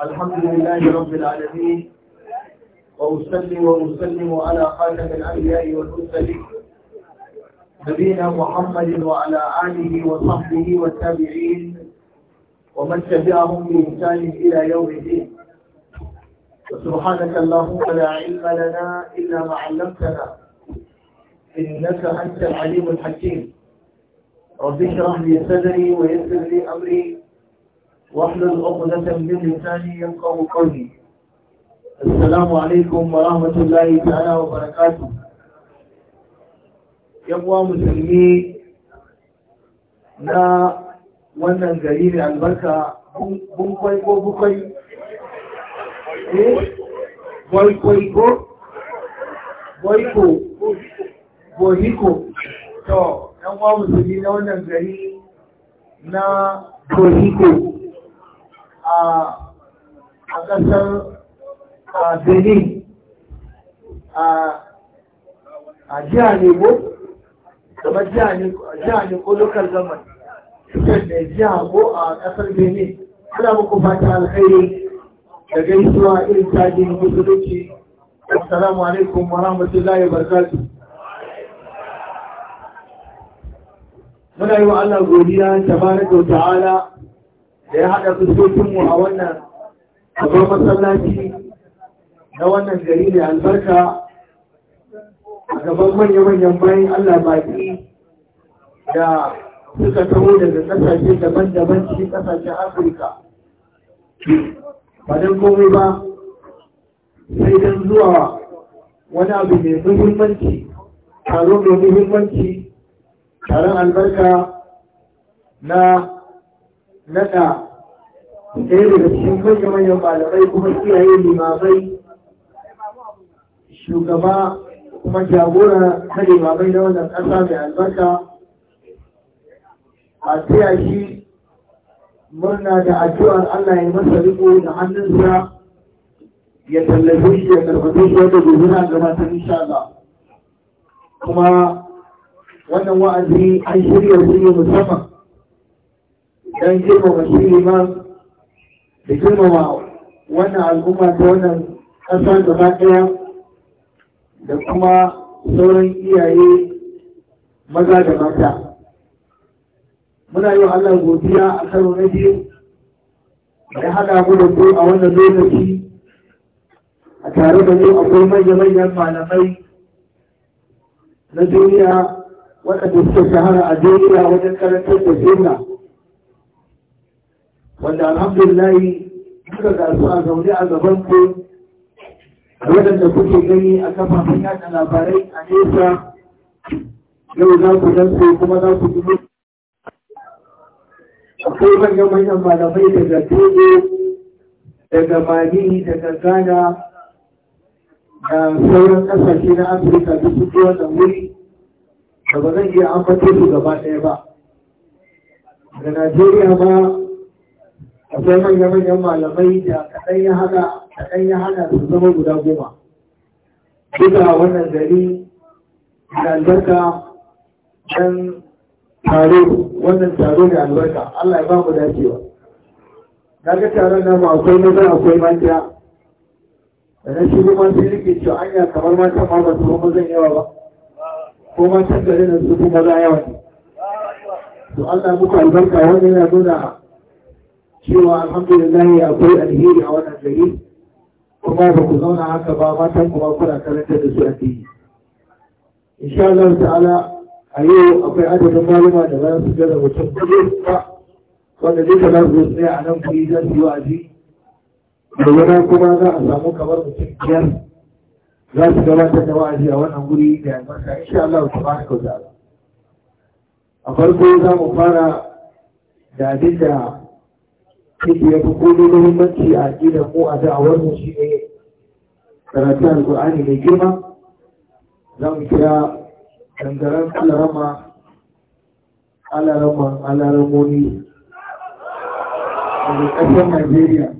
الحمد لله رب العالمين وأسلم وأسلم على خاتم الأنبياء والمرسلين نبينا محمد وعلى آله وصحبه والتابعين ومن تبعهم بإحسان إلى يوم الدين وسبحانك اللهم لا علم لنا إلا ما علمتنا إنك أنت العليم الحكيم رب اشرح لي صدري ويسر لي أمري واحلل عقدة من لساني يفقه قولي السلام عليكم ورحمة الله تعالى وبركاته يقوى مسلمي na wannan gari mai albarka bunkwai ko bukwai eh boikwai ko boiko bohiko to yan wa musulmi na wannan gari na bohiko a ƙasar benin a jiya ne ko kamar jiya ne ko lokal zaman cikin da jiya ko a ƙasar benin suna muku fata alkhairi da gaisuwa irin tajin musulunci assalamu alaikum wa rahmatullahi wa barakatuh muna yi wa Allah godiya tabaraka wa ta'ala da ya haɗa mu a wannan gaban masallaci na wannan gari da albarka a gaban manya-manyan bayan Allah baƙi da suka taho daga ƙasashe daban-daban cikin ƙasashen Afirka. Ba don komai ba sai don zuwa wani abu mai muhimmanci, taro mai muhimmanci, taron albarka na nada ɗaya daga cikin manya-manyan malamai kuma iyaye limamai shugaba kuma jagora na limamai na wannan ƙasa mai albarka a taya shi murna da addu'ar Allah ya masa riko da hannunsa ya tallafi shi ya karfafi shi wanda gobe na gabatar insha Allah kuma wannan wa'azi an shirya shi musamman don girmama shi ma da girmama wannan al'umma ta wannan ƙasa gaba ɗaya da kuma sauran iyaye maza da mata muna yi wa Allah godiya a karo na biyu da haɗa mu da ku a wannan lokaci a tare da mu akwai manya-manyan malamai na duniya waɗanda suka shahara a duniya wajen karantar da sunna wanda alhamdulillah muka ga su a zaune a gaban ku waɗanda kuke gani a kafafen yada labarai a nesa yau za ku dan kuma za ku ji akwai manyan manyan malamai daga togo daga mali daga ghana da sauran ƙasashe na afirka duk su zuwa da wuri da ba zan iya ambato su gaba ɗaya ba da najeriya ba. akwai manya-manyan malamai da kaɗan ya hana su zama guda goma duka wannan gari da albarka don taro wannan taro da albarka Allah ya ba mu dacewa daga taron namu akwai maza akwai mata da na shigo ma sai nake cewa anya kamar mata ma ba su kuma zan yawa ba ko matan garin su kuma za yawa ne to Allah muku albarka wannan yana nuna cewa alhamdulillah akwai alheri a wannan gari kuma ba ku zauna haka ba matan kuma kuna karanta da su a ciki. insha Allah ta'ala a yau akwai adadin maluma da za su gaza mutum kuɗi ba wanda duka za su tsaya a nan kuɗi za su yi wa'azi da kuma za a samu kamar mutum biyar za su gabatar da wa'azi a wannan guri da albarka insha Allah ta fara kaza. a farko za mu fara da abin da yake ya fi kodai muhimmanci a gidan mu a da'awar mu shi ne karanta alƙur'ani mai girma za mu kira dangaren alarama alarama alaramoni daga ƙasar najeriya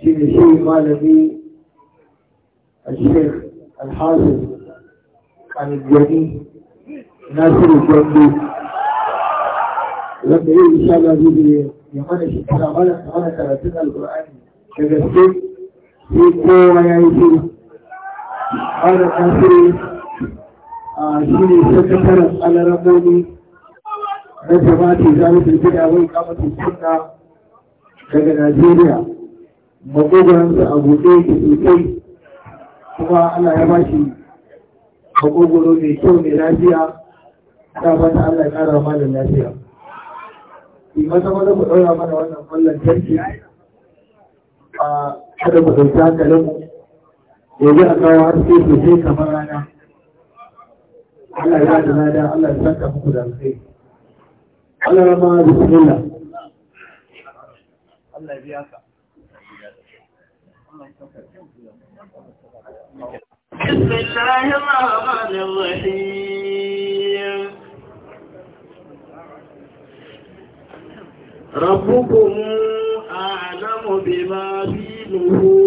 shi ne shi malami a sheikh alhassan aljani nasiru gwamnati wanda yi insha Allah zai ya mana shi mana karatun Alkur'ani, da gaske sai kowa ya yi shi ana kafiri a shi ne sakataren alaraboni na jama'a za mu tafi da daga najeriya makogoransa a buɗe ke kuma ana ya bashi makogoro mai kyau mai lafiya ta fata allah ya ƙara lafiya maza ku ɗaura mana wannan a kada ku ɗauki hankalin mu yanzu a kawo haske sosai kamar rana Allah ya da lada Allah ya saka muku da alkhairi Allah ya ma bismillah Allah ya biya ka بسم ربكم أعلم بما في نهور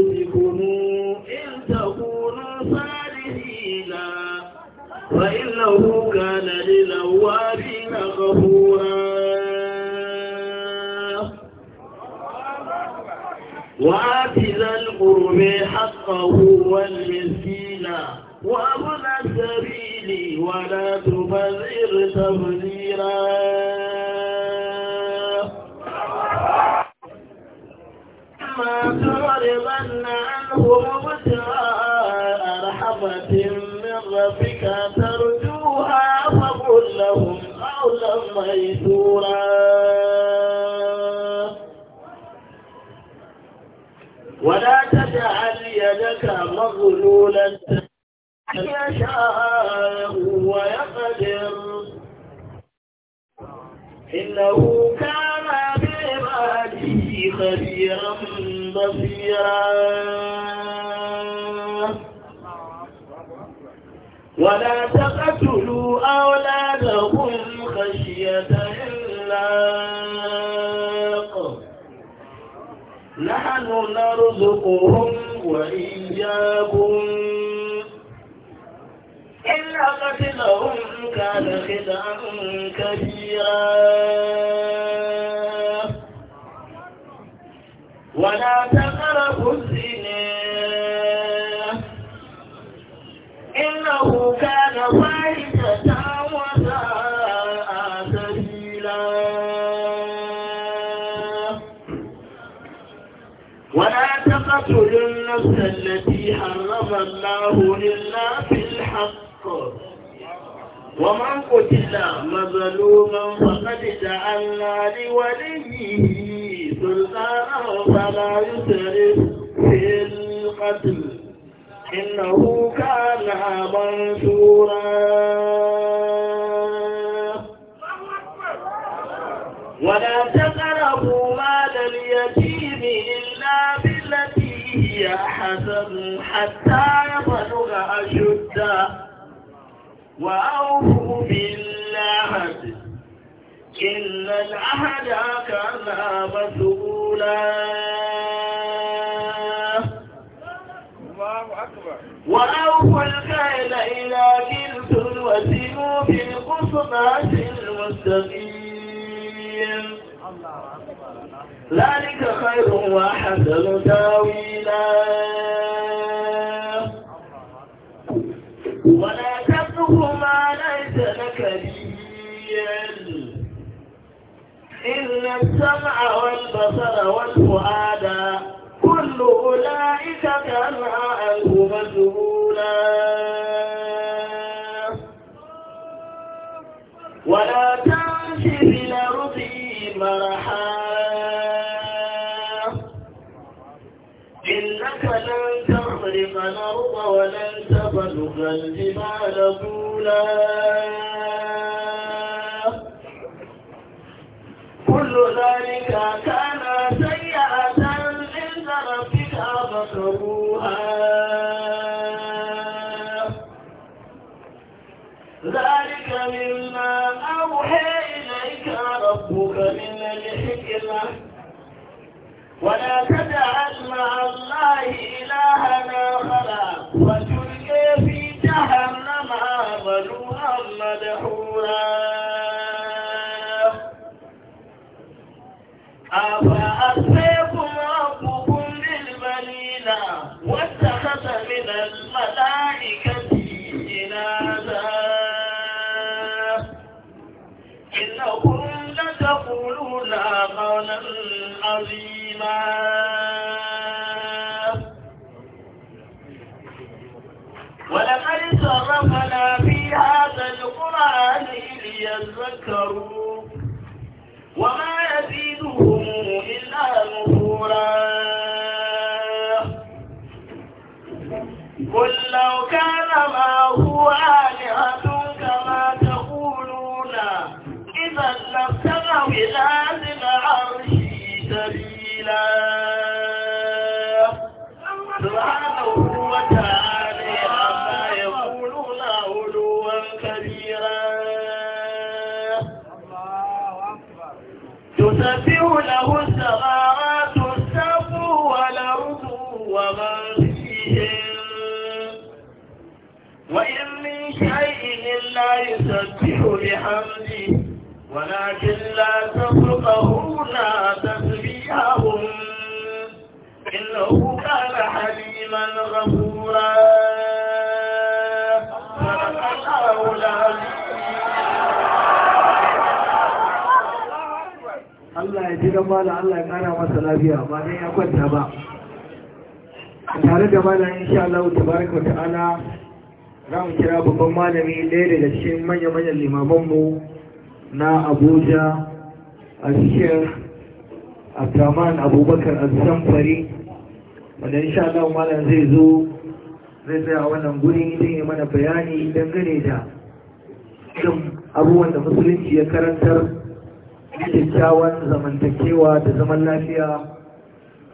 zaman lafiya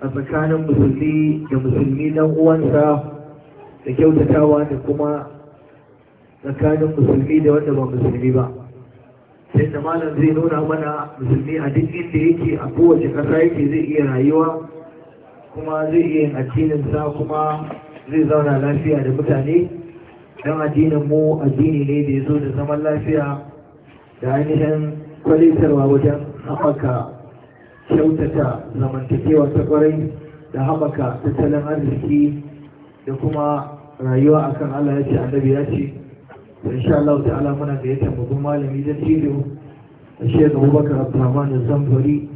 a tsakanin musulmi da musulmi dan uwansa da kyautatawa da kuma tsakanin musulmi da wanda ba musulmi ba sai da malam zai nuna mana musulmi a duk inda yake a kowace ƙasa yake zai iya rayuwa kuma zai iya yin addininsa kuma zai zauna lafiya da mutane don addinin mu addini ne da ya zo da zaman lafiya da ainihin kwalitarwa wajen haɓaka kyautata zamantakewa ta kwarai da haɓaka tattalin arziki da kuma rayuwa akan Allah ya ce annabi ya ce insha Allah ta'ala muna da yake babban malami da cido da Sheikh Abubakar Abdulrahman Zamfari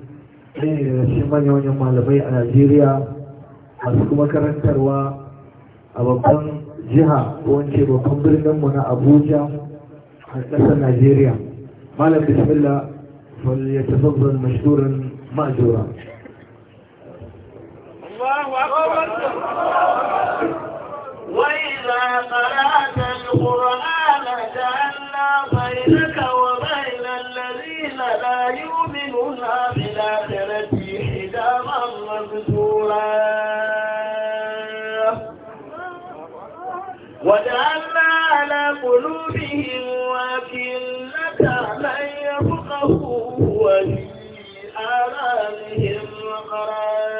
ne daga cikin manya manyan malamai a Najeriya masu kuma karantarwa a babban jiha ko wance babban birnin mu na Abuja a ƙasar Najeriya malam bismillah fal yatafaddal mashkuran مأجورا الله أكبر وإذا قرأت القرآن جعلنا بينك وبين الذين لا يؤمنون بالآخرة حجابا مستورا وجعلنا على قلوبهم وكلة من يفقهوا وهي بهم وقرا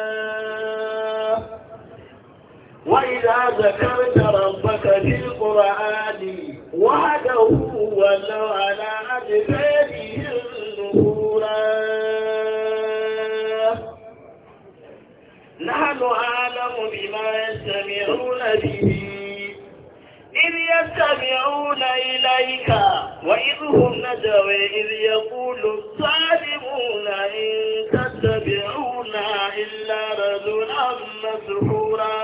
وإذا ذكرت ربك في القرآن وحده ولوا على أدبارهم نفورا نحن أعلم بما يستمعون به إذ يستمعون إليك وإذ هم نجوى إذ يقول الظالمون إن تتبعون إلا رجلا مسحورا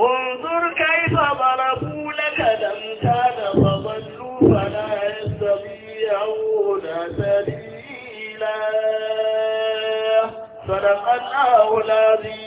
انظر كيف ضربوا لك كان فضلوا فلا يستطيعون سبيلا صدق الله العظيم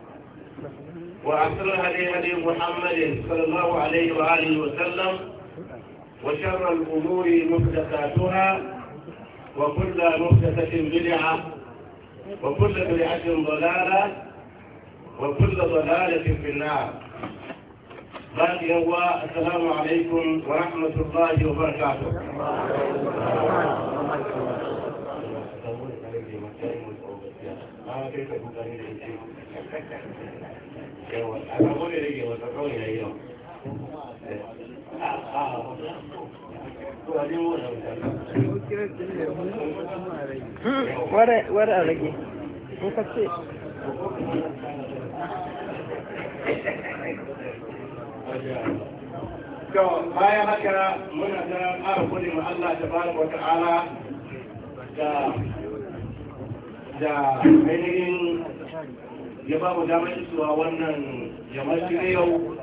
وأحسن لنبي هدي محمد صلى الله عليه وآله وسلم وشر الأمور محدثاتها وكل محدثة بدعة وكل بدعة ضلالة وكل ضلالة في النار باقي هو السلام عليكم ورحمة الله وبركاته yawan yau wara a rage ka ce to bayan haka muna da ƙara kudi ma Allah ta bada wa ta'ala da ainihin ya ba mu damar isuwa wannan yammacin yau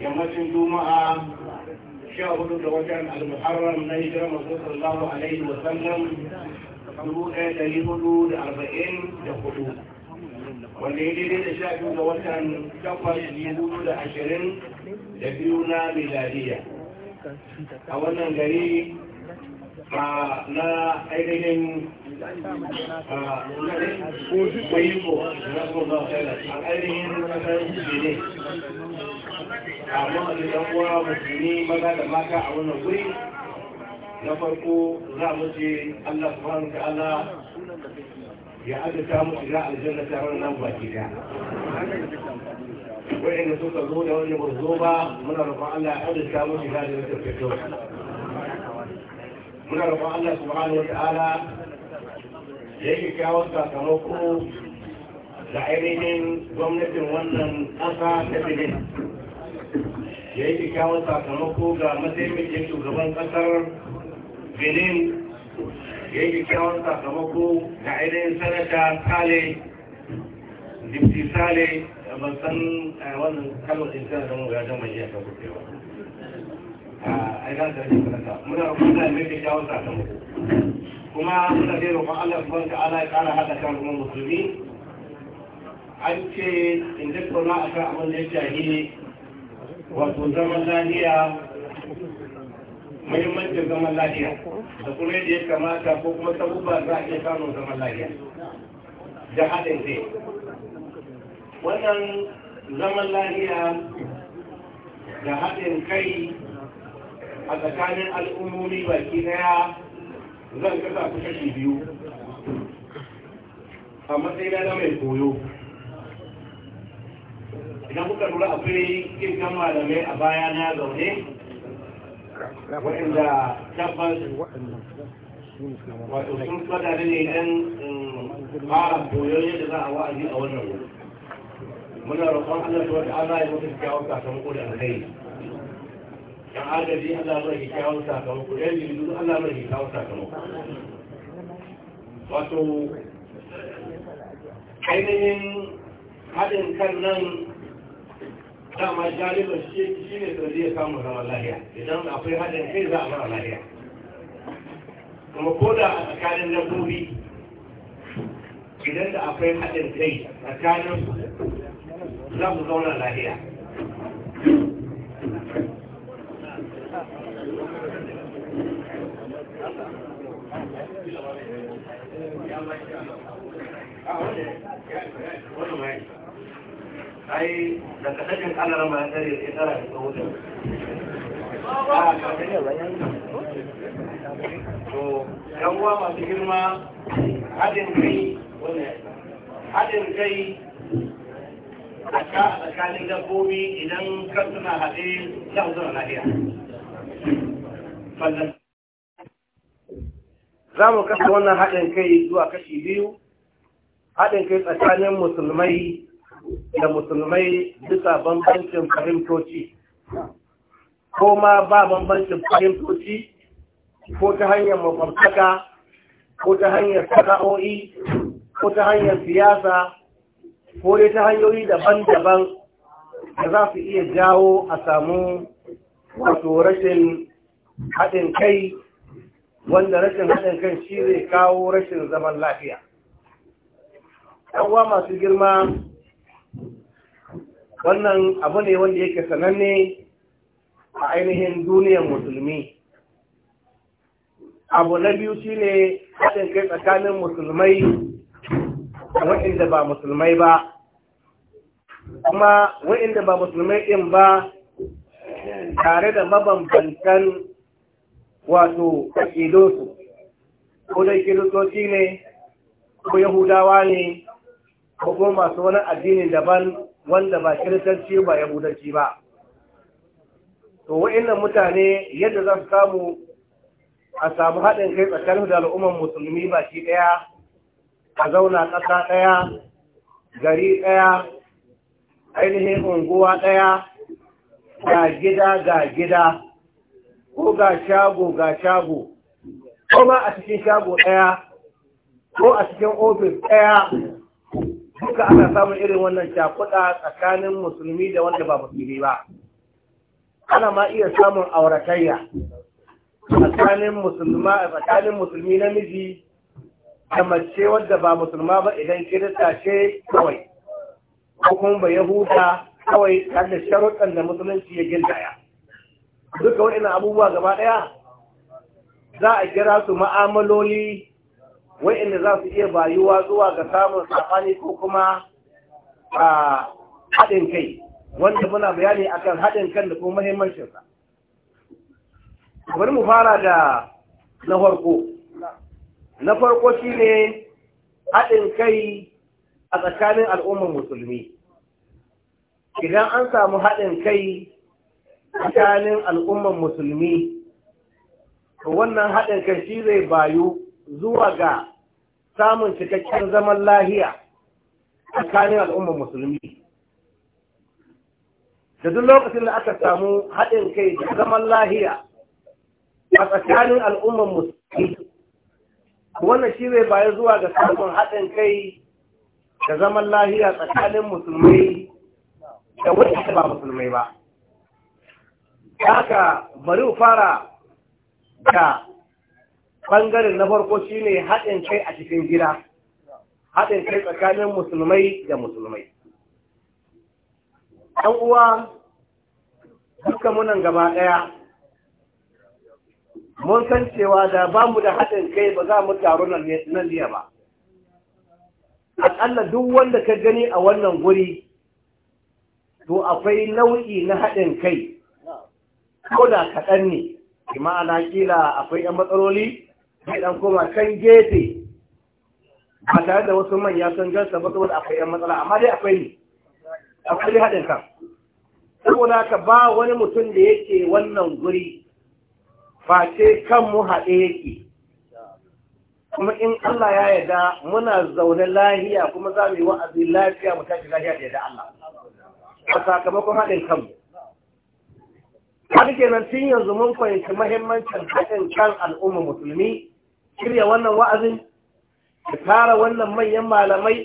yammacin juma'a sha hudu da watan al-muharram na hijirar masu sallallahu alaihi wa sallam dubu ɗaya ɗari hudu da arba'in da hudu wanda ya daidai da sha biyu da watan takwas dubu da ashirin da biyu na miladiya a wannan gari na ainihin ko na kuma a ainihin kasar benin a mahalin yankuwa musulmi maza da mata a wannan wuri na farko za mu ce allah subhanahu ta'ala ya adata mu shiga aljanna taron nan baki daya wa'anda suka zo da wani mazo ba muna roƙon allah ya adata mu shiga da taron nan muna roƙon Allah subhanahu wata'ala da yake kyawun sakamako da ainihin gwamnatin wannan ƙasa ta Benin da yake kyawun sakamako ga mataimakin shugaban ƙasar Benin da yake kyawun sakamako ga ainihin sanata Sale Dipti Sale ban san eh, wannan kalmar Intanet tana da mu gajen mai iya kabuɗewa. a yi rasa rashin sadaka muna roƙon Allah mai sakamako kuma muna dai roƙon Allah subhanahu ta'ala ya ƙara haɗa kan musulmi an ce in tattauna a kan abin da ya shahi wato zaman lafiya muhimmancin zaman lafiya da kuma yadda ya kamata ko kuma sabubba za a iya samun zaman lafiya da haɗin wannan zaman lafiya da haɗin kai a tsakanin al'ummomi baki daya zan kasa ku kashi biyu a matsayi na mai koyo idan kuka lura akwai kin kan malamai a baya na zaune waɗanda tabbas wato sun fada ne idan fara koyon yadda za a wa'azi a wannan wuri muna roƙon Allah ta wata ana yi mutum kyawun kasan ko da alkhairi dan agaji Allah bai ki kawo sakamako dan jindu Allah bai ki kawo sakamako wato ainihin haɗin kan nan dama jalibar shi ne da zai samu zama lahiya idan akwai haɗin kai za a zama lahiya kuma ko da a tsakanin dabbobi idan da akwai haɗin kai tsakanin za mu zauna lahiya ai da kasashen kanar ma ya ya tsara da tsawo to yan masu girma haɗin kai haɗin kai a tsakanin dabbobi idan kan suna haɗe na su zama za mu kasa wannan haɗin kai zuwa kashi biyu haɗin kai tsakanin musulmai da musulmai bisa bambancin fahimtoci ko ma ba bambancin fahimtoci ko ta hanyar mafamtaka ko ta hanyar sana'o'i ko ta hanyar siyasa ko dai ta hanyoyi daban-daban da za su iya jawo a samu wato rashin haɗin kai wanda rashin haɗin kan shi zai kawo rashin zaman lafiya ɗanwa masu girma wannan abu ne wanda yake sananne a ainihin duniyar musulmi abu na biyu shi ne haɗin kai tsakanin musulmai da waɗanda ba musulmai ba kuma waɗanda ba musulmai ɗin ba tare da mabambantan wato ƙidosu ko dai kiristoci ne ko yahudawa ne ko kuma masu wani addini daban wanda ba kiristanci ba yahudanci ba to wa'annan mutane yadda za su samu a samu haɗin kai tsakanin da al'umman musulmi ba shi ɗaya a zauna ƙasa ɗaya gari ɗaya ainihin unguwa ɗaya ga gida ga gida ko ga shago ga shago ko ma a cikin shago ɗaya ko a cikin ofis ɗaya duka ana samun irin wannan cakuɗa tsakanin musulmi da wanda ba musulmi ba ana ma iya samun auratayya tsakanin musulma tsakanin musulmi namiji da mace wadda ba musulma ba idan kirista ce kawai ko kuma ba yahuda kawai da sharuɗan da musulunci ya gindaya duka waɗannan abubuwa gaba ɗaya za a kira su ma'amaloli waɗanda za su iya bayuwa zuwa ga samun safani ko kuma a haɗin kai wanda muna bayani akan haɗin kan da kuma muhimmancinsa bari mu fara da na farko na farko shi ne haɗin kai a tsakanin al'ummar musulmi idan an samu haɗin kai tsakanin al'umman musulmi wannan haɗin kai shi zai bayu zuwa ga samun cikakken zaman lahiya tsakanin al'umman musulmi da duk lokacin da aka samu haɗin kai da zaman lahiya a tsakanin al'umman musulmi wannan shi zai bayu zuwa ga samun haɗin kai da zaman lahiya tsakanin musulmai da wanda ba musulmai ba haka bari mu fara da bangaren na farko shi ne haɗin kai a cikin gida haɗin kai tsakanin musulmai da musulmai ɗan uwa duka munan gaba ɗaya mun san cewa da ba mu da haɗin kai ba za mu taru nan liya ba aƙalla duk wanda ka gani a wannan guri to akwai nau'i na haɗin kai ko da kaɗan ne bi ana kila akwai ɗan matsaloli zai ɗan koma kan gefe ba tare da wasu manya sun gansa ba saboda akwai ɗan matsala amma dai akwai ne akwai haɗin kan saboda ka ba wani mutum da yake wannan guri face kanmu haɗe yake kuma in Allah ya yarda muna zaune lahiya kuma za mu yi wa'azi lafiya mu tashi lahiya da yarda Allah a sakamakon haɗin kanmu har kenan tun yanzu mun fahimci mahimmancin haɗin kan al'umma musulmi shirya wannan wa'azin ki tara wannan manyan malamai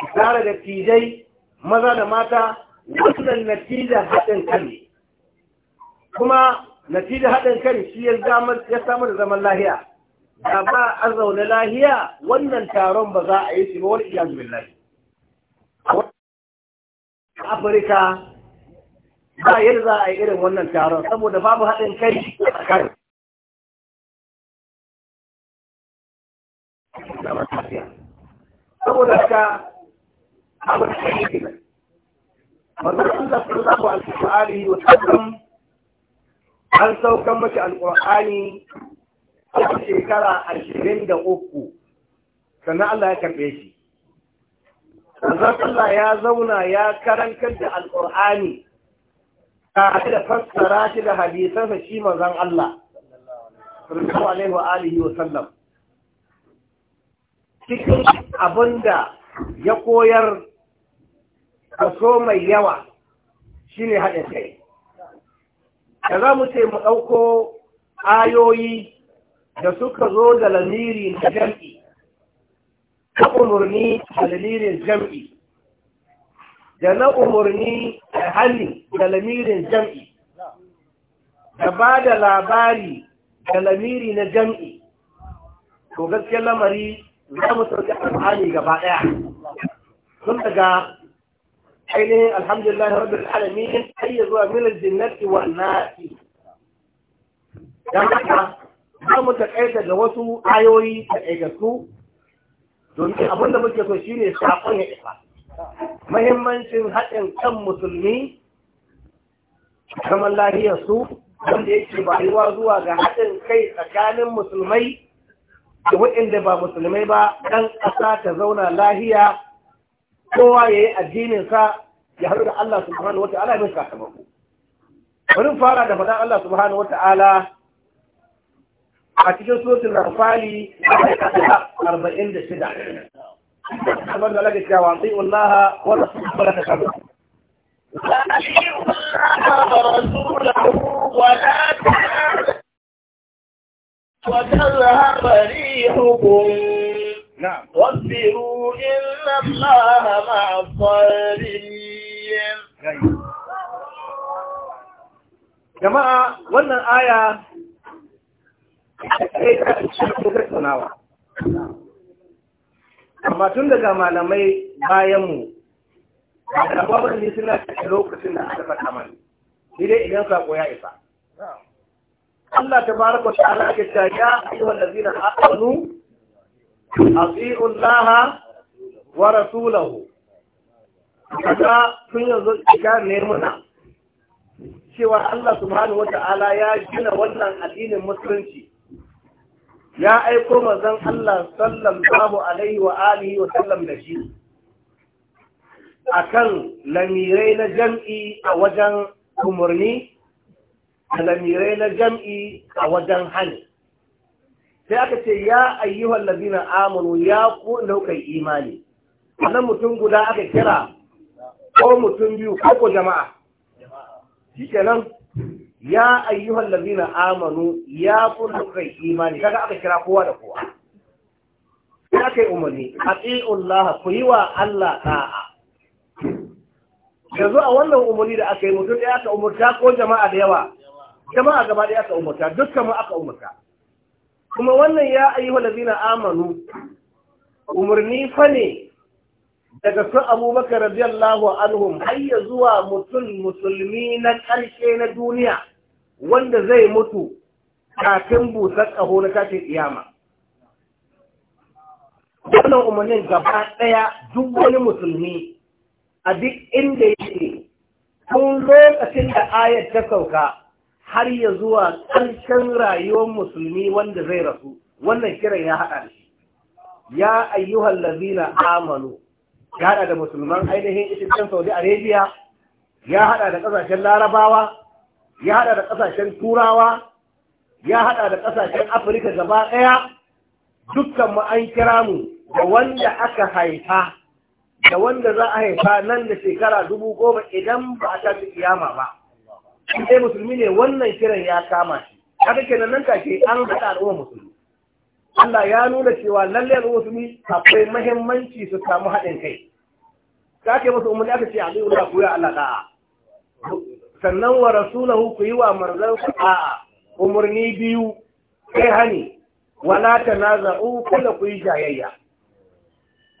ki tara da tijai maza da mata wannan natijar haɗin kan ne kuma natijar haɗin kan shi ya samar da zaman lahiya da ba a zaune lahiya wannan taron ba za a yi shi ba wani iyazu billahi. Afirka ba yadda za a yi irin wannan taron saboda babu haɗin kai a tsakanin. Saboda ka abu da kai ke nan. Mazarun da sun zaɓa alfahari wa tsakan an saukan mace alƙur'ani a shekara ashirin da uku sannan Allah ya karɓe shi. Allah ya zauna ya karantar da alqur'ani tare da fassara shi da hadisansa shi manzon Allah sallallahu alaihi wa alihi wa sallam cikin ya koyar kaso mai yawa shine haɗin kai da za mu ce mu ɗauko ayoyi da suka zo da lamiri na jam'i na umarni a lamirin jam'i da na umarni a hali da lamirin jam'i da ba da labari da lamiri na jam'i to gaskiyar lamari za mu sauke alfahari gaba ɗaya sun daga ainihin alhamdulillah rabbil alamin ayya zuwa milal jinnati wa nasi dan za mu taƙaita da wasu ayoyi da ƙaigasu domin abin da muke so shine sakon ya isa muhimmancin haɗin kan musulmi kamar lahiyar su wanda yake bayuwa zuwa ga haɗin kai tsakanin musulmai da waɗanda ba musulmai ba ɗan ƙasa ta zauna lahiya kowa ya yi addininsa ya haɗu da Allah subhanahu wa ta'ala mai sakamako. Bari fara da faɗan Allah subhanahu wa ta'ala a cikin suratul rafali arba'in da shida kamar da laga cewa wasi Allah wa rasuluhu la takabu وتذهب ريحكم واصبروا wannan aya amma tun daga malamai bayanmu da ne suna cikin lokacin da aka faɗa mani shi dai idan sako ya isa Allah ta ko ta ala ke wanda zina a allazina A tsirin laha wa rasulahu kaga tun yanzu kika ne muna cewa Allah subhanahu wa ta'ala ya gina wannan addinin musulunci ya aiko mazan Allah sallallahu alaihi wa alihi wa sallam da shi akan lamirai na jam'i a wajen umarni da lamirai na jam'i a wajen hani sai aka ce ya wa Labina amuru ya ku daukai imani nan mutum guda aka kira ko mutum biyu ko jama'a nan. ya ayyuhal ladina amanu ya kullu kai imani kaga aka kira kowa da kowa ya kai umarni atiullaha kuwa ku yi wa Allah ta'a. yanzu a wannan umarni da aka yi mutum ya aka umurta ko jama'a da yawa jama'a gaba ɗaya aka umarta dukkan mu aka umarta kuma wannan ya ayyuhal ladina amanu umarni fa ne daga su abubakar radiyallahu anhum har zuwa mutum musulmi na ƙarshe na duniya wanda zai mutu kafin busar ƙaho na tafi iyama wannan umarnin gaba ɗaya duk wani musulmi a duk inda yake tun lokacin da ayar ta sauka har ya zuwa ƙarshen rayuwar musulmi wanda zai rasu wannan kiran ya haɗa shi ya ayyuhal lazina amanu ya haɗa da musulman ainihin ita saudi arabia ya haɗa da ƙasashen larabawa ya hada da kasashen turawa ya hada da kasashen afirka gaba daya dukkan mu an kira mu da wanda aka haifa da wanda za a haifa nan da shekara dubu goma idan ba a tafi kiyama ba sai musulmi ne wannan kiran ya kama shi haka kenan nan ke an haɗa al'umma musulmi Allah ya nuna cewa lallai al'umma musulmi akwai mahimmanci su samu haɗin kai ka ke musu umarni aka ce a zai wuri a Allah da'a sannan wa rasulahu ku yi wa manzon a'a umarni biyu sai hani wala tanaza'u kada ku yi jayayya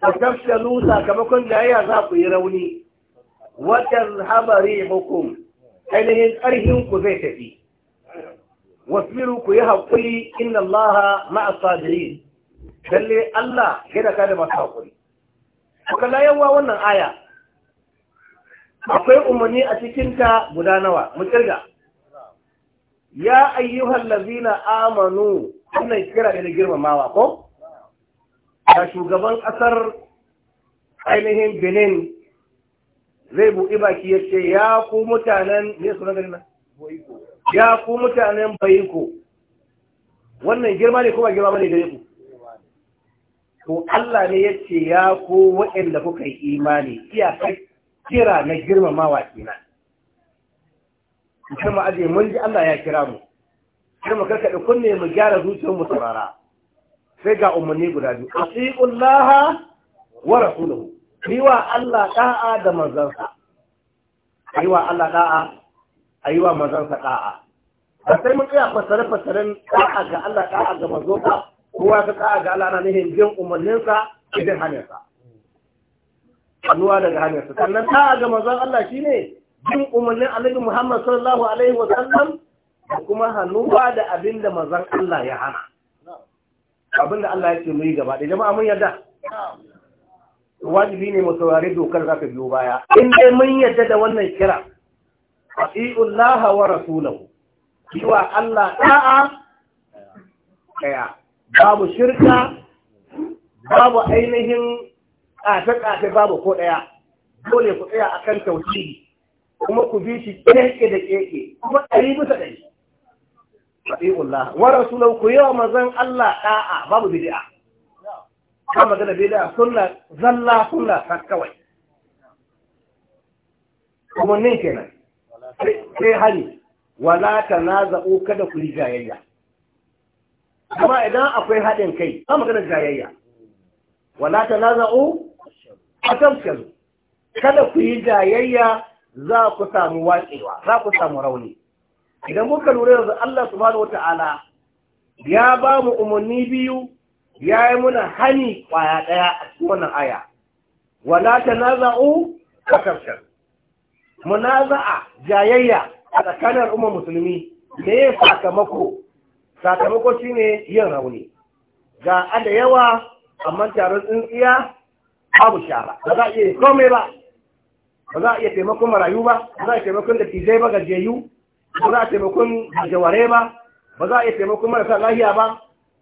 ku tafsalu sakamakon jayayya za ku yi rauni wa tazhaba hukum, ainihin ƙarfin ku zai tafi wasbiru ku yi haƙuri inna allaha ma'a sabirin lalle Allah yana kada masu haƙuri ku kalla yawa wannan aya akwai umarni a cikinta guda nawa mu kirga ya ayyuhan lazina amanu wannan kira da girmamawa ko da shugaban kasar ainihin benin zai buɗi baki ya ce ya ku mutanen ne su nan ya ku mutanen bayiko wannan girma ne kuma girma ne gare ku to Allah ne ya ce ya ku da kuka yi imani iya kai kira na girmamawa kenan kar aje mun ji Allah ya kira mu kar mu karkade kunne mu gyara zuciyar mu saurara sai ga umarni guda biyu asiqullah wa rasuluhu yiwa Allah da'a da manzansa ayiwa Allah da'a ayiwa manzansa da'a a sai mun tsaya fasare fasaren da'a ga Allah da'a ga manzo ba kowa ka da'a ga Allah na nihin jin umarninsa idan hanyarsa. hannuwa daga hanyarsa sannan ta ga manzon Allah shine jin umarnin Annabi Muhammad sallallahu alaihi wa sallam da kuma hannuwa da abin da manzon Allah ya hana abin da Allah ya ce mu yi gaba da jama'a mun yarda wajibi ne mu saurari dokar ka biyo baya in dai mun yarda da wannan kira atiullaha wa rasulahu yiwa Allah ta'a kaya babu shirka babu ainihin ƙafe-ƙafe babu ko ɗaya dole ku tsaya a kan tauhidi kuma ku bi shi keke da keke kuma ɗari bisa ɗari faɗi'ullah wa rasulau ku yawa mazan Allah ɗa'a babu bid'a ka magana bid'a sunna zalla sunna ta kawai kuma nin kenan sai hali wala ta tanaza'u kada ku yi jayayya Kuma idan akwai haɗin kai ba magana jayayya wala ta tanaza'u fatamtalu kada ku yi jayayya za ku samu waƙewa, za ku samu rauni idan muka lura yanzu Allah subhanahu wata'ala ya ba mu umarni biyu ya yi muna hani kwaya ɗaya a cikin wannan aya wala tanaza'u na munaza'a jayayya a tsakanin umar musulmi me ya sakamako sakamako shine yin rauni ga ada yawa amma taron tsintsiya babu shara ba za a iya komai ba ba za a iya taimakon marayu ba ba za a iya taimakon da tijai ba gajeyu ba za a taimakon jaware ba ba za a iya taimakon marasa lahiya ba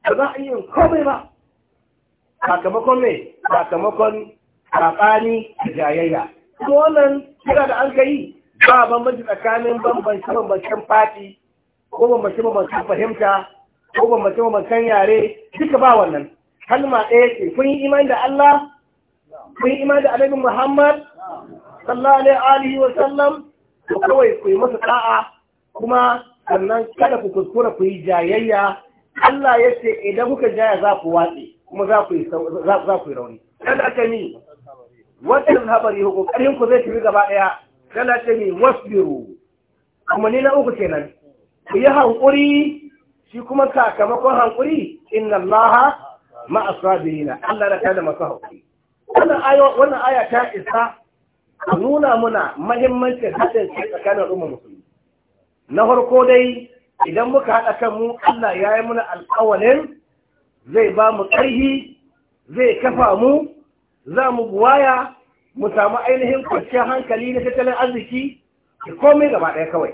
ba za a iya komai ba sakamakon ne sakamakon saɓani da jayayya ko wannan kira da an ka yi ba bambanci tsakanin bambance bambancen fati ko bambance bambancen fahimta ko bambance bambancen yare duka ba wannan kalma ɗaya ce kun yi imani da Allah ku yi imani da annabi Muhammad sallallahu alaihi wa sallam to kawai ku yi masa da'a kuma sannan kada ku kuskura ku yi jayayya Allah ya ce idan kuka jaya za ku watsi, kuma za ku yi rauni kada aka ni wannan habari kokarin ku zai tafi gaba daya kada ta ni wasbiru kuma ni na uku kenan ku yi hankuri shi kuma sakamakon hankuri inna allaha ma'a sabirina Allah da kada masu hankuri wannan aya ta isa a nuna muna mahimmancin haɗin kai tsakanin al'ummar musulmi na farko dai idan muka haɗa kan mu Allah ya yi muna alƙawalin zai ba mu ƙarhi zai kafa mu za mu buwaya mu samu ainihin kwanciyar hankali na tattalin arziki da komai gaba ɗaya kawai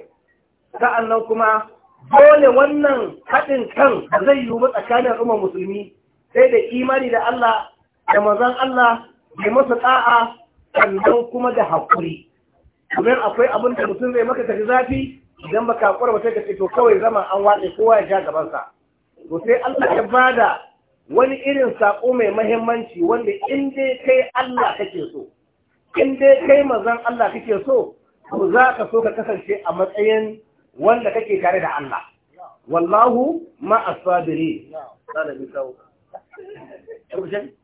sa'an nan kuma dole wannan haɗin kan zai yiwu tsakanin al'ummar musulmi sai da imani da Allah da mazan Allah bai masa ta'a sannan kuma da hakuri domin akwai abin da mutum zai maka tafi zafi idan baka ka ba sai ka ce to kawai zama an watsa kowa ya sha gabansa. to sai Allah ya bada wani irin saƙo mai mahimmanci wanda in dai kai Allah kake so in dai kai mazan Allah kake so to za ka so ka kasance a matsayin wanda kake tare da Allah wallahu ma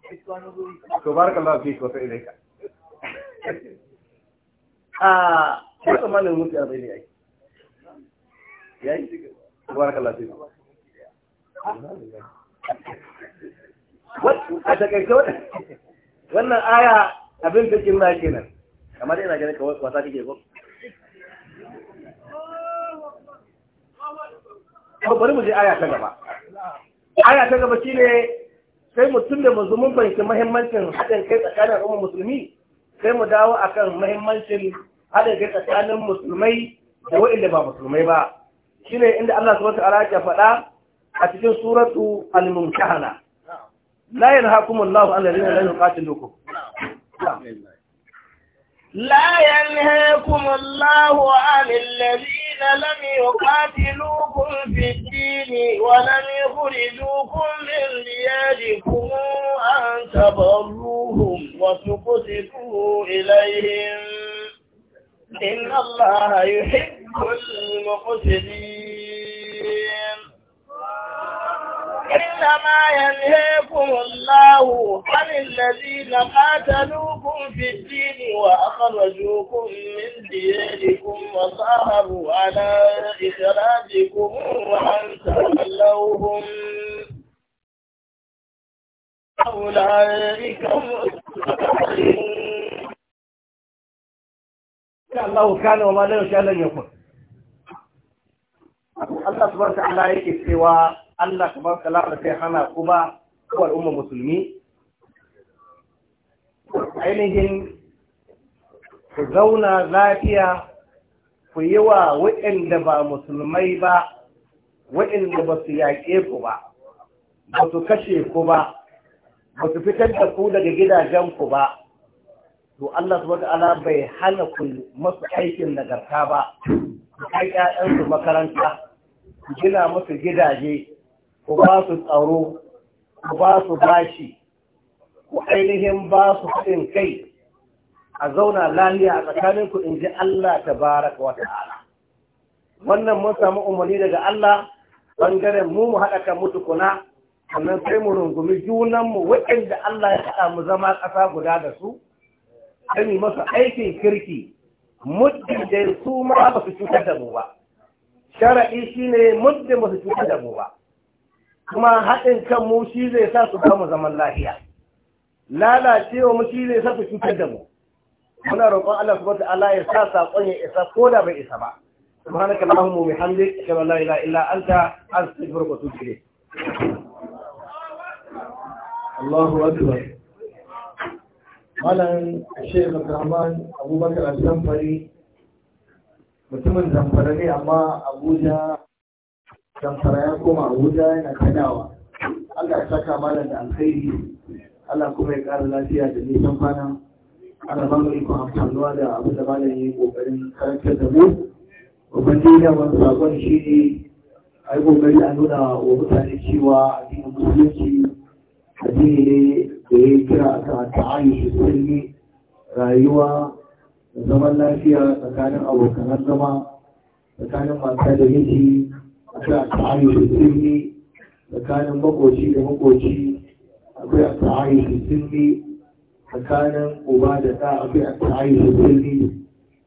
to barakallahu fi wa sa'ilai ka ah, a ya tsammanin mutu a ne yake yayi barakallahu fi a takaice wannan aya abin da kin na kenan kamar yana ganin kawai wasa kike ko bari mu je aya ta gaba aya ta gaba shine sai mu tunda mu mun banki muhimmancin haɗin kai tsakanin al'ummar musulmi sai mu dawo akan muhimmancin haɗin kai tsakanin musulmai da wa'inda ba musulmai ba shine inda Allah subhanahu wa ta'ala ya faɗa a cikin suratu al-mumtahana la yanhaakum Allahu an alladhina lam لا ينهاكم الله عن الذين لم يقاتلوكم في الدين ولم يخرجوكم من دياركم أن تبروهم وتقسطوا إليهم إن الله يحب المقسطين إنما ينهيكم الله عن الذين قاتلوكم في الدين وأخرجوكم من دياركم وصاهروا على إخراجكم وأن تولوهم أولئك الله كان وما لا يشاء لن يكون الله سبحانه وتعالى يكفي Allah kamar kalama sai hana ku ba kawar al'umma musulmi ainihin ku zauna lafiya ku yi wa waɗanda ba musulmai ba waɗanda ba su yaƙe ku ba ba su kashe ku ba ba su fitar da ku daga gidajen ku ba to Allah subhanahu ala bai hana ku masu aikin nagarta ba ku kai ‘ya’yansu makaranta gina masu gidaje ku ba su tsaro ku ba su bashi ku ainihin ba su haɗin kai a zauna lahiya a tsakaninku in ji Allah ta baraka wa ta'ala wannan mun samu umarni daga Allah bangaren mu mu haɗa kan mutu kuna sannan sai mu rungumi junanmu waɗanda Allah ya haɗa mu zama ƙasa guda da su sai mu masa aikin kirki muddin da su ma ba su cutar da mu ba shara'i shine muddin ba su cutar da mu ba kuma haɗin kan mu shi zai sa su damu zaman lafiya lalacewa mu shi zai sa su cutar da mu muna roƙon Allah subhanahu Allah ya sa saƙon ya isa ko da bai isa ba subhanaka allahumma wa bihamdik ashhadu an la ilaha illa anta astaghfiruka wa atubu ilayk Allahu akbar Malam Sheikh Abdulrahman Abubakar Al-Zamfari mutumin zamfara ne amma Abuja Kamfara ya koma Abuja yana kadawa. Allah ya saka malam da alkhairi. Allah kuma ya ƙara lafiya da nisan fana. Ana ba mu amfanuwa da abu da bala ya yi ƙoƙarin karantar da mu. Babban duniya wani sakon shi ne a yi ƙoƙari a nuna wa mutane cewa addinin musulunci addini ne da ya kira a kan ta'ayyushin rayuwa da zaman lafiya tsakanin abokan zama tsakanin mata da miji akwai alfahari da sirri tsakanin makoci da makoci akwai alfahari da sirri tsakanin uba da ɗa akwai alfahari da sirri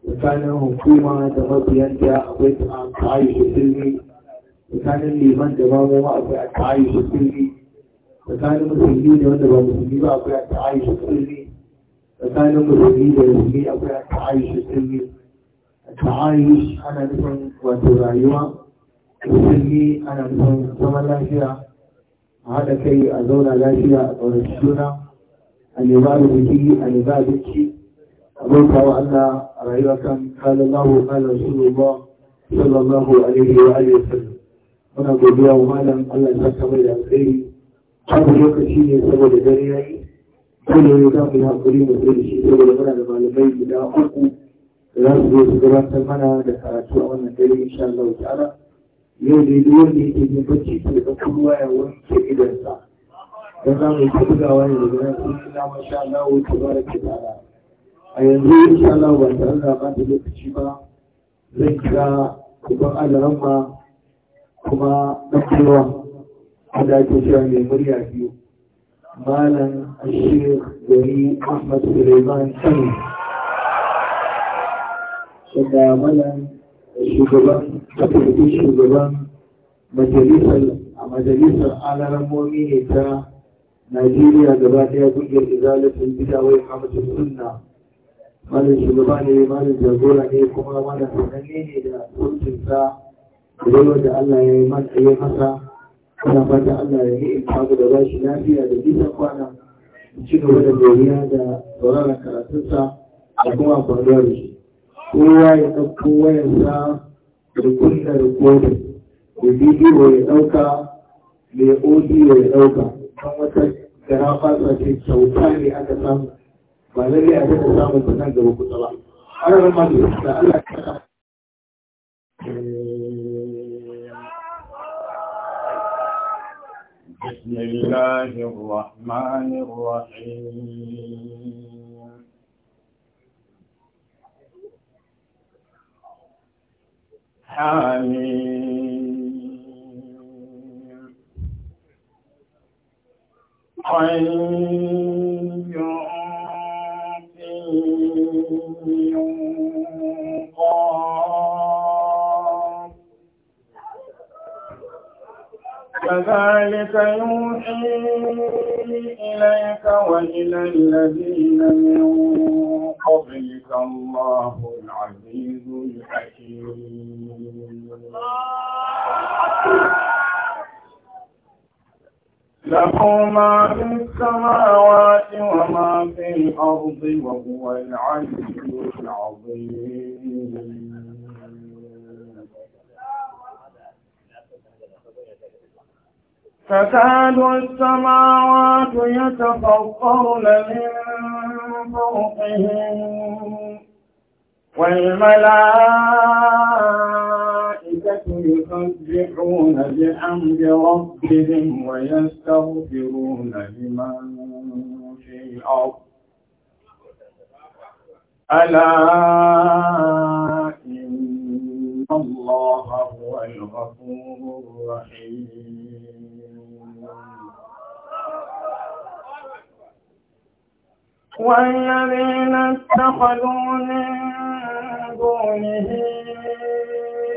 tsakanin hukuma da mabiyanta akwai alfahari da sirri tsakanin liman da mamoma akwai alfahari da sirri tsakanin musulmi da wanda ba musulmi ba akwai alfahari da sirri tsakanin musulmi da musulmi akwai alfahari da sirri ta'ayush ana nufin wato rayuwa musulmi ana nufin zama lafiya a haɗa kai a zauna lafiya a ƙaunar juna a nema arziki a nema abinci a bauta wa Allah a rayuwa kan kala Allah kala Rasulullah sallallahu alaihi wa alihi wa sallam muna godiya wa malam Allah ya saka mai da alkhairi haka lokaci ne saboda dare yayi dole ne za mu yi hakuri mu tsaye shi saboda muna da malamai guda uku da za su zo su gabatar mana da karatu a wannan dare insha Allah ta'ala yau da yi wanda yake yin bacci ke da kuma ya wanke idansa da za mu ta bugawa ne daga nan sun yi nama sha Allah ba da ke tara a yanzu insha Allah ba tare da ba da lokaci ba zai kira kuban alaramma kuma na ɗaukewa wanda dace cewa mai murya biyu malam ashir gari ahmad suleiman sani daga malam shugaban tafarki shugaban majalisar a majalisar alarammomi ne ta najeriya gaba daya kungiyar izalatin gida wai kamata sunna malin shugaba ne malin jagora ne kuma malin sananne ne da kurkinsa da dai da allah ya yi masa ana fata allah ya yi impamu da ba shi lafiya da bisa kwana ci gaba da doriya da sauraron karatunsa da kuma kwanciyar shi kowa ya ɗauko wayarsa da da rikodin da bidiyo ya ɗauka da ya odiyo ya ɗauka don wata gara fasa ce kyauta ne aka samu ba lalle a daga samun ba nan gaba kusa ba ana nan ma da Allah ta بسم الله الرحمن الرحيم حميم حي في قام كذلك يوحي إليك وإلى الذين من قبلك الله العزيز الحكيم له ما في السماوات وما في الأرض وهو العزيز العظيم تكاد السماوات يتفطرن من فوقهم والملائكة يسبحون بحمد ربهم ويستغفرون لمن في الأرض ألا إن الله هو الغفور الرحيم والذين اتخذوا من دونه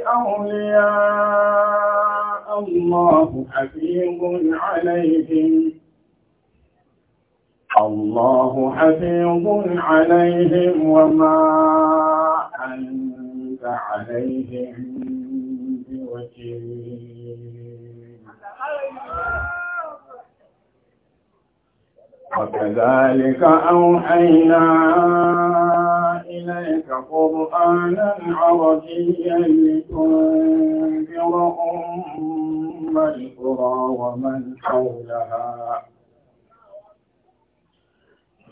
أولياء الله حفيظ عليهم الله حفيظ عليهم وما أنت عليهم بوكيل وكذلك أوحينا إليك قرآنا عربيا لتنذر أم القرى ومن حولها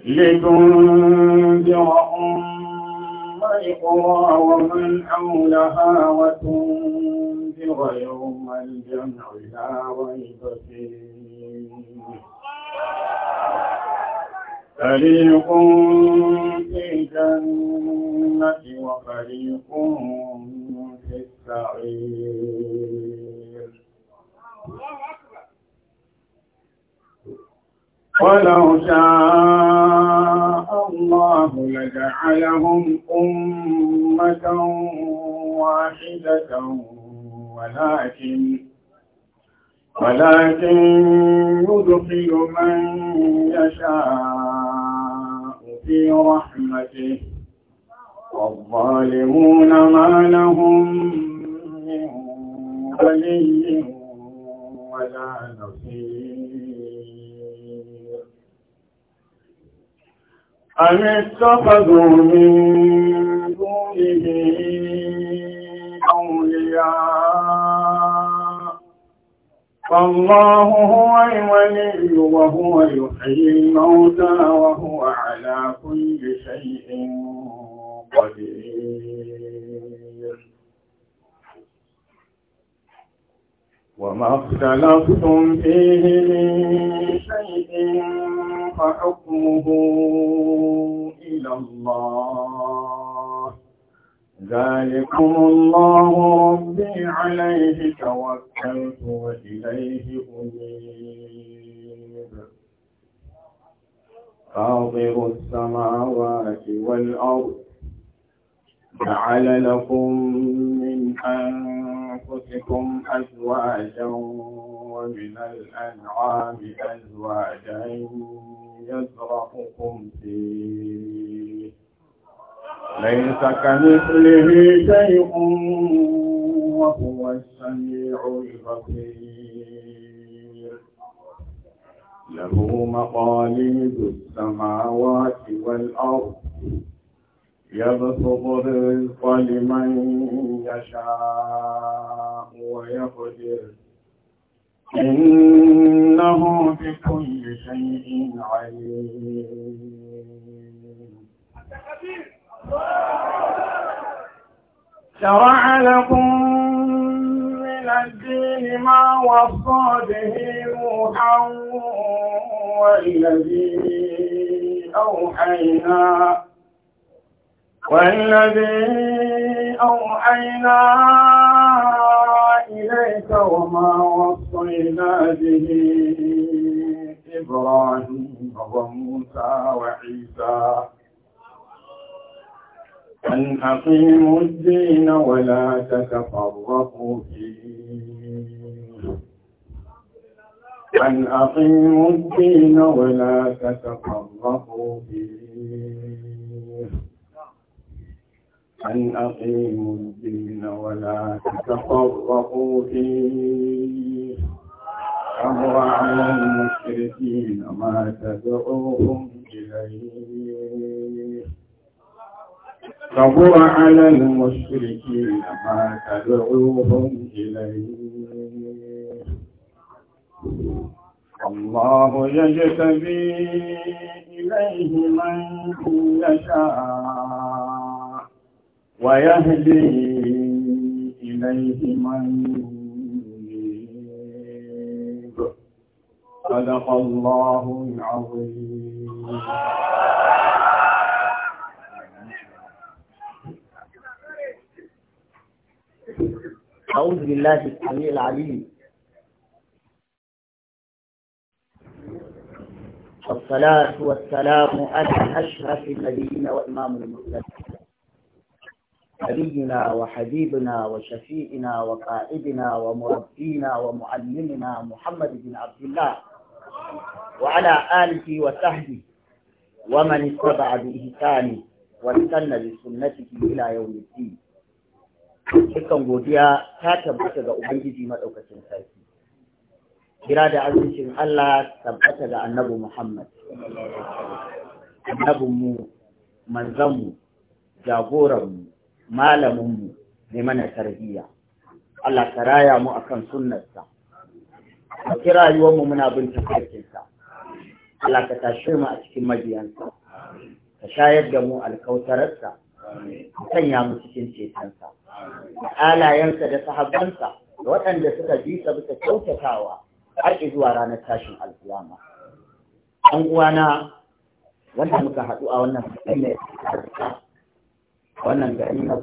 لتنذر أم القرى ومن حولها وتنذر يوم الجمع لا ريب فيه فريق في الجنة وفريق في السعير ولو شاء الله لجعلهم أمة واحدة ولكن ولكن يدخل من يشاء في رحمته والظالمون ما لهم من ولي ولا نصير أم اتخذوا من دونه أولياء فالله هو الولي وهو يحيي الموتى وهو على كل شيء قدير وما اختلفتم فيه من شيء فحكمه إلى الله ذلكم الله ربي عليه توكلت وإليه أنيب فاطر السماوات والأرض جعل لكم من أنفسكم أزواجا ومن الأنعام أزواجا يزرعكم فيه ليس كمثله شيء وهو السميع البصير له مقاليد السماوات والأرض يبسط الرزق لمن يشاء ويقدر إنه بكل شيء عليم شرع لكم من الدين ما وصى به روحا والذي أوحينا والذي أوحينا إليك وما وصينا به إبراهيم وموسى وعيسى أن أقيموا الدين ولا تتفرقوا فيه أن أقيموا الدين ولا تتفرقوا فيه أن أقيموا الدين ولا تتفرقوا فيه أمر على المشركين ما تدعوهم إليه فهو على المشركين ما تدعوهم إليه الله يجتبي إليه من يشاء ويهدي إليه من ينيب صدق الله العظيم أعوذ بالله السميع العليم والصلاة والسلام على أشرف النبيين وإمام المرسلين نبينا وحبيبنا وشفيئنا وقائدنا ومربينا ومعلمنا محمد بن عبد الله وعلى آله وصحبه ومن اتبع بإحسانه واستنى بسنته إلى يوم الدين dukkan godiya ta tabbata ga Ubangiji maɗaukacin sarki. Kira da abincin Allah tabbata ga annabi Muhammad. Annabinmu, manzanmu, malamin mu mai mana tarbiyya. Allah ta raya mu akan sunnarsa. a kira mu muna bin tafarkinsa. Allah ka tashe mu a cikin mabiyansa. Ka shayar da mu alkautararsa. Ka sanya mu cikin cetonsa. alayensa da sahabbansa da waɗanda suka bi sa bisa kyautatawa har zuwa ranar tashin alkiyama an uwana wanda muka haɗu a wannan ne wannan gari na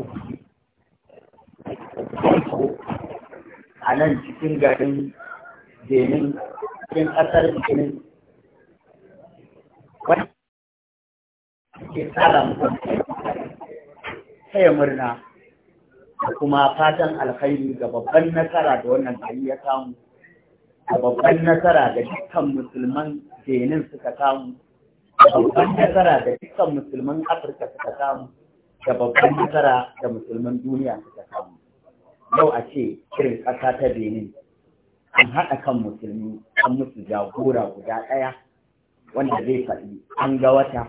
a nan cikin garin benin cikin ƙasar benin wani ke tsara mutum taya murna da kuma fatan alkhairi ga babban nasara da wannan gari ya samu da babban nasara da dukkan musulman benin suka samu da babban nasara da dukkan musulman afirka suka samu da babban nasara da musulman duniya suka samu yau a ce kirin ƙasa ta benin an haɗa kan musulmi an musu jagora guda ɗaya wanda zai faɗi an ga wata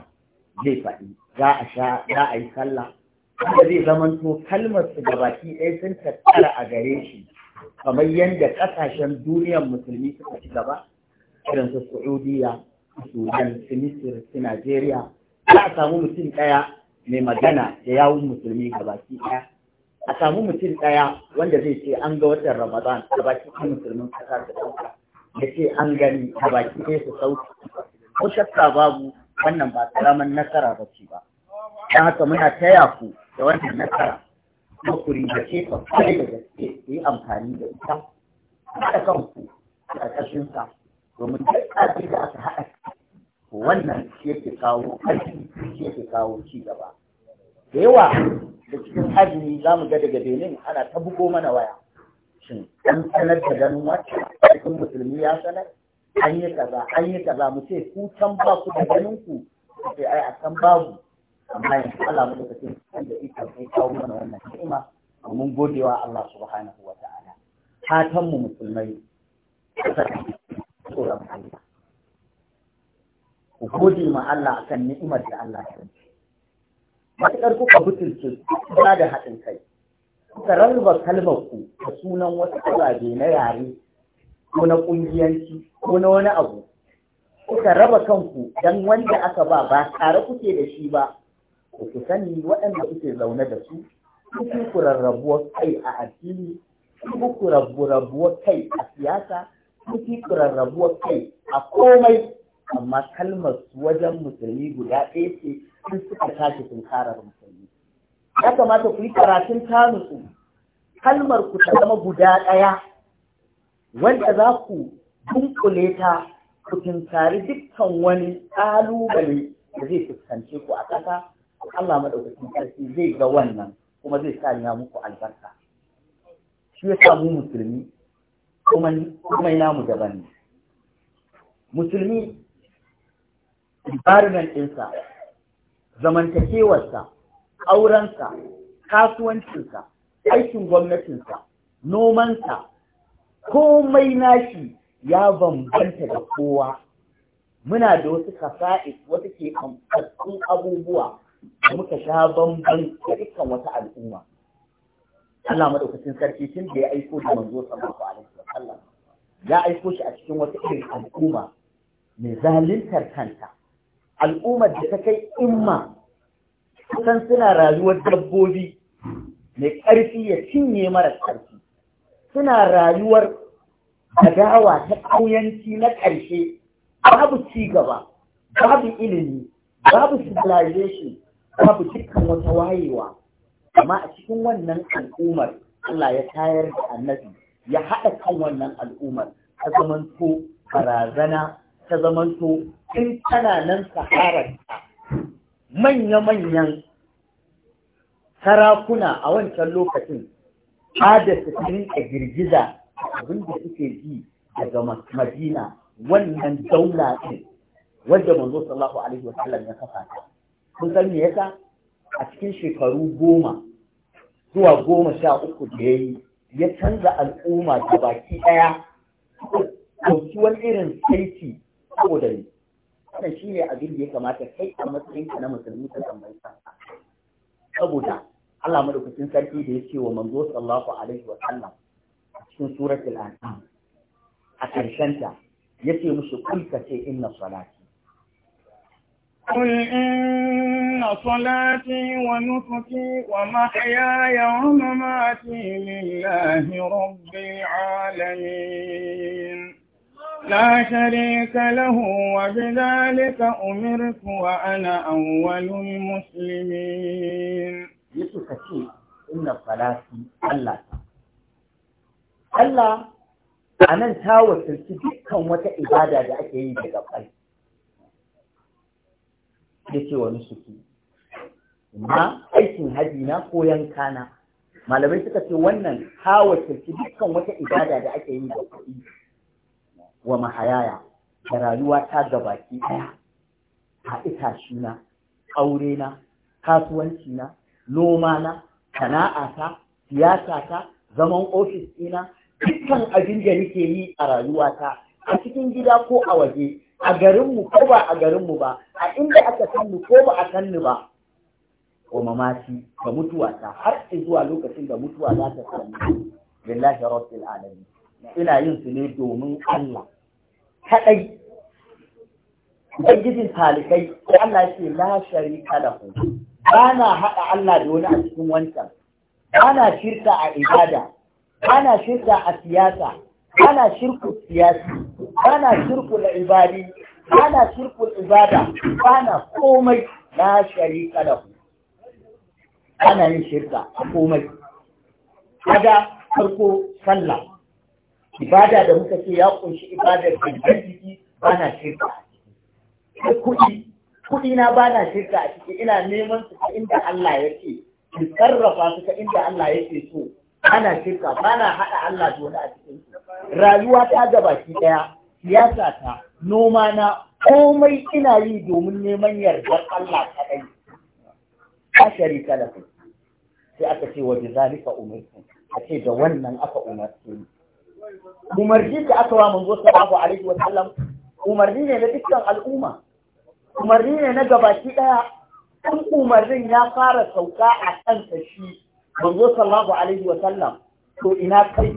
zai faɗi za a sha za a yi sallah da zai zamanto kalmar su gabaki ɗaya sun tattara a gare shi kamar yadda ƙasashen duniyar musulmi suka ci gaba irin su Saudiya, Sudan, Misir, su Najeriya za a samu mutum ɗaya mai magana da yawun musulmi gabaki ɗaya a samu mutum ɗaya wanda zai ce an ga watan Ramadan gabaki ɗaya musulmin ƙasa da ɗauka ya ce an gani gabaki ɗaya su sauki ko shakka babu wannan ba karaman nasara ba ce ba. Ya haka muna taya ku da wannan nasara kuma ku ribace ta da gaske ku yi amfani da ita haɗa kanku a ƙarƙashinsa domin duk ƙarfi da aka haɗa wannan shi yake kawo ƙarfi shi yake kawo ci gaba da yawa da cikin azumi za mu ga daga benin ana ta bugo mana waya shin an sanar da ganin wata cikin musulmi ya sanar an yi kaza an yi kaza mu ce ku can ba ku da ganin ku sai ai a can babu amma yanzu Allah mun da kan da ita sai kawo mana wannan ni'ima mun godewa Allah subhanahu wa ta'ala fatan mu musulmai tsoron Allah ku gode ma Allah akan ni'imar da Allah ya yi matuƙar kuka butulce ba da haɗin kai kuka rarraba kalmar ku da sunan wasu ƙuraje na yare ko na ƙungiyanci ko na wani abu kuka raba kanku don wanda aka ba ba tare kuke da shi ba ku sani waɗanda kuke zaune da su kuke ku rarrabuwar kai a addini kuke ku rarrabuwar kai a siyasa kuke ku rarrabuwar kai a komai amma kalmar su wajen musulmi guda ɗaya ce sun suka tashi sun kara musulmi ya kamata ku yi karatun tanusu kalmar ku ta zama guda ɗaya wanda za ku dunkule ta ku tunkari dukkan wani ƙalubale da zai fuskance ku a ƙasa Allah madaukakin sarki zai ga wannan kuma zai sa ya muku albarka shi ya sa mu musulmi kuma kuma ina mu daban ne musulmi environment ɗinsa zamantakewarsa aurensa kasuwancinsa aikin gwamnatinsa nomansa komai nashi ya bambanta da kowa muna da wasu kasa'i wata ke amfattun abubuwa da muka sha bamban da dukkan wata al'umma Allah maɗaukacin sarki tun da ya aiko da manzo sallallahu alaihi wasallam ya aiko shi a cikin wata irin al'umma mai zaluntar kanta al'ummar da ta kai imma kusan suna rayuwar dabbobi mai ƙarfi ya cinye mara ƙarfi suna rayuwar adawa ta ƙauyanci na ƙarshe babu ci gaba babu ilimi babu civilization babu cikin wata wayewa amma a cikin wannan al'ummar Allah ya tayar da annabi ya haɗa kan wannan al'ummar ta zamanto barazana ta zamanto in tana nan saharar manya-manyan sarakuna a wancan lokacin adasa su rinka girgiza abin da suke ji daga madina wannan daula ɗin wadda manzo sallallahu alaihi wasallam ya kafa ta kun san me yasa a cikin shekaru goma zuwa goma sha uku da ya yi ya canza al'umma da baki ɗaya ɗauki wani irin saiti saboda ne wannan shi ne abin da ya kamata kai a matsayinka na musulmi ka tambayi saboda Allah madaukakin sarki da ya ce wa manzo sallallahu alaihi wa sallam a cikin suratul an'am a ta yace mushi kulka ce inna salati قل إن صلاتي ونفتي ومحياي ومماتي لله رب العالمين لا شريك له وبذلك أمرك وأنا أول المسلمين يسكتي إن صلاتي الله الله أنا تاوى تلك دكا وتعبادة أكيد لقلبي ya ce wani suki na aikin haji na ko yanka na malamai suka ce wannan ta wakilci dukkan wata ibada da ake yi da kuɗi wa mahayaya da rayuwa ta gabaki ɗaya a itashi na aure na kasuwanci na noma na sana'a ta siyasa ta zaman ofis ɗina dukkan abin da nake yi a rayuwata a cikin gida ko a waje a garinmu ko ba a garinmu ba a inda aka san ko ba a san ba ko mamaci ga mutuwa ta har zuwa lokacin da mutuwa za ta sami billahi rabbil alamin ina yin su ne domin Allah kadai ubangijin talikai sai Allah ya ce la sharika ba bana haɗa Allah da wani a cikin wancan na shirka a ibada na shirka a siyasa ana shirku siyasi ana shirku na ibadi ana shirku ibada ana komai na shari'a da ku ana yin shirka a komai kada farko sallah ibada da muka ce ya kunshi ibadar da jiki bana shirka kuɗi kuɗi na bana shirka a ciki ina neman su ka inda Allah ya ce ki sarrafa su ka inda Allah ya ce so ana shirka ba na haɗa Allah da wani a cikin rayuwa ta gabaki ɗaya siyasa ta noma na komai ina yi domin neman yardar Allah kaɗai a sharika da kai sai aka ce waje zalika umarci a ce da wannan aka umarci ni umarci da aka wa manzo sallallahu alaihi wa sallam umarni ne na dukkan al'umma umarni ne na gabaki ɗaya kun umarnin ya fara sauka a kansa shi manzo sallallahu alaihi wa sallam to ina kai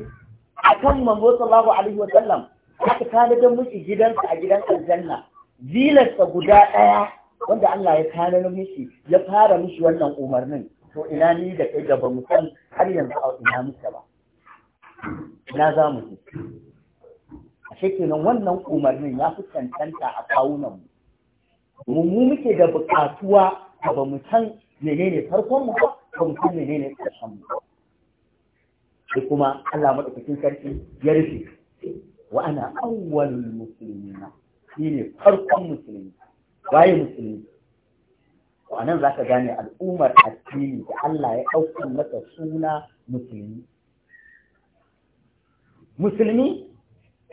akan manzo sallallahu alaihi wa sallam aka da miki gidansa a gidan aljanna zilarsa guda ɗaya wanda Allah ya na miki ya fara miki wannan umarnin to ina ni da kai da bamu san har yanzu a ina miki ba ina za mu je a nan wannan umarnin ya fi cancanta a kawunan mu mu muke da buƙatuwa ba bamu san menene farkon mu ba mu san menene karshen mu sai kuma Allah madaukakin sarki ya rufe wa ana awwalul muslimina shine farkon musulmi waye musulmi a nan za ka gane al'ummar addini da Allah ya ɗauka masa suna musulmi. Musulmi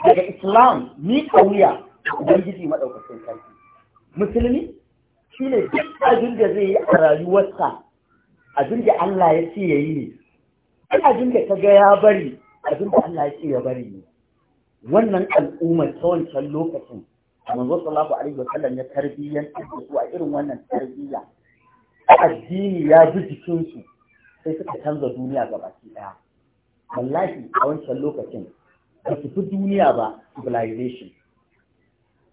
daga Islam ni kauya Ubangiji maɗaukacin sarki. Musulmi Shi ne, duk abin da zai yi a rayuwarsa abin da Allah ya ce ya yi ne abin da ga ya bari abin da Allah ya ce ya bari ne wannan al'ummar ta wancan lokacin manzo sallallahu alaihi wasallam ya tarbiyyan su a irin wannan tarbiyya addini ya bi jikinsu sai suka canza duniya baki daya wallahi a wancan lokacin ba su fi duniya ba civilization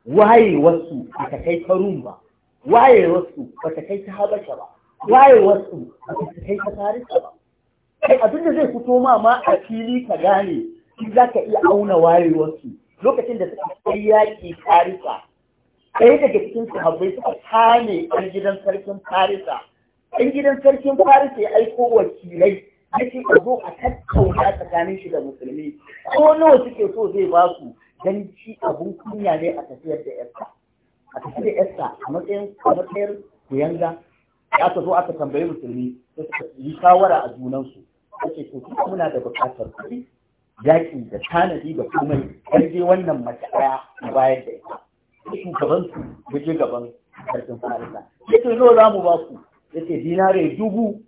Wayewarsu wasu ta kai karun ba wayewarsu ba ta kai ta habasha ba wayewarsu ba ta kai ta farisa ba kai abin da zai fito ma ma a fili ka gane shi za ka iya auna wayewarsu lokacin da suka kai yaƙi farisa ɗaya daga cikin sahabbai suka kame ɗan gidan sarkin farisa ɗan gidan sarkin farisa ya aiko wakilai ce a zo a tattauna tsakanin shi da musulmi ko nawa suke so zai ba su don shi abun kunya ne a tafiyar da yarsa a tafi da yasta a matsayin a matsayin ya ta zo aka tambayi musulmi yi shawara a junansu ake to kuma muna da buƙatar kuɗi yaƙi da tanadi da komai sai je wannan mace a bayar da ita shugaban su ya je gaban sarkin farisa ya ce zo za mu ba ku ya ce dinare dubu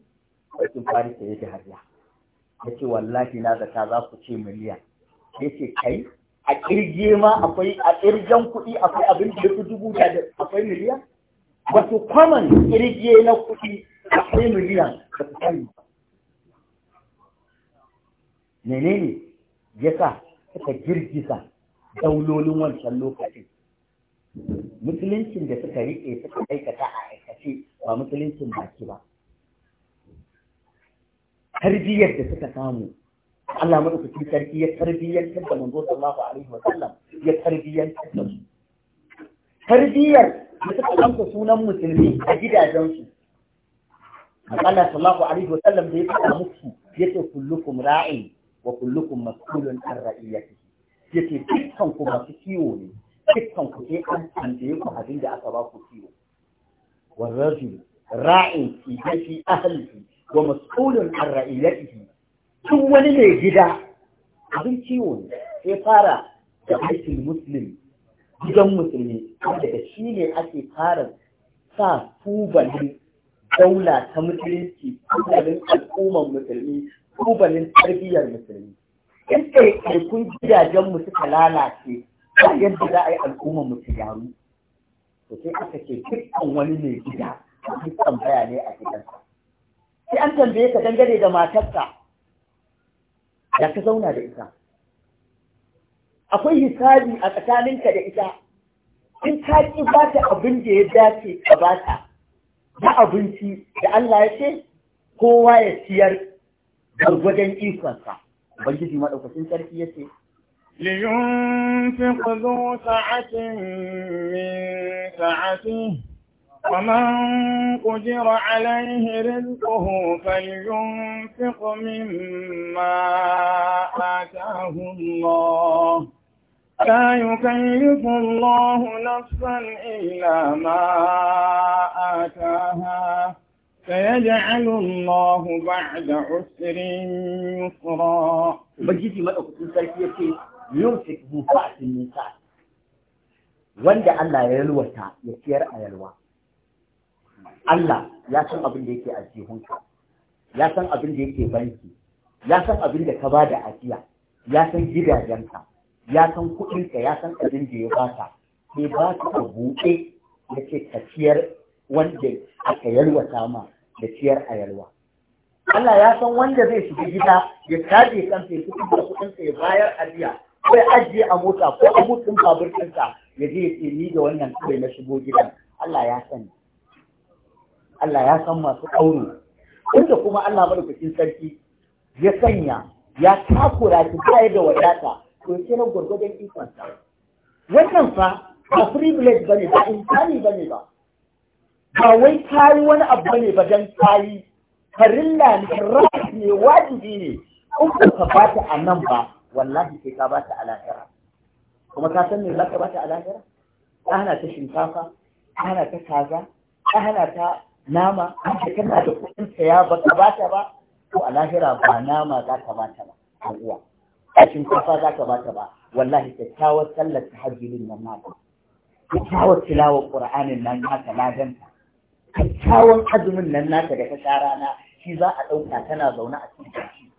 sarkin farisa ya ji hariya ya ce wallahi na zata za ku ce miliyan ya ce kai a kirge ma akwai a kirgen kuɗi akwai abin da fi dubu da akwai miliyan wato kwaman kirge na kuɗi akwai miliyan da ne ne menene ya sa suka girgiza daulolin wancan lokacin musuluncin da suka riƙe suka aikata a aikace ba musuluncin baki ba tarbiyyar da suka samu Allah madaukakin sarki ya tarbiyyantar da manzo sallallahu alaihi wa sallam ya tarbiyyantar da su tarbiyyar da suka amsa sunan musulmi a gidajensu Allah sallallahu alaihi wa sallam da ya faɗa musu ce kullukum ra'in wa kullukum mas'ulun an ya yace dukkan ku masu kiwo ne dukkan ku sai an tambaye ku abin da aka ba ku kiwo wa rajul ra'in fi ahlihi wa mas'ulun an ra'iyatihi tun wani mai gida abin ciwo ne ya fara da aikin musulmi gidan musulmi daga shi ne ake fara sa tubalin daula ta musulunci tubalin al'ummar musulmi tubalin tarbiyyar musulmi in ɗaiɗaikun gidajen mu suka lalace ba yadda za a yi al'ummar mu su gyaru sai aka ce dukkan wani mai gida dukkan baya ne a gidansa sai an tambaye ka dangane da matarsa da ka zauna da ita akwai hisabi a tsakaninka da ita in ta ki ba ta abin da ya dace ka ba ta na abinci da Allah ya ce kowa ya ciyar gwargwadon ikonsa ubangiji maɗaukacin sarki ya ce fi ذو sa'atin min sa'atin. ومن قدر عليه رزقه فلينفق مما آتاه الله لا يكلف الله نفسا إلا ما آتاها سيجعل الله بعد عسر يسرا ubangiji madaukakin sarki yake yumsik bu fa'atin nisa wanda Allah ya yalwata ya ciyar a yalwa Allah ya san abin da yake a jihunka ya san abin da yake banki ya san abin da ka ba da ajiya ya san gidajenka ya san kuɗinka ya san abin da ya bata, sai ba ka buɗe ya ce ka ciyar wanda aka yalwata ma da ciyar a yalwa Allah ya san wanda zai shiga gida ya kaje kansa ya fito da ya bayar ajiya ko ya ajiye a mota ko a mutun babur ya je ya ce ni da wannan kawai na shigo gidan Allah ya sani Allah ya san masu ƙauri inda kuma Allah madaukakin sarki ya sanya ya takura ki baya da wadata to ya na gwargwadon ikonsa wannan fa ba privilege bane ba insani bane ba ba wai kayi wani abu bane ba dan kayi farilla ne rai ne wajibi ne in ba ka bata a nan ba wallahi sai ka ba a lahira kuma ka san me za ka ba a lahira ka hana ta shinkafa ka hana ta kaza ka hana ta nama da kana da kuɗin saya ba ka ba ta ba to a lahira ba nama za ka ba ta ba a uwa a shinkafa za ka ba ta ba wallahi tawa sallar ta hajjilin nan naka kyakkyawar tilawar qur'anin nan ta ta azumin nan na da ka tsara rana shi za a ɗauka tana zaune a cikin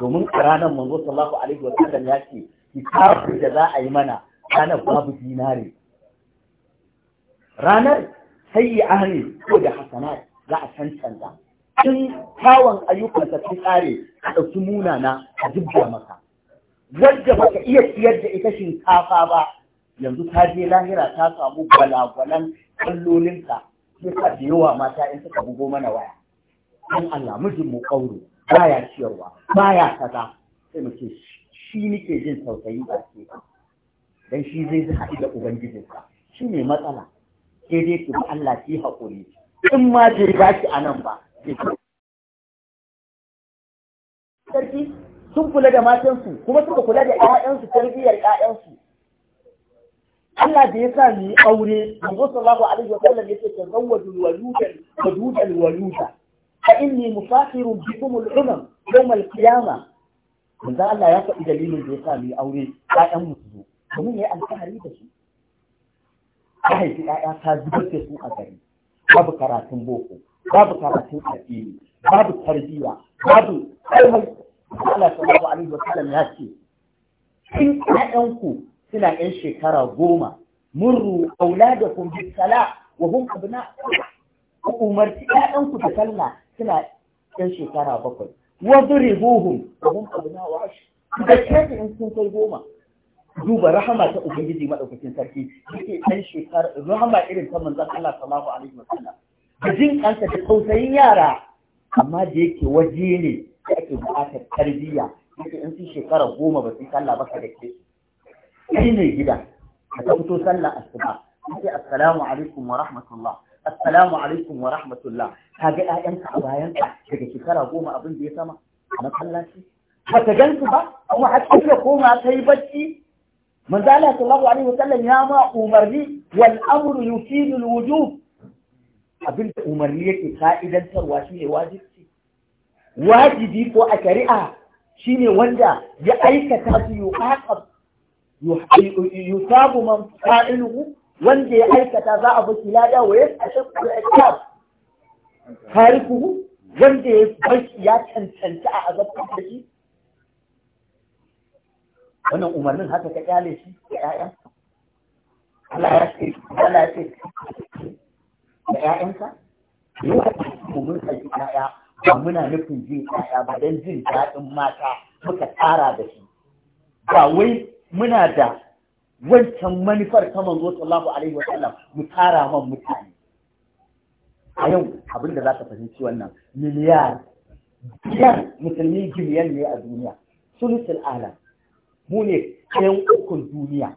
domin ranar manzo sallallahu alaihi wa sallam ya ce kitabu da za a yi mana ranar babu dinare ranar sai ahli ko da hasanat za a cancanta tun kawon ayyukansa sun tsare a ɗauki munana a jibba maka wadda baka iya siyar da ita shinkafa ba yanzu ta je lahira ta samu gwalagwalan kallolinka sai ka da yawa mata in suka bugo mana waya don Allah mijin mu ƙauro baya ciyarwa baya kaza sai mu ce shi nike jin tausayi ba ce dan shi zai haɗu da ubangijinsa shi ne matsala sai dai ba Allah shi haƙuri in ma bai ba shi a nan ba sarki sun kula da matansu kuma suka kula da ƴaƴansu tarbiyyar ƴaƴansu Allah da ya sa mu yi aure Annabi sallallahu alaihi wasallam yake tazawwaju waludan wadudan waluda fa inni mufakhirun bikum al-umam yawm al-qiyamah manzo Allah ya faɗi dalilin da ya sa mu aure ƴaƴan mu su zo domin yi alfahari da su ta haifi ‘ya'ya ta zubar da su a gari babu karatun boko babu karatun addini babu tarbiyya babu aihar Allah sallallahu alaihi wasallam ya ce in ƴaƴanku suna ƴan shekara goma murru auladakum bis sala wa hum abna ku umarci ‘ya'yanku da sallah suna ƴan shekara bakwai wa duribuhum wa hum abna wa ashir da in sun kai goma duba rahama ta ubangiji madaukakin sarki yake dan shekara rahama irin ta manzon Allah sallallahu alaihi wasallam da jin kansa da tausayin yara amma da yake waje ne da ake buƙatar tarbiyya yake in su shekara goma ba sun sallah ba ka da ke kai ne gida ka ta fito sallah asuba yake assalamu alaikum wa rahmatullah assalamu alaikum wa rahmatullah ka ga ƴaƴanka a bayanka daga shekara goma abin da ya sama a masallaci ba ta gansu ba kuma har da koma ta yi bacci manzo Allah sallallahu alaihi wasallam ya ma umarni wal amru yufidu al wujub abin umarni yake ka'idantarwa shine wajibi wajibi ko a shari'a shine wanda ya aikata su yuqaqab yusabu man fa'iluhu wanda ya aikata za a baki lada wa wanda ya ya cancanta a da shi wannan umarnin haka ka kyale shi ga ƴaƴan Allah ya ce Allah ya ce ga ƴaƴanka yau mu mun sai ƴaƴa ba muna nufin jin ƴaƴa ba dan jin daɗin mata muka tsara da shi ba wai muna da wancan manufar ta manzo sallallahu alaihi wa sallam mu tsara man mutane a yau abin da za ka fahimci wannan miliyar biyar musulmi biliyan ne a duniya sulusul alam mu ne ɗayan ukun duniya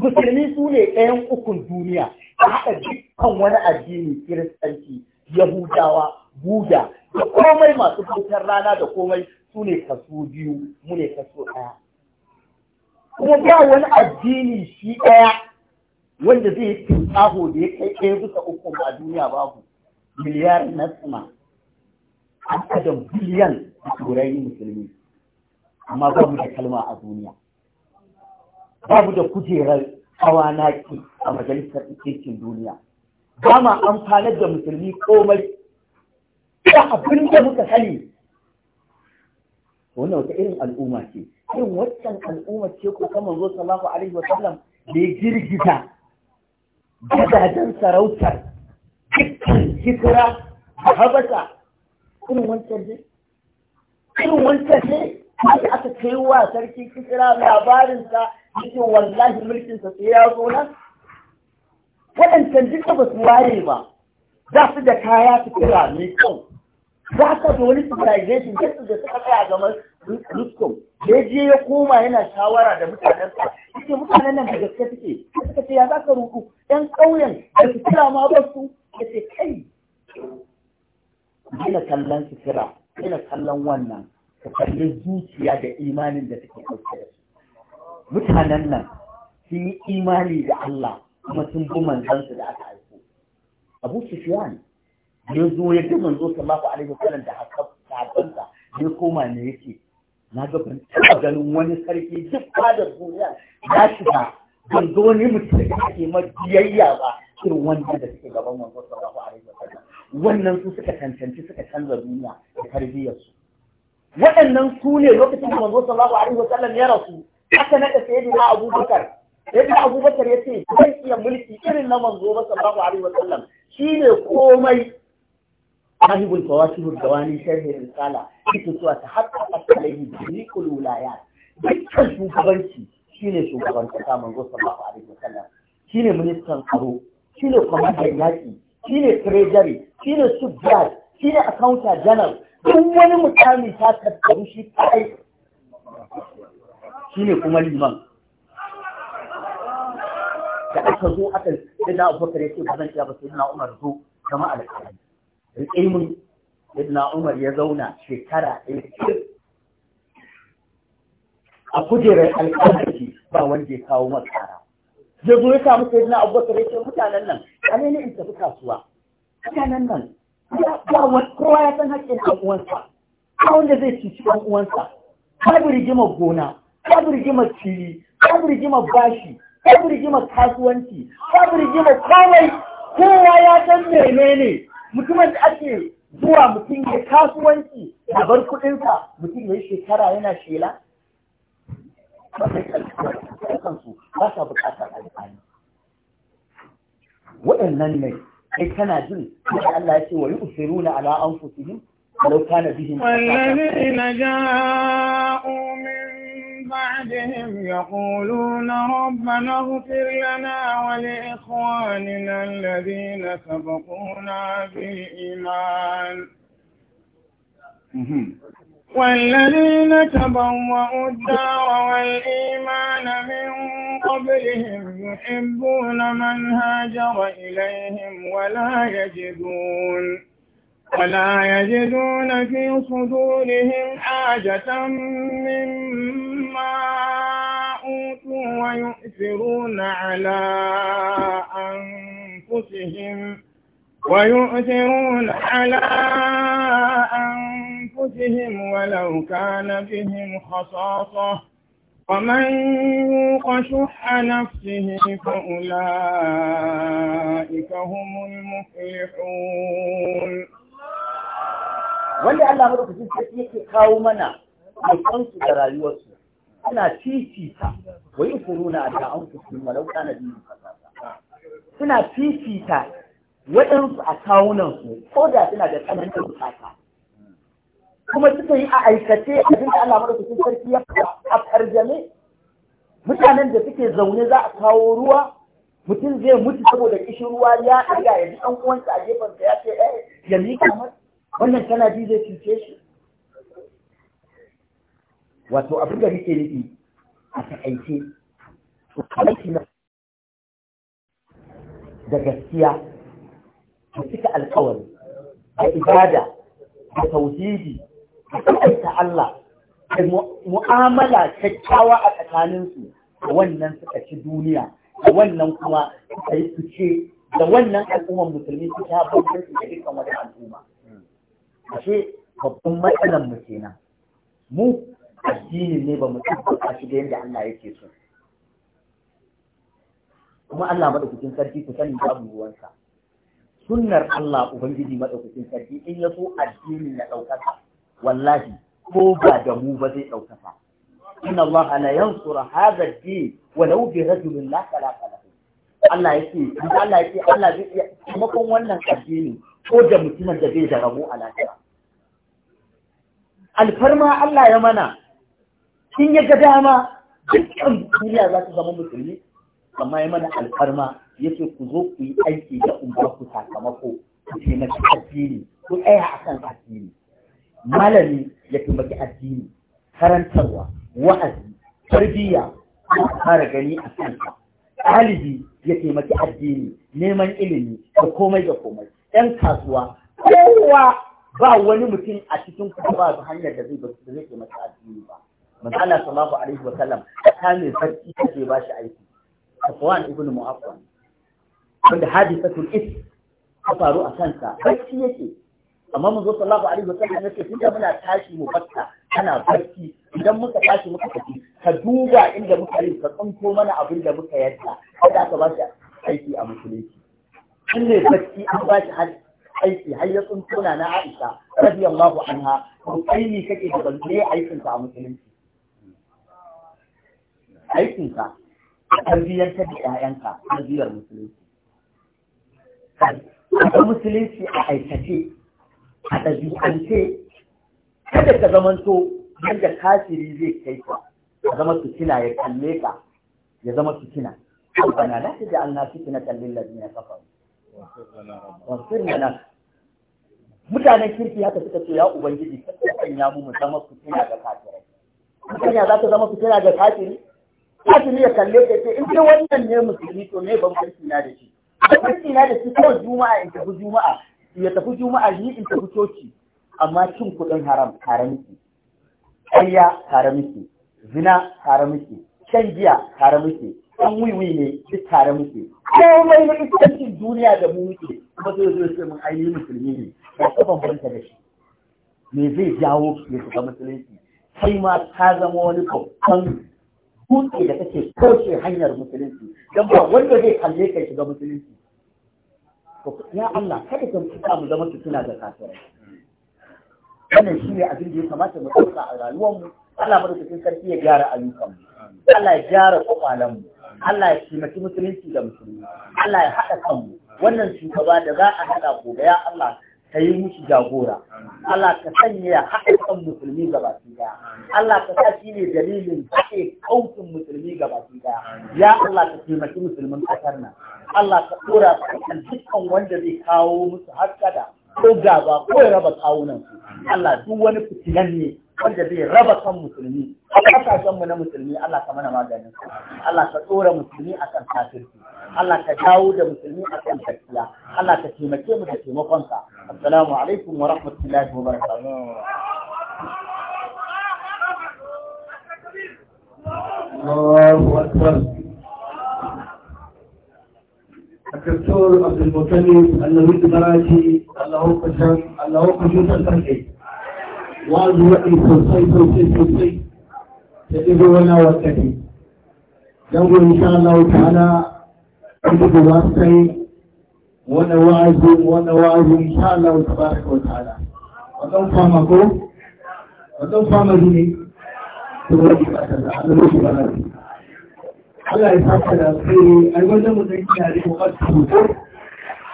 musulmi su ne ɗayan ukun duniya a haɗa dukkan wani addini kiristanci yahudawa buda da komai masu bautar rana da komai su ne kaso biyu mu ne kaso ɗaya kuma ba wani addini shi ɗaya wanda zai yi tsaho da ya kai ɗaya bisa uku a duniya babu miliyar nasima an biliyan a turai musulmi amma ba mu da kalma a duniya ba mu da kujerar hawa naki a majalisar ikikin duniya ba ma amfanar da musulmi komai da abin da muka sani wannan wata irin al'umma ce irin waccan al'umma ce ko kamar zo sallallahu alaihi wa sallam da ya girgiza Gidajen sarautar cikin hikira da habasa irin wancan ne irin wancan ne haka aka kai wa sarki kisira labarinsa yake wallahi mulkinsa sai ya zo nan waɗancan duka ba su ware ba za su da kaya su kira mai kyau za ka da wani civilization su da suka tsaya gaban Ruskom ya je ya koma yana shawara da mutanen sa yake mutanen nan da gaske suke suka ce ya za ka rudu yan ƙauyen da su kira ma ba su ya ce kai ina kallon su kira ina kallon wannan ka kalli zuciya da imanin da take ɗauke da su mutanen nan sun yi imani da Allah kuma sun bi manzansu da aka aiko Abu Sufyan ya zo ya ga manzo sallallahu alaihi wasallam da hakansa ya koma ne yake na ga ban taɓa ganin wani sarki duk fadar duniya ya shiga ban ga wani mutum da ake ma biyayya ba irin wanda da suke gaban manzo sallallahu alaihi wasallam wannan su suka cancanci suka canza duniya da tarbiyyarsu waɗannan su ne lokacin da manzo sallallahu alaihi wasallam ya rasu aka naɗa sayyidina abubakar sayyidina abubakar ya ce zai iya mulki irin na manzo sallallahu alaihi wasallam shi ne komai sahibul fawasilul dawani sharhi risala kitu cewa ta haƙƙa alaihi bilikul wilayat dukkan shugabanci shine shugaban kasa manzo sallallahu alaihi wasallam shine ministan tsaro shine kwamandan yaƙi shine treasury shine Shi shine accountant general duk wani mutane ta tattaru shi kai shi ne kuma liman da aka zo aka yi na abubakar ya ce ba zan iya ba sai na umar zo kama alƙalai riƙe mun na umar ya zauna shekara ɗaya a kujerar alƙalai ba wanda ya kawo makara ya zo ya samu sai na abubakar ya ce mutanen nan a ne in tafi kasuwa mutanen nan kowa ya san haƙƙin ɗan uwansa ba wanda zai cuci ɗan uwansa babu rigimar gona babu rigimar ciri babu rigimar bashi babu rigimar kasuwanci babu rigimar komai kowa ya san menene mutumin da ake zuwa mutum ya kasuwanci ya bar kuɗinsa mutum ya yi shekara yana shela kansu ba sa buƙatar alfani waɗannan ne kai kana jin da Allah ya ce wa yusiru na ala anfusihim law kana bihim walladheena ja'u min ba'dihim yaquluna rabbana ighfir lana wa li ikhwanina alladheena sabaquna bil iman والذين تبوأوا الدار والإيمان من قبلهم يحبون من هاجر إليهم ولا يجدون ولا يجدون في صدورهم حاجة مما أوتوا ويؤثرون على أنفسهم ويؤثرون على أنفسهم أنفسهم ولو كان بهم خصاصة ومن يوق شح نفسه فأولئك هم المفلحون wanda Allah madaukakin sarki yake kawo mana a mutansu da rayuwarsu suna fifita wa yi kuruna a da'an kusur malauta na biyu suna fifita waɗansu a kawunansu ko da suna da tsananin bukata kuma suka yi a aikace abin da Allah madaukakin sarki ya fara a farjame mutanen da suke zaune za a kawo ruwa mutum zai mutu saboda kishin ruwa ya ɗaga ya ji ɗan uwansa a gefensa ya ce eh ya miƙa wannan tana ji zai cuce shi wato abin da rike nufi a taƙaice aiki na da gaskiya da cika alƙawari da ibada da tauhidi ta Allah da mu'amala kyakkyawa a tsakaninsu da wannan suka ci duniya da wannan kuma suka yi fice da wannan al'ummar musulmi su ta su da dukkan wata al'umma ashe babban matsalar mu kenan mu addini ne ba mu tabbata shi da yadda Allah yake so kuma Allah madaukakin sarki ku sani babu ruwansa sunnar Allah ubangiji madaukakin sarki in ya so addini na ɗaukaka wallahi ko ba da mu ba zai ɗaukaka inna allaha la yansura hadha ad-din walau bi rajulin la khalaqa lahu Allah yake Allah yake Allah zai kuma kon wannan addini ko da mutumin da bai da rabo a lafiya alfarma Allah ya mana kin ya ga dama dukkan duniya za ta zama musulmi amma ya mana alfarma ya ku zo ku yi aiki da umar ku sakamako ku taimaki addini ku tsaya akan kan addini malami ya taimaki addini karantarwa wa'azi tarbiyya ya fara gani a kansa ɗalibi ya taimaki addini neman ilimi da komai da komai ɗan kasuwa kowa ba wani mutum a cikin kuma ba su hanyar da zai da zai taimaki addini ba manzala sallallahu alaihi wa sallam ta mai sarki take ba shi aiki safwan ibn mu'affan wanda hadisatul is ta faru a kansa bacci yake amma mun zo sallahu alaihi wasallam ya ce da muna tashi mu fatta kana barci idan muka tashi muka tafi ka duba inda muka yi ka tsanto mana abin da muka yadda kada ka ba shi aiki a musulunci in ne barci an ba shi aiki har ya tsanto na Aisha radiyallahu anha ko kai ne kake da balle aikin ka a musulunci aikin ka tarbiyyar ta da ƴaƴanka tarbiyyar musulunci a musulunci a aikace a ɗabi'ance kada ka zamanto yadda kafiri zai kai ka ya zama fitina ya kalle ka ya zama fitina na لا تجعلنا فتنة kafa كفروا na na mutanen kirki haka suka ce ya ubangiji kan ya mu zama fitina ga kafirai ya za ka zama fitina ga kafiri kafiri ya kalle ka ce in ce wannan ne musulmi to ne ban kirki na da shi ban kirki na da shi kawai juma'a in tafi juma'a ya tafi juma'a ni in tafi coci amma cin kuɗin haram tare miki ƙarya tare miki zina tare miki shan giya tare miki ɗan wiwi ne duk tare miki komai na iskancin duniya da mu muke kuma zai zo sai mun ainihin musulmi ne ba ta bambanta da shi me zai jawo ya shiga musulunci kai ma ta zama wani babban dutse da take kauce hanyar musulunci don ba wanda zai kalle ka shiga musulunci ya Allah kada ka fita mu zama fitina da kafirai wannan shi ne abin da ya kamata mu ɗauka a rayuwarmu Allah madaukakin sarki ya gyara ayyukanmu Allah ya gyara kwakwalenmu Allah ya taimaki musulunci da musulmi Allah ya haɗa kanmu wannan shugaba da za a haɗa gobe ya Allah ka yi jagora Allah ka sanya ya haɗa kan musulmi baki ɗaya Allah ka sa shi ne dalilin haɗe kaukin musulmi baki daya ya Allah ka taimaki musulmin ƙasar nan Allah ka dora su kan dukkan wanda zai kawo musu haskada ko gaba ko ya raba kawunan su Allah duk wani fitinan ne wanda zai raba kan musulmi a kasashen mu na musulmi Allah ka mana maganin su Allah ka dora musulmi akan kafirci Allah ka dawo da musulmi akan gaskiya Allah ka taimake mu da taimakon ka assalamu alaikum wa rahmatullahi wa barakatuh Allahu Akbar الدكتور عبد المطلب النبي البراجي الله كشم الله كشوف الفرقي وعد وقي سلسي سلسي سلسي تجد ولا وقتي لو إن شاء الله تعالى تجد وقتي وانا واعز وانا واعز إن شاء الله تبارك وتعالى وأنا فهمكم وأنا فهم ديني تبارك وتعالى Allah ya saka da alkhairi ai wannan mutum yana da bukatar hutu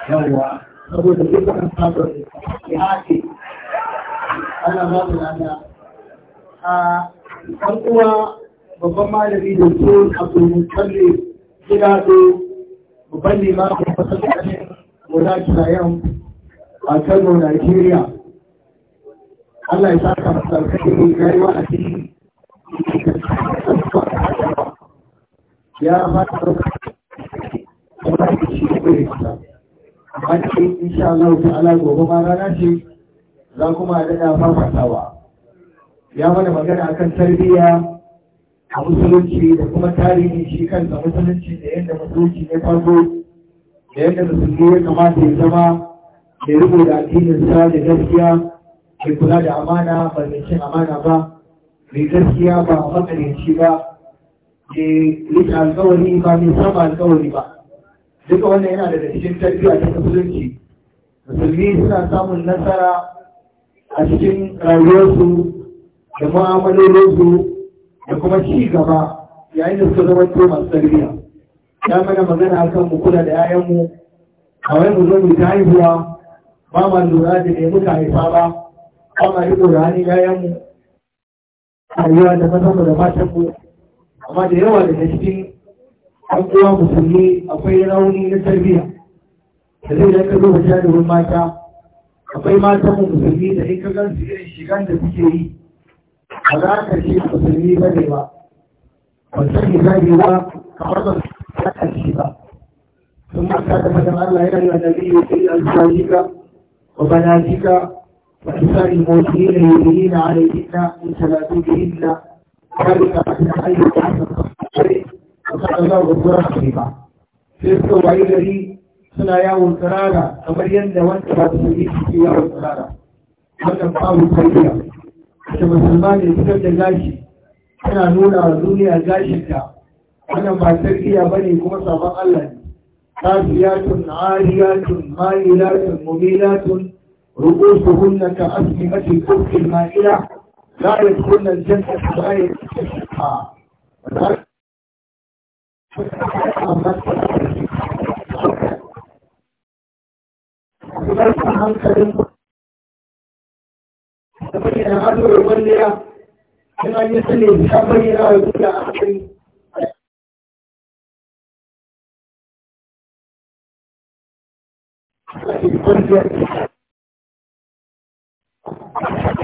yawa saboda duk kan sabar ya hake Allah ba mu lada a ɗan uwa babban malami da ke Abdul Mutallib gida do babban limamin fasar da ne Mola Kilayan a Kano Nigeria Allah ya saka masa alkhairi rayuwa a cikin ya fata ɗauka kuma da shi ne bai amma da shi insha Allah ta'ala gobe ma rana ce za kuma daɗa fafatawa ya mana magana akan tarbiyya a musulunci da kuma tarihin shi da musulunci da yadda musulunci ne farko da yadda musulunci ya kamata ya zama ya riko da addininsa da gaskiya ya kula da amana ba mai cin amana ba mai gaskiya ba matsalici ba ke rike alkawari ba mai saba alkawari ba duka wannan yana da cikin tarbiyya ta musulunci musulmi suna samun nasara a cikin rayuwarsu da mu'amalolinsu da kuma ci gaba yayin da suka zama to masu tarbiyya ya mana magana kan mu kula da 'ya'yanmu a wani mu zo mu ta haihuwa ba ma lura da ne muka haifa ba ba ma riƙo da hannun 'ya'yanmu a rayuwa da mazanmu da matanmu amma da yawa daga cikin an uwa musulmi akwai rauni na tarbiyya da zai da zuwa zo ka da mata akwai matan musulmi da in ka gan su irin shigan da suke yi ba za ka ce musulmi ba ne ba ban san zage ba kamar ba saka shi ba sun mata da madan Allah yana yi wa nabi ya ce alfajika wa banatika wa isa'il mu'minina yu'minina alayhinna in salatu na. ذلك أن أيضا عنه الشيء وقد الله غفورا suna yawon tsirara kamar yadda wanda ba su yi suke yawon tsirara wanda da musulma ne fitar da gashi tana nuna wa duniya gashinta wannan ba tarbiyya ba ne kuma sabon Allah ne kasiyatun ariyatun ma'ilatun mumilatun rukusuhunna ka asmi mace kufin ma'ila لا يدخلنا الجنة بغير استحقاق ولكن هنكلم تبين هذا الولي أنا يسلي تبين هذا أخي Thank you.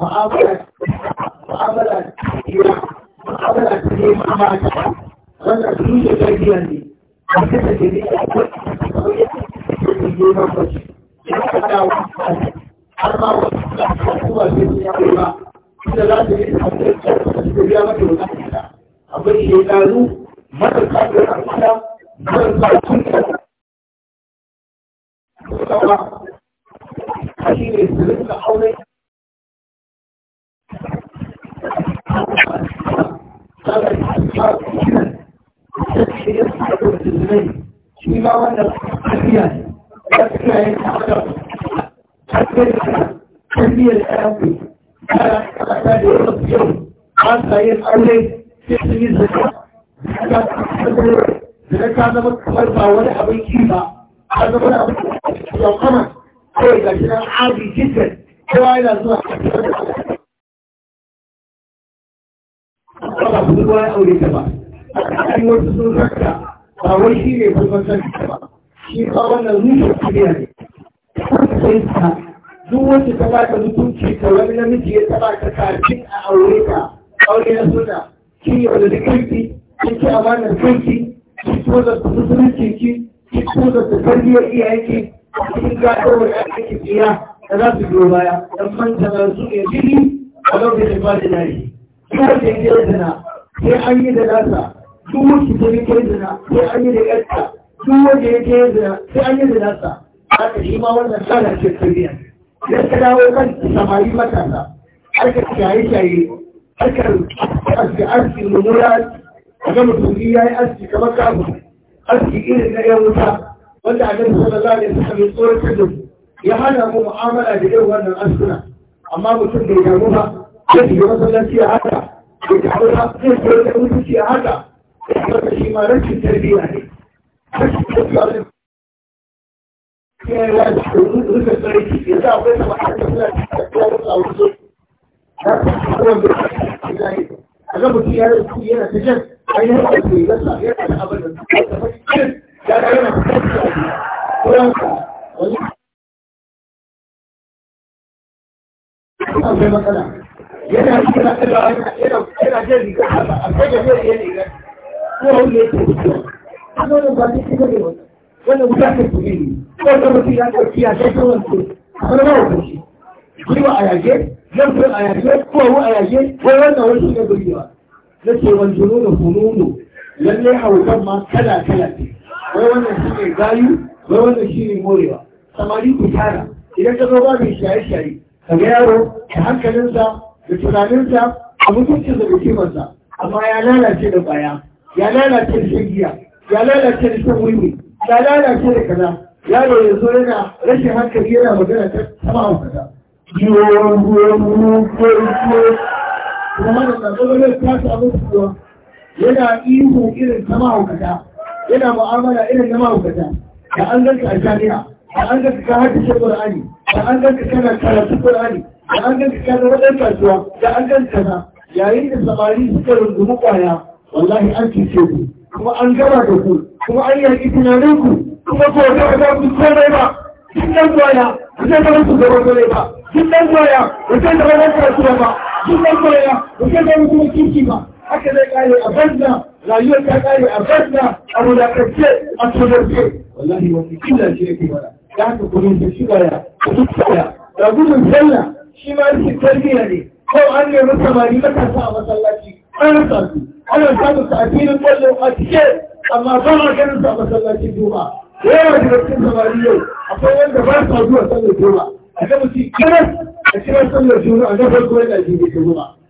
mu'amala mu'amala kira mu'amala ta ne ma'amata wannan su ne tarbiyyar zata a kasa da ne a kwanci ne ma kwanci ya ka dawo har ma wasu da kuma ne ya kai ba inda za ta yi a kwanci da ya mata wata kasa akwai shekaru marasa da rakuta marasa kuka shi ne su rinka to shi ma I'm ne tafiya ya tafi da tafiyar da tafiyar da ya fi kara kara da yau yau ba sa yin aure sai su yi zaka zaka to kamar ba wani abin ki ba a zama abin to ya kama kawai ga shi nan abi jikin kowa yana zuwa ba ba ruwa ya aure ta ba a wasu sun raka ba wai shi ne farkon sarki ta ba shi ba wannan zuciya kuriya ne sai ta duk wanda ta ba ka mutunci ta wani namiji ya taba ka kafin a aure ka aure na suna shi ne wanda da kirki shi ke amanar kirki shi ko da musulunci ki shi ko da tarbiyyar iyayen ki a cikin gadowar da ake tsira da za su biyo baya don manta na su ne jini a lokacin ba da nari kiyar da ya zina sai an yi da nasa duk wacce ta yi kai zina sai an yi da yarta duk wanda ya kai zina sai an yi da nasa haka shi ma wannan tsara ce tarbiyya idan ta dawo kan samari matasa harkar shaye-shaye harkar aski aski mummuna a ga mutum ya yi aski kamar kabu aski irin na yan wuta wanda annabi sallallahu alaihi wasallam ya tsoratar da mu ya hana mu mu'amala da irin wannan asuna amma mutum bai damu ba sai shiga masallaci a haka bai damu ba sai shiga da mutunci a haka wanda shi ma rashin tarbiyya ne rashin tarbiyya ne ya yi rufe sarki ya sa akwai sama a cikin suna tafiya da a wasu ya kuma wanda ya yi a ga mutum ya rufe yana ta jan ainihin a cikin yasa yana da abin da suka tafi ya kai na a gida ko yanka wani kuma akwai yana shi na tsada yana yana jan riga a kaga zai iya riga ko wani ya ce mutuwa an zo da ba zai shiga ne wata wannan guda ta kuɗi ne ko da mutum ya ɗauki ya kai kawai ce har ma wata shi gwiwa Yana yage yankin a yage kowa a yage wani Yana wani da Yana kala kala wai wannan shi ne gayu wai wannan shi ne morewa samari ku tara idan ka zo babin shaye-shaye ka ga yaro da hankalinsa da tunaninsa a mutuncin da kimansa amma ya lalace da baya ya lalace da shan giya ya lalace da shan wiwi ya lalace da kaza yaro ya zo yana rashin hankali yana magana ta sama a kaza yiwuwar ruwan ruwan kuma da tsakanin ta samu kuwa yana ihu irin sama a yana mu'amala irin na mahaukata da an ganka a jami'a da an ganka ka haddace Qur'ani da an ganka kana karatu Qur'ani da an ganka kana wadan kasuwa da an ganka kaza yayin da samari suka rungumi kwaya wallahi an cuce ku kuma an gama da ku kuma an yaƙi tunanin ku kuma ko da ba ku komai ba Duk ɗan kwaya ku zai zama su gaba komai ba Duk ɗan kwaya ku zai zama kasuwa ba Duk ɗan kwaya ku zai zama kuma kirki ba haka zai kare a banza rayuwar ta kare a banza a wulakarce a tsodarce wallahi wani kila shi yake mana da haka kudin da shi baya a duk tsaya da gudun sallah shi ma rikin tarbiyya ne Ko an nemi samari matasa a masallaci an rasa su ana samun sa a filin kwallo a cike amma ba a ganin sa a masallacin juma'a da yawa daga cikin samari yau akwai wanda ba sa zuwa sallar juma'a a ga mutum kiran a kiran sallar juma'a na farko yana jibi juma'a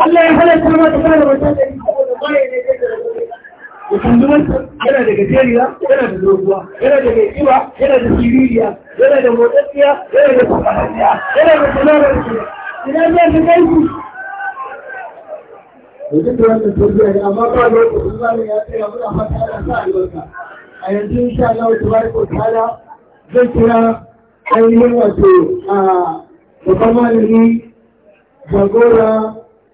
Allah ya halatta mata fara wata da saboda baya ne da mutum yana da gajeriya yana da doguwa yana da mai kiba yana da siririya yana da motsatsiya yana da kwakwalariya yana da tsanarar su ina zai fi kai su Wajen da wannan turbiya ne amma ba da wata kuma ne ya tsaya muna fata ana sa albarka a yanzu insha Allah wata bari ko tsada zai kira ainihin wato a ah, babban malami jagora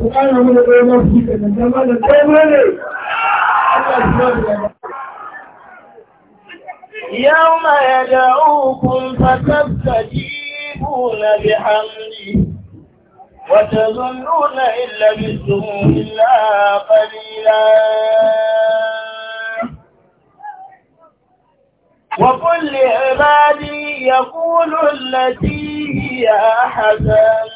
يوم يدعوكم فتستجيبون بحمده وتظنون إن لبثتم إلا قليلا وقل لعبادي يقول التي هي أحسن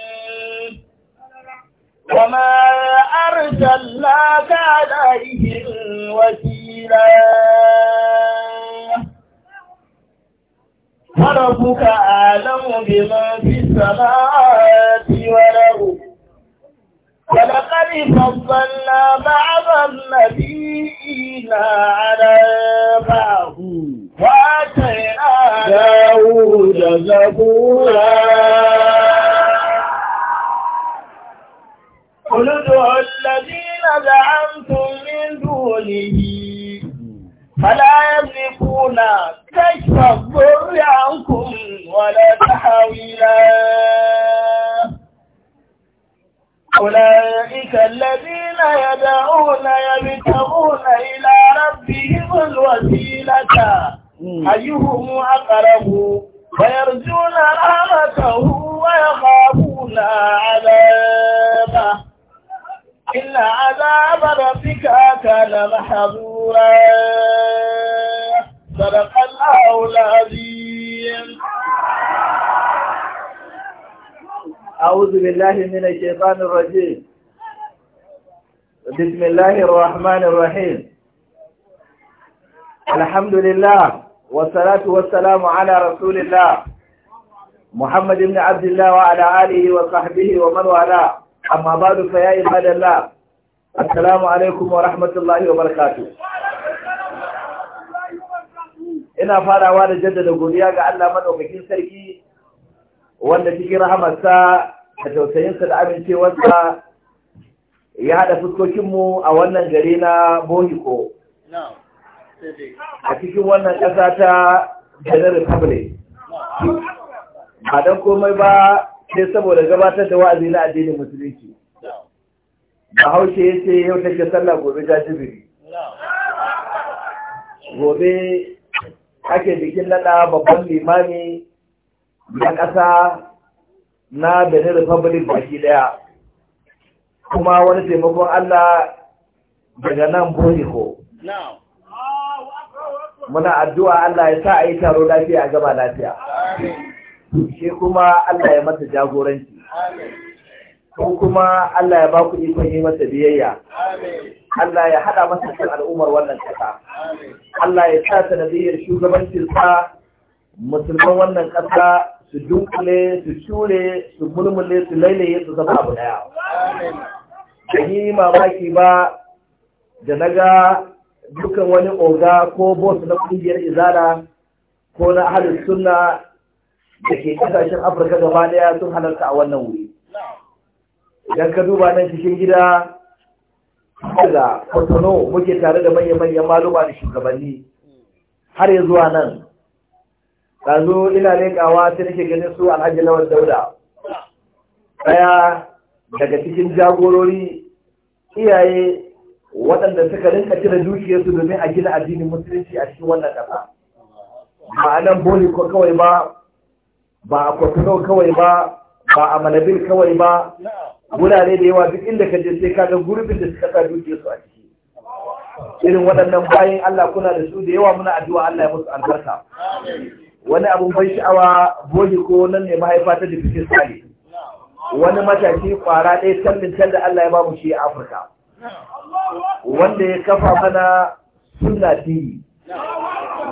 وما أرسلناك عليهم وكيلا وربك أعلم بما في السماوات والأرض ولقد فضلنا بعض النبيين على بعض وآتينا داود زبورا قل ادعوا الذين زعمتم من دونه فلا يملكون كشف الضر عنكم ولا تحويلا أولئك الذين يدعون يبتغون إلى ربهم الوسيلة أيهم أقرب ويرجون رحمته ويخافون عذابه إن عذاب ربك كان محظورا صدق الله العظيم أعوذ بالله من الشيطان الرجيم بسم الله الرحمن الرحيم الحمد لله والصلاة والسلام على رسول الله محمد بن عبد الله وعلى آله وصحبه ومن والاه أما بعد فيا عباد الله alaikum wa rahmatullahi wa barakatu. ina farawa da jaddada godiya ga Allah madaukakin sarki wanda cikin rahamarsa da tausayinsa da amincewarsa ya haɗa fuskokinmu a wannan gari na Bohiko a cikin wannan ƙasa ta Benin Republic ba don komai ba sai saboda gabatar da wa'azi na addinin musulunci bahaushe ya ce yau take sallah gobe jajibiri gobe ake bikin nada babban limami na ƙasa na benin republic baki daya kuma wani taimakon allah daga nan boriko muna addu'a allah ya sa a yi taro lafiya a gaba lafiya shi kuma Allah ya masa jagoranci ko kuma Allah ya ba ku ikon yi masa biyayya Allah ya haɗa masa cikin al'ummar wannan ƙasa Allah ya sa sanadiyyar shugabancin sa musulman wannan ƙasa su dunkule su cure su mulmule su lailaye su zama abu daya ban yi mamaki ba da naga ga dukan wani oga ko bos na ƙungiyar izala ko na halin sunna da ke kasashen afirka gaba daya sun halarta a wannan wuri idan ka duba nan cikin gida daga kwatano muke tare da manya-manyan maluma da shugabanni har ya zuwa nan ɗazu ina rekawa sai nake ganin su alhaji lawan dauda ɗaya daga cikin jagorori iyaye waɗanda suka rinka cire dukiyarsu domin a gina addinin musulunci a cikin wannan ƙasa ba a nan boli ko kawai ba ba a kwatano kawai ba ba a manabil kawai ba gurare da yawa duk inda ka je sai ka ga gurbin da suka sa dukiyar su a ciki irin waɗannan bayan Allah kuna da su da yawa muna addu'a Allah ya musu albarka wani abu ban sha'awa boli ko nan ne mahaifa ta dubi sai wani matashi kwara ɗaya tallin da Allah ya ba mu shi a Afirka wanda ya kafa mana sunna dini.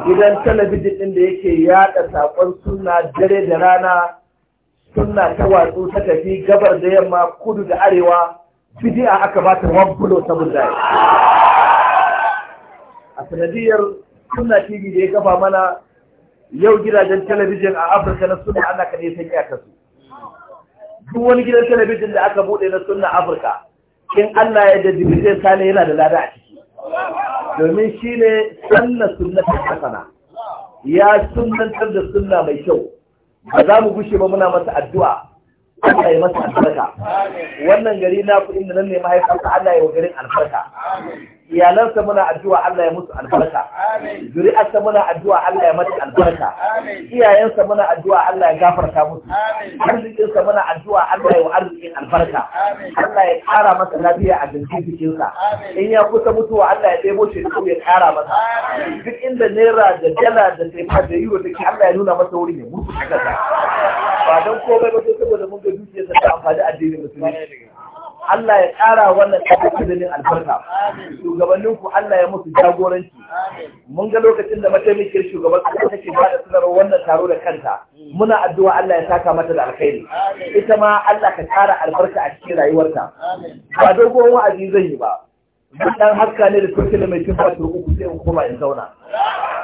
gidan talabijin ɗin da yake yaɗa saƙon suna dare da rana suna ta watsu ta tafi gabar da yamma kudu da arewa a aka ba wan bulo ta bullaye a sanadiyar suna tv da ya gaba mana yau gidajen talabijin a afirka na suna ana kan yi sanya kasu duk wani gidan talabijin da aka buɗe na suna afirka in allah ya da dibijin sale yana da lada a ciki domin shi ne sannan sunnatar hasana ya sunantar da sunna mai kyau ba za mu gushe ba muna masa addu'a Allah ya masa albarka wannan gari na ku inda nan ne mahaifarsa Allah ya wa garin albarka iyalansa muna addu'a Allah ya musu albarka zuri'arsa muna addu'a Allah ya mata albarka iyayensa muna addu'a Allah ya gafarta musu arzikinsa muna addu'a Allah ya wa albarka albarka Allah ya ƙara masa lafiya a jirgin jikinsa in ya kusa mutuwa Allah ya debo shi ya ƙara masa duk inda naira da jala da taifa da euro take Allah ya nuna masa wuri ne mutu a ba don komai ba sai saboda mun ga dukiyarsa ta amfani addinin musulmi Allah ya ƙara wannan tsakanin albarka shugabannin ku Allah ya musu jagoranci mun ga lokacin da mataimakin shugaban ƙasa take ba da sanarwar wannan taro da kanta muna addu'a Allah ya saka mata da alkhairi ita ma Allah ka ƙara albarka a cikin rayuwarta ba dogon wa'azi zan yi ba duk dan haska ne da turkila mai cin fatir uku sai in koma in zauna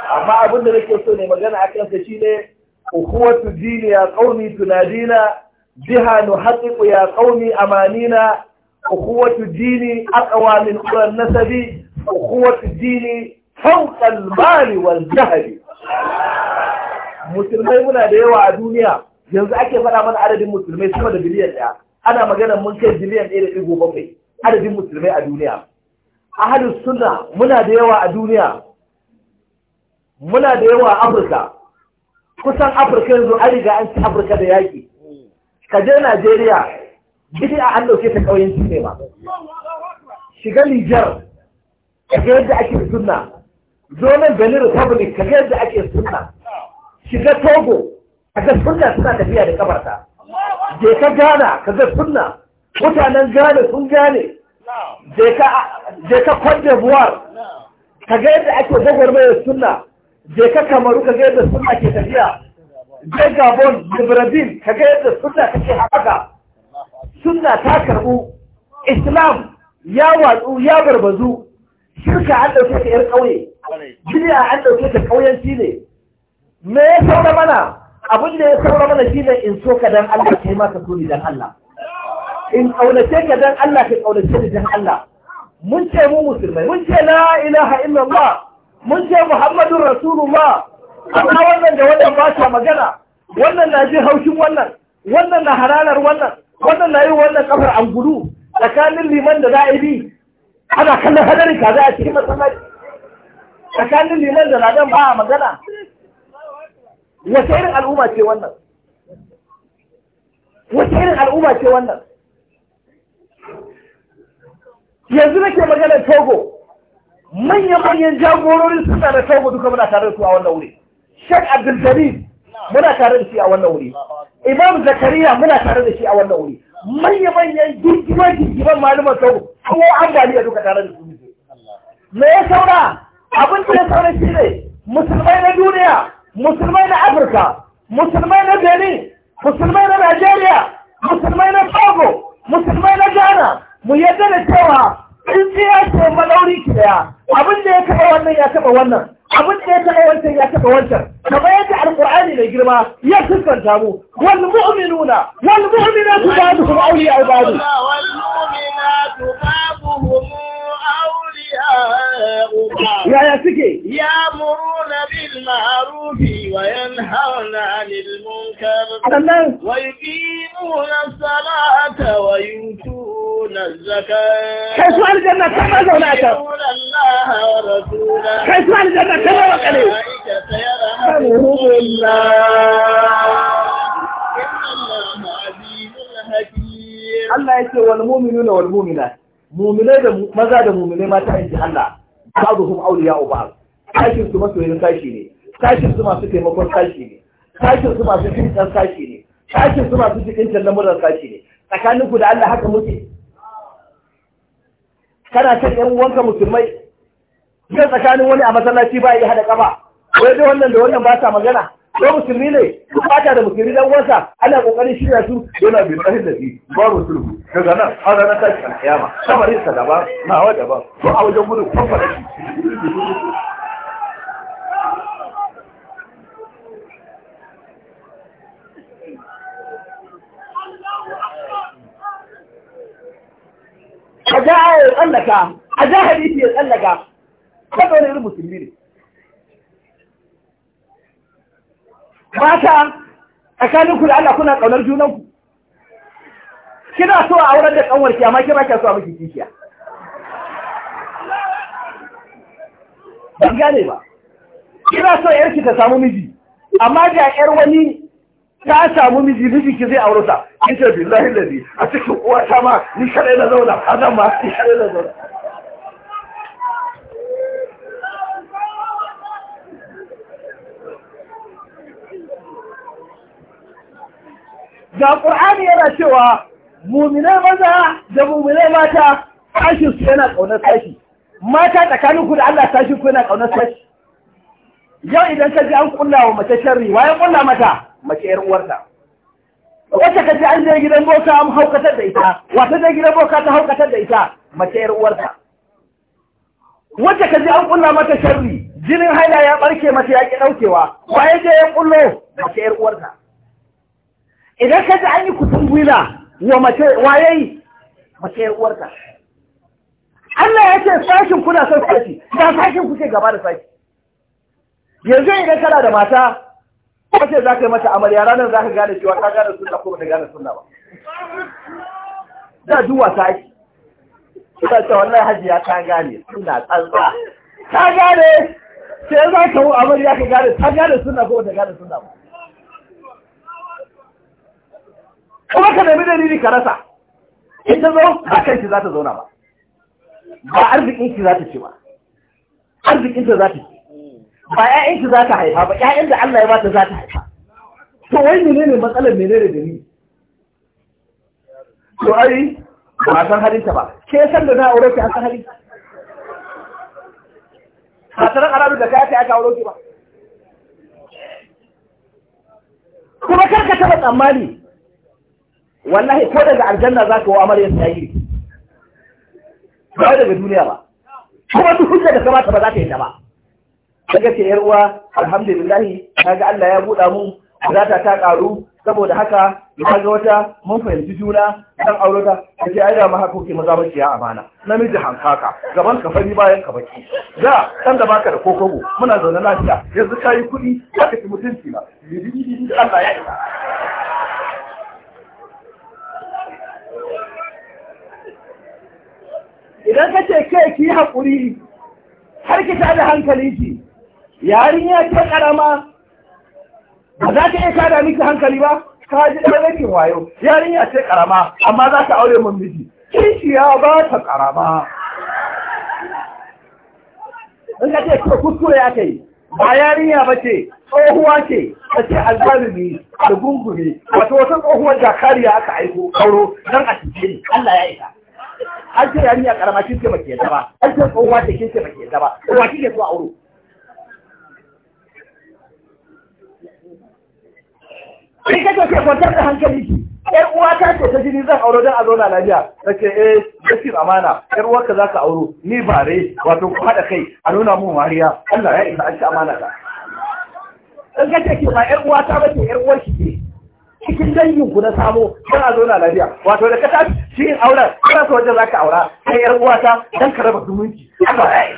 amma abin da nake so ne magana a kansa shine ukuwatu dini ya qaumi tunadina biha nuhaqqiqu ya qaumi amanina أخوة الدين أقوى من أولى النسب أخوة الدين فوق المال والجهل musulmai muna da yawa a duniya yanzu ake faɗa mana adadin musulmai sama da biliyan ɗaya ana magana mun kai biliyan ɗaya da ɗigo bakwai adadin musulmai a duniya ahalus suna muna da yawa a duniya muna da yawa a afirka kusan afirka yanzu an riga an ci afirka da yaƙi ka je najeriya a an dauke ta kauyen ne ba shiga Nijar ka ga yadda ake suna zo nan Benin Republic ka ga yadda ake suna shiga Togo ka ga suna suna tafiya da kabarta je ka gana, ka ga suna mutanen Gane sun gane je ka kwanje buwar ka ga yadda ake mai suna je ka Kamaru ka ga yadda suna ke tafiya je Gabon da ka ga yadda suna kake haɓaka sunna ta karɓu islam ya watsu ya barbazu shirka an ɗauke ta 'yar ƙauye bid'a an ɗauke ta ƙauyanci ne me ya saura mana abin da ya saura mana shine in so ka dan Allah kai ma ka so ni dan Allah in ƙaunace ka dan Allah ka ƙaunace ni dan Allah mun ce mu musulmai mun ce la ilaha illallah mun ce muhammadur rasulullah amma wannan da wannan ba ta magana wannan na ji haushin wannan wannan na hararar wannan wannan na yi wannan kafar an gudu tsakanin liman da za a bi ana kallon hadarin kaza a cikin masamari tsakanin liman da ladan ba a magana wace irin al'umma ce wannan wace irin al'umma ce wannan yanzu nake maganar togo manya-manyan jagororin suna da togo duka muna tare da su a wannan wuri shek abdul muna tare da shi a wannan wuri imam zakariya muna tare da shi a wannan wuri manya manyan girgiman girgiman malaman sau gani ambaliya duka tare da su me ya saura abin da ya saura shi ne musulmai na duniya musulmai na afirka musulmai na benin musulmai na najeriya musulmai na togo musulmai na ghana mu yadda da cewa in ce ce malauri ke abin da ya taɓa wannan ya taɓa wannan abin da ya taɓa wancan ya taɓa wancan kamar yadda alƙur'ani mai girma ya fuskanta mu wal mu'minuna wal mu'minatu ba'duhum awliya'u ba'd wal mu'minatu ba'duhum يا يا سكي يا مرون بالمعروف وينهون عن المنكر ويقيمون الصلاة ويؤتون الزكاة حيث الجنة كما زولاته الله ورسوله حيث الجنة كما وقليه أولئك الله إن الله عزيز حكيم الله يسوى المؤمنون والمؤمنات mumine da maza da mumine mata in ji Allah auliya awliya'u ba kashin su yin kashi ne kashin su masu taimakon kashi ne kashin su masu kintan kashi ne kashin su masu cikin lamuran kashi ne tsakanin ku da Allah haka muke kana kan yan uwanka musulmai sai tsakanin wani a masallaci ba ya hada kafa wai dai wannan da wannan ba ta magana ko musulmi ne su fata da musulmi dan wasa ana kokarin shirya su yana bi rahin da shi babu sulhu daga nan har ranar tashi alkiyama kamarin sa daban wada daban ko a wajen gudun kwafa fara shi a ya tsallaka a hadisi ya tsallaka kaba ne musulmi ne mata tsakaninku da Allah kuna ƙaunar junanku kina so a auren da kanwarki amma kira kya so a miki kishiya ban gane ba kina so ki ta samu miji amma da ƴar wani ta samu miji miji ki zai aure ta ita billahi ladi a cikin uwa ta ma ni kare na zauna a zan ma ni kare na zauna ga ƙur'ani yana cewa muminai maza da muminai mata tashin su yana ƙaunar sashi mata tsakanin ku da Allah tashin ku yana ƙaunar sashi yau idan ka ji an kulla wa mace sharri waye kulla mata mace yar uwarta wacce ka ji an je gidan boka an haukatar da ita wata je gidan boka ta haukatar da ita mace yar uwarta wacce ka ji an kulla mata sharri jinin haila ya barke mace ya ki daukewa waye je ya kullo mace yar uwarta idan ka ji an yi kusan gwiwa wa mace waye mace yar uwarka Allah ya ce sashin kuna son sashi da sashin kuke gaba da sashi yanzu idan kana da mata kace za ka yi mata amarya ranar za ka gane cewa ka gane sunna ko bata gane sunna ba da duwa sashi suna ta wannan hajiya ta gane suna tsantsa ta gane sai za ka wu amarya ka gane ta gane suna ko ta gane suna ba kuma ka nemi dalili ka rasa in ta zo ba kan shi za ta zauna ba ba arzikin shi za ta ci ba arzikin ta za ta ci ba 'ya'yan shi za ta haifa ba ƴaƴan da Allah ya ba ta za ta haifa to wai ne matsalar menene dalili to ai ba san halinta ba ke san da na aure ki an san halinta ba ta ranar da kai aka aure ki ba kuma karka taba tsammani wallahi ko daga aljanna za ka wa amaryar ta yi ba daga duniya ba kuma duk hujja da kamata ba za ka yi ta ba daga ce yar uwa alhamdulillahi ga Allah ya buɗa mu zata ta ƙaru saboda haka ya ga wata mun fahimci juna dan aure ta kace ai da ma haka kuke maza bace ya amana namiji hankaka gaban ka fari bayan ka baki da kan da baka da kokobo muna zaune lafiya yanzu kayi kuɗi aka ci mutunci na Allah ya isa idan ka ce kai ki yi haƙuri har ki tada hankali ki yarinya ta karama ba za ka iya tada miki hankali ba ka ji ɗan rakin wayo yarinya ce karama amma za ta aure mun miji kishiya ba ta karama in ka ce ko kuskure ya kai ba yarinya ba ce tsohuwa ce ta ce albalumi da gungume wato wata tsohuwar jakariya aka aiko kauro don a cike Allah ya isa an ce yarinya karama kin ce baki yadda ba an ce tsohuwa ta kin ce baki yadda ba tsohuwa kike so auro Sai kake ce kwantar da hankali shi. ‘yar uwa ta ce ta jini zan aure don a zauna lafiya, ta ce, eh, gaskiyar amana, ‘yar uwarka za ka aure. ni bare, wato ku haɗa kai, a nuna mun wariya, Allah ya isa an ci amana ta. Ɗan kake ce ba ‘yar uwa ta bace ‘yar uwar ki ce, cikin dangin ku na samo yana a zauna lafiya wato da ka shi in aura kana so wajen zaka aura kai yar ta dan ka raba zumunci eh.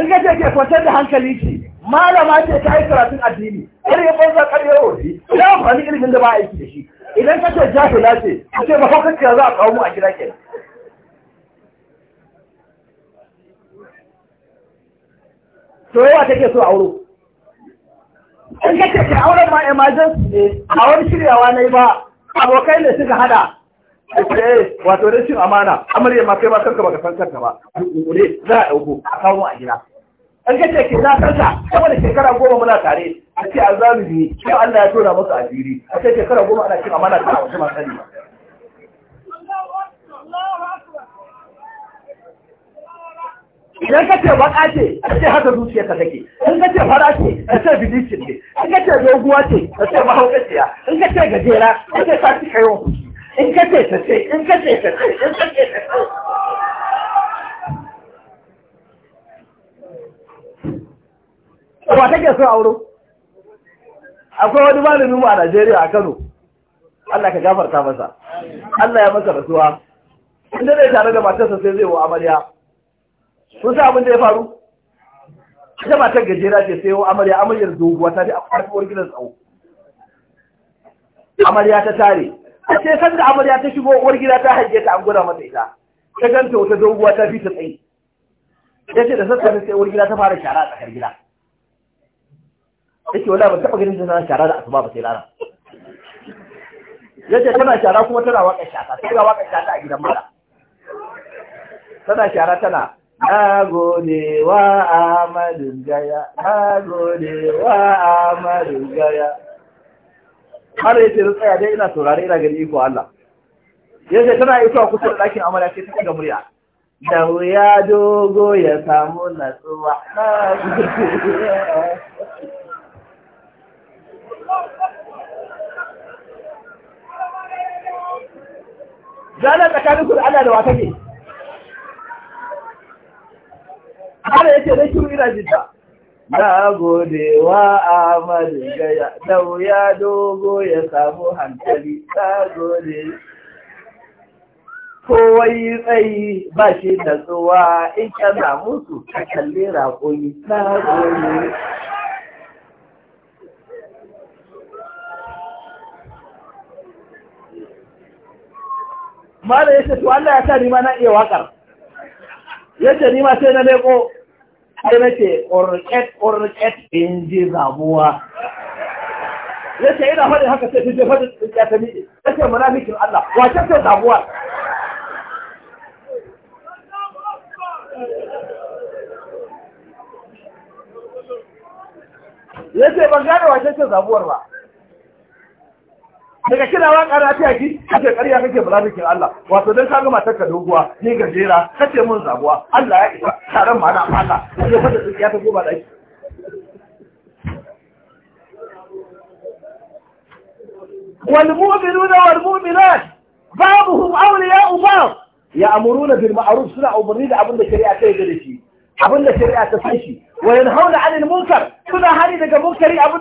in ka ce ke kwantar da hankali ce malama ce ta yi karatun addini har ya banza karyar wasi ya amfani ilimin da ba aiki da shi idan ka ce jahila ce ka ce ba kawai za a kawo mu a gida kenan to yawa take so auro in ka ce auren ma su ne a wani shiryawa na yi ba abokai ne suka hada eh wato shi amana amarya ma kai ba kanka baka san kanka ba ne za a dauko a kawo a gida in ka ce ke na kanka saboda shekara goma muna tare a ce a zalimi sai Allah ya tura musu asiri a ce shekara goma ana cin amana ta wasu masani ba idan ka ce baka ce ka ce haka zuciya ka take in ka ce fara ce ka ce bidici ne in ka ce doguwa ce ka ce mahaukaciya in ka ce gajera ka ce sati kai wa kuki in ka ce tace in ka ce tace in ka ce tace wa take so auro akwai wani malami mu a Najeriya a Kano Allah ka gafarta masa Allah ya masa rasuwa inda zai tare da matarsa sai zai wa amarya sun sa abin da ya faru ita matar gajera ce sai amarya amaryar doguwa ta bi a kwatuwar gidan tsawo amarya ta tare a ce san da amarya ta shigo uwar gida ta hajje ta an gwada mata ita ta ganta wata doguwa ta fi ta tsayi ya ce da sassanin sai uwar gida ta fara shara a tsakar gida ya ce wala ba taɓa ganin tana shara da asuba ba sai rana ya ce tana shara kuma tana waƙa shata sai ga waƙa shata a gidan mara tana shara tana Na gode wa Ahmadu Gaya, na gode wa Ahmadu Gaya. Har yace da tsaya dai ina saurare ina gani iko Allah. Yace tana ito a kusa da ɗakin amana sai ta ga murya. Da wuya dogo ya samu natsuwa. Na gode Zana tsakanin ku da Allah da wa take. Kare yake da shiru ina jinta. Na gode wa Ahmadu Gaya, da wuya dogo ya samu hankali, na gode. Kowai tsayi ba shi da tsuwa in kana musu ta kalli raƙoyi, na gode. Mala ya ce, to Allah ya sa ni ma na iya waƙar. yace ni ma sai na leko sai nace orket orket in ji zabuwa yace ina faɗi haka sai ta je faɗi tsinka ta miƙe yace munafikin Allah wace ce zabuwa yace ban gane wace ce zabuwar ba daga kina waka na ta ki kace ƙarya kake bulabikin Allah wato dan kaga matar ka doguwa ni gajera kace mun zaguwa Allah ya isa taron ma na fata kace fata tsiya ta goma da shi والمؤمنون والمؤمنات بعضهم أولياء بعض يأمرون بالمعروف سنة أمرين أبن الشريعة تيجي شيء أبن الشريعة تسيشي وينهون عن المنكر سنة هذه دقى منكري أبن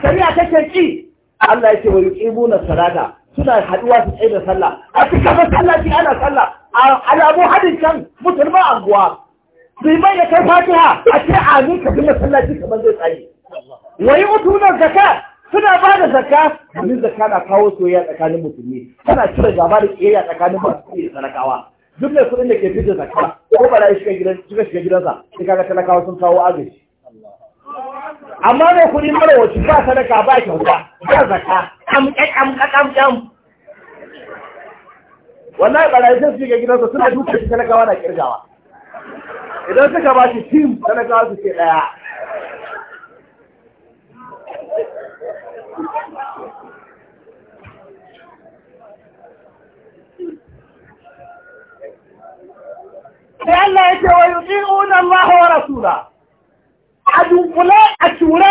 الشريعة تشيء Allah yake wa na salata suna haduwa su tsaye da sallah a cikin masallaci ana sallah alamu hadin kan musulman anguwa bai ya kai fatiha a ce amin ka bi masallaci kamar zai tsaye mutu na zakka suna ba da zakka domin zakka na kawo soyayya tsakanin musulmi tana cire gaba da kiyayya tsakanin da talakawa duk mai kuɗin da ke fitar zakka ko bala shiga gidansa, shiga gidansa sai kaga talakawa sun kawo agaji amma mai kuɗi mara wacce ba sadaka ba kyauta ba zaka kam kam kam kam wallahi barayi sai su ga gidansa suna duka shi talakawa na kirgawa idan suka ba shi tim talakawa su ke ɗaya sai Allah ya ce wa yuqi'una Allah wa rasulahu a dunkule a ture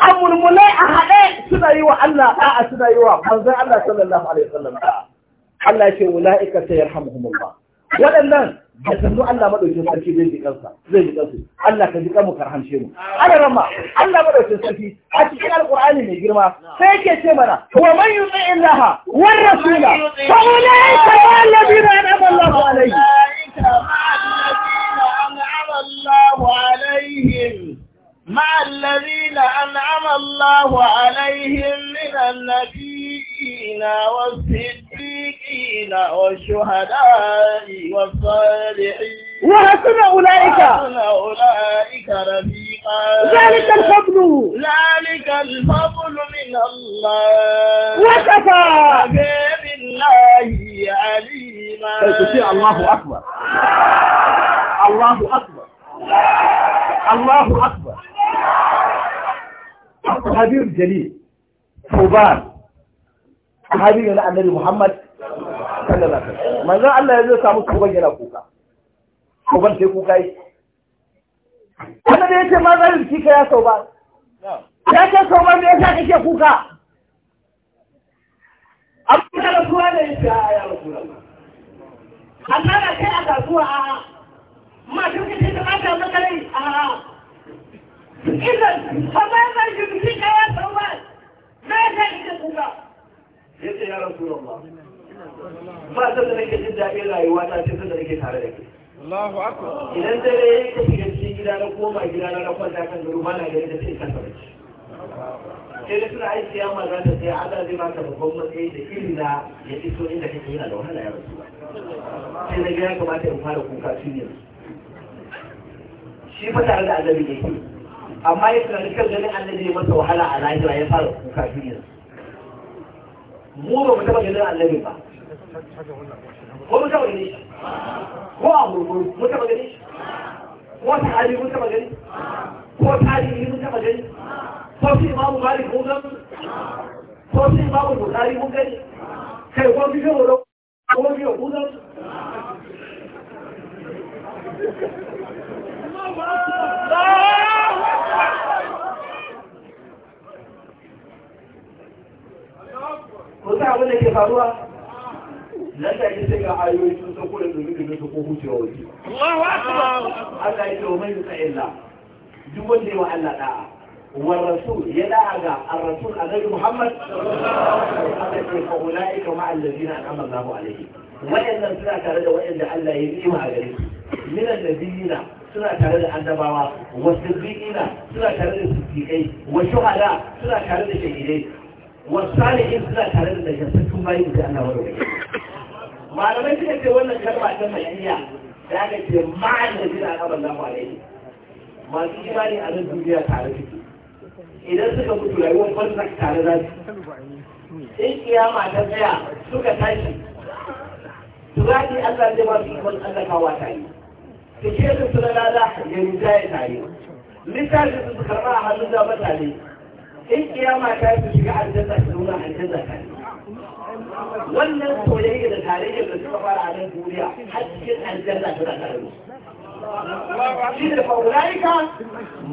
a murmule a haɗe suna yi wa Allah a suna yi wa manzon Allah sallallahu alaihi wasallam Allah ce ula'ika sai yarhamuhumullah waɗannan da sannu Allah madaukin sarki zai ji kansa zai ji kansu Allah ka ji kanmu karhamshe mu ana rama Allah madaukin sarki a cikin alqur'ani mai girma sai yake ce mana wa man yuti illaha war rasula fa ula'ika ma alladhina an'ama Allahu alaihim الله عليهم مع الذين أنعم الله عليهم من النبيين والصديقين والشهداء والصالحين وحسن أولئك وحسن أولئك رفيقا ذلك الفضل ذلك الفضل من الله وكفى بالله عليما الله أكبر الله أكبر الله أكبر الصحابي جليل فوبان صحابي أنا النبي محمد صلى الله عليه وسلم من ذا الله يزيد سامو فوبان جنا كوكا فوبان في كوكا أنا ليش ما ذا الكيكا يا فوبان يا ce sauran da ya sa kake kuka abu da rasuwa da ya ce a ya rasuwa Allah na kai Idan amma ya zai shi mutum ya ya tsawa zai ta ita kuka ya ce ya rasu Allah ba ta da nake jin daɗin rayuwa ta ce ta da nake tare da ke Allahu akbar idan dare ya ka shiga cikin gida na koma gida na kwanta kan gado ba na gari da sai kan barci sai da suna aiki ya maza ta sai Allah zai baka babban matsayi da illa ya iso inda kake yana da wahala ya rasu sai na gida kamata in fara kuka tun yanzu shi fa tare da annabi yake amma ya tunani kan ganin annabi masa wahala a lahira ya fara kuka duniya mu ba mu taɓa ganin annabi ba ko mu taɓa ganin shi ko a gurguru mu taɓa ganin shi ko sahabi mun taɓa gani ko tarihi mun taɓa gani ko su imamu malik mun gani ko su imamu bukari mun gani kai ko biyo wuro ko biyo mun gani Allah ko sa abin da ke faruwa nan da yake ga ayoyi sun sako da dubi dubi su ko hucewa wuce Allahu akbar Allah ya ce wa mai yuka illa duk wanda ya wa Allah da'a wa rasul ya da'a ga ar-rasul annabi Muhammad sallallahu alaihi wasallam fa ulaika ma allazina an'ama Allahu alaihim wayannan suna tare da wayanda Allah ya yi ni'ima a gare su minan nabiyina suna tare da annabawa wa siddiqina suna tare da siddiqai wa shuhada suna tare da shahidai wasalihin suna tare da nagartattun bayi da ana warware malamai suka ce wannan kalma ta mahiyya da aka ce ma'an da jina na banza kwalai masu imani a nan duniya tare da suke idan suka mutu rayuwar banza tare za su in kiyama ta tsaya suka tashi turaki Allah zai ba su ikon tsallakawa tare Su ke su suna lada ya rinjaye tare littafin su karɓa a hannun da mutane in kiyama ta su shiga aljanna su zauna aljanna ta wannan soyayya da tarayyar da suka fara a nan duniya har فأولئك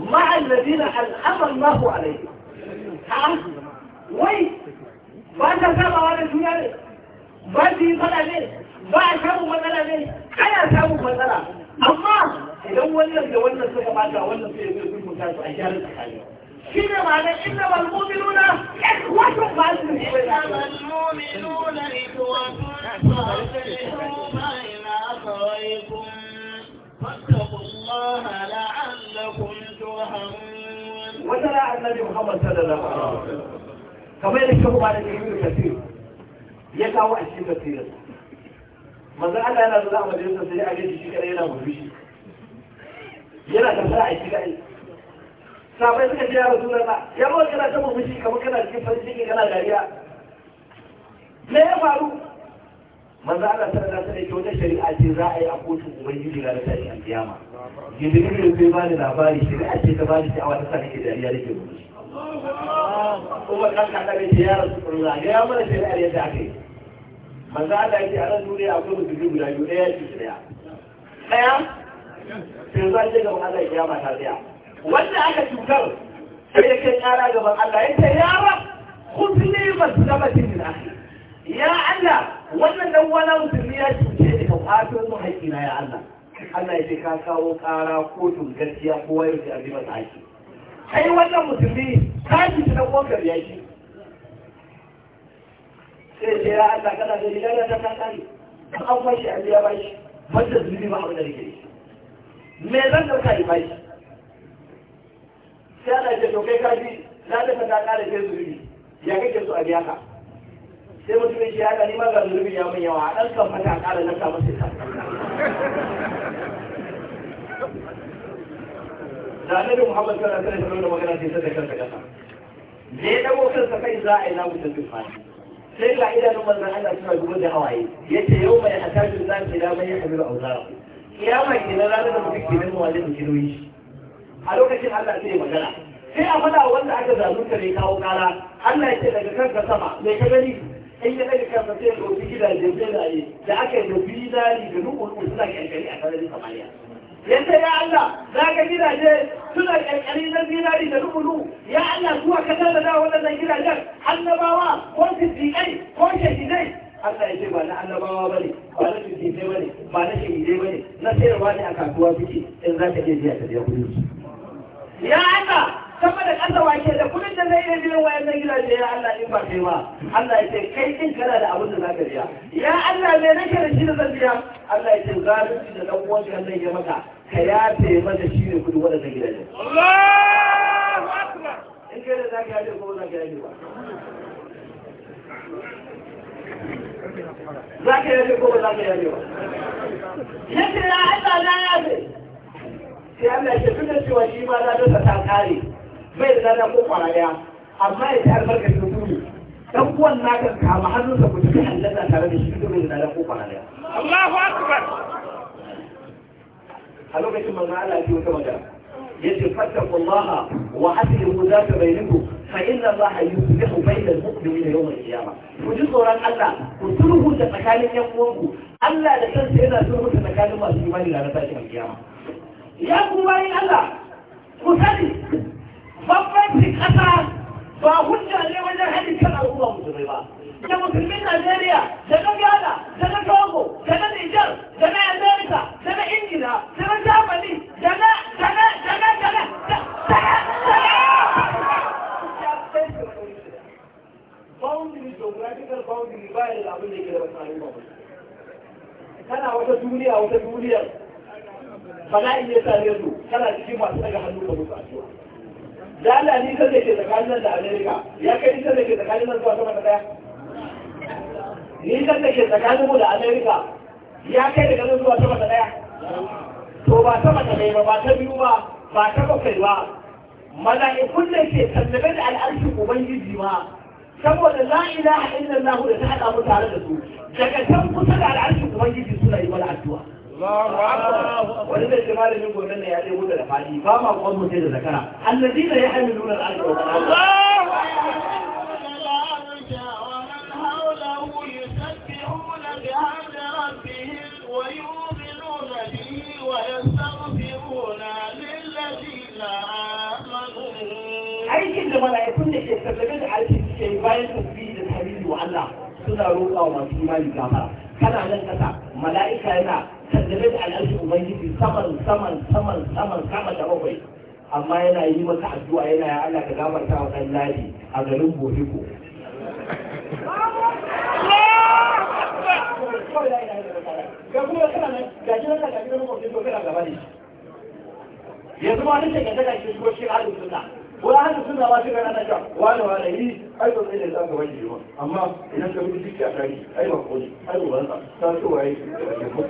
مع الذين أنعم الله عليهم ها نعم. وي ما تسمع ولا تسمع ما في مثلا ما أسمع مثلا أنا أسمع مثلا أما إذا ولا إذا ولا سمع ما ولا في في في مكان شنو معنى إنما المؤمنون إخوة فأسلموا المؤمنون بين أخويكم فاتقوا الله لعلكم ترحمون وتلا النبي محمد صلى الله عليه وسلم كما يشكو على الإيمان كثير يكاو أشياء كثيرة manzo Allah yana zuwa majalisar sai a gaji shi kare yana murmushi yana tafiya a shi kai Safai suka ce ya rasu da na ya mawa kana ta murmushi kamar kana cikin farin ciki kana dariya me ya faru manzo Allah sallallahu alaihi wasallam wata shari'a ce za a yi a kotun ubangiji ranar tashi alkiyama gidirin da kai bani labari shari'a ce ta bani sha'awa ta sa nake dariya nake murmushi kuma kan ka da ce ya rasu kullum ya mana shari'ar yadda ake manzo Allah yake a ran duniya akwai mutum guda biyu ɗaya ya ci ɗaya ɗaya sai zan je ga Allah ya kiyama ta tsaya wanda aka cutar sai ya kai kara gaban Allah ya ce ya rab khudni masabati min akhi ya Allah wannan dan wani musulmi ya cuce ni ka kwato mu haƙina ya Allah Allah ya ce ka kawo kara kotun gaskiya kowa ya ji abin masa haƙi kai wannan musulmi ka cuce dan uwanka ya shi sai ce ya Allah kana da riga da ta kare an bashi an biya bashi wanda zunubi ba abin da rike me zan dauka ya bashi sai ana ce to kai ka ji na da ta kare ke zurbi ya kake so a biya sai mutum ya ce haka ni ma ga zurbi ya mun yawa dan kan mata kare na samu sai da annabi Muhammad sallallahu alaihi wasallam da magana sai sai kanka kasa ne da mutum sa kai za a yi na mutum tufani sai ga idanun manzon Allah suna dubo da hawaye yace yau mai hataju zan ila mai hadiru auzara kiyama kenan ranar da mutum ke nemo wanda ke nauyi a lokacin Allah zai magana sai a fada wanda aka zalunta ne kawo kara Allah ya ce daga kanka sama mai ka gani in ya daga kanka sai dofi gidaje sai da yi da aka yi da ni da nuku suna kyankari a sararin samaniya Yanzu ya Allah za ka gidaje suna kyankari na zinari da rukunu ya Allah zuwa ka da waɗannan gidajen annabawa ko siddiƙai ko shahidai Allah ya ce ba na annabawa ba ne, ba na ba ne, ba na shahidai ne na sayarwa ne a kasuwa suke in za ka je biya ka biya kuɗin su ya Allah sama da ƙasa wake da kudin da zai iya biyan wayannan gidaje ya Allah in ba kai ba Allah ya ce kai din kana da abin da za ka biya ya Allah me nake da shi da zan biya Allah ya ce zalunci da dan uwan ka zai yi maka ka yafe mata shi ne kudi waɗannan gidaje Allahu akbar in kai da za ka ko za ka yafe ba za ka yafe ko ba za ka yafe ba yace ya Allah na yafe sai Allah ya tunda cewa shi ma na dasa ta kare bai da na ko kwaraya amma ya ta albarkar da kuni dan kuwan naka kama hannunsa ku cikin Allah tare da shi duk da na ko kwaraya Allahu akbar a lokacin manzo Allah ya wata magana yace fattaqullaha wa aslimu zaka bainakum fa inna Allah yuslihu bainal mu'minina yawm al-qiyamah ku ji tsoron Allah ku sulhu da tsakanin yan uwanku Allah da kansa yana sulhu da tsakanin masu imani da na tashin kiyama ya kuma bayan Allah ku sani fi kasa ba hujja ne wajen hadin kan al'umma musulmi ba da musulmin Najeriya da na Ghana da na Togo da na Niger da na America da na Ingila da na Germany da na da na da na da na da boundary geographical boundary ba da abin da ke da wasu al'umma kana wata duniya wata duniyar bala'i ya sa yanzu kana cikin masu daga hannu ka mutu addu'a da Allah ni sai ke tsakanin nan da Amerika ya kai sai ke tsakanin nan zuwa sama da daya ni sai ke tsakanin mu da Amerika ya kai daga nan zuwa sama da daya to ba sama da daya ba ba ta biyu ba ba ta bakwai ba mala'ikun da ke tallabe da al'arshi ubangiji ma saboda la ilaha illallah da ta hada mu tare da su daga can kusa da al'arshi ubangiji suna yi wani addu'a wani zai ce malamin gobe ne ya ce wuta da fadi ba ma kwan mutai da zakara allazi da ya hami nuna al'adu wa kana aikin da mala'ikun da ke sarrafe da aiki suke yi bayan tasbih da tahmidi wa Allah suna roƙa wa masu imani gafara kana nan kasa mala'ika yana dangane da al'arshin ubangiji saman saman saman saman sama da bakwai amma yana yi maka addu'a yana ya Allah ka gafarta ta ladi a garin Boriko yanzu ma nake ka daga cikin goshi halin sunna wani halin sunna ma shiga ana ta wani wani yi ai ba sai da za wani yiwa amma idan ka bi duk ya ai ba koli ai ba wani ta so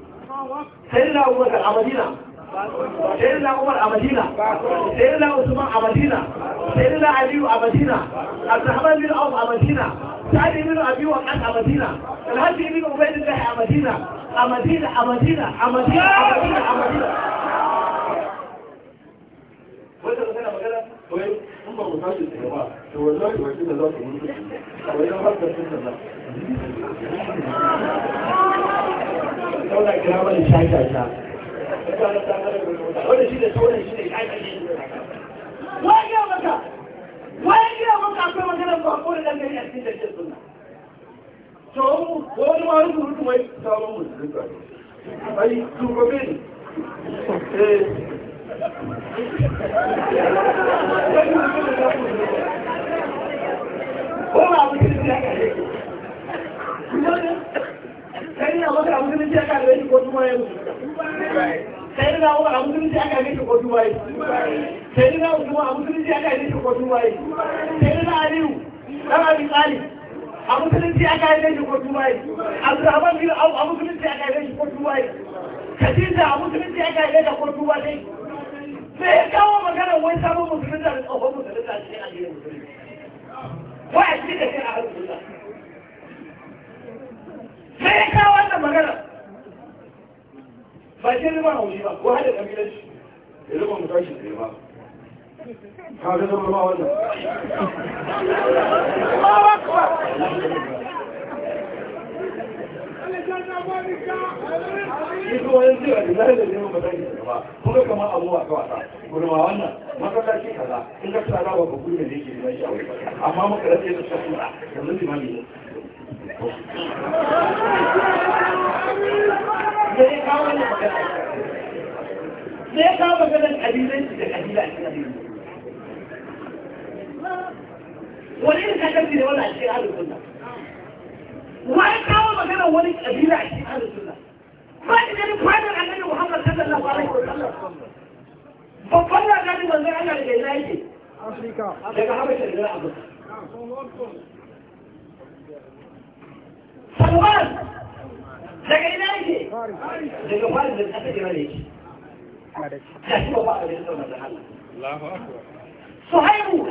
sayyidina abubakar a madina sayyidina umar a madina sayyidina usman a madina sayyidina aliyu a madina abdurrahman bin auf a madina sa'ad bin abi waqas a madina alhaji bin ubaydillah a madina a madina a madina a madina a madina a madina wanda ka tana magana wai in ba mu tashi da yawa to wallahi wai kina za ku mutu wai har da sunna zauna kira mana shashasha Wani shi da sauran shi ne shashasha gina maka wai gina maka akwai maganar bako da dangane a cikin dajiyar suna to wani ma wani surutu mai sabon musulunta ai turbabe ne eh. Ko ba abu kirki sai na maka abu zumunci aka gare shi ko tuma ya mutu sai na maka abu zumunci aka gare shi ko tuma ya sai na usman abu zumunci aka gare shi ko tuma ya sai na aliyu dan abi talib abu zumunci aka gare shi ko tuma ya abdurrahman bin auf abu zumunci aka gare shi ko tuma ya khadija abu zumunci aka gare shi ko tuma ya sai ya kawo magana wai sabon musulunta da tsohon musulunta shi a jiya musulunta wai a cikin da shi a hannun sai ya kawo wannan magana ba shi riba haushi ba ko hada kabilanci ya riba mu tashi da riba ka ga zama ba wannan ba ba Iko wani zira da zai da zai mutane da ba, kuma kamar abubuwa ka wasa, gurma wannan, masallaci kaza, in ka tsara wa ba gudun da yake da shi a wuri ba, amma maka rage da sassuwa, yanzu limami ne. zai kawo wani magana ne wani a cikin wani kawo maganar wani ƙabila a cikin halin ba ki ganin fadar annabi muhammad sallallahu alaihi wa babban na gani manzon Allah daga ina yake daga habasha da abu salman daga ina yake daga kwarin da jira ne shi ba ba a da Allah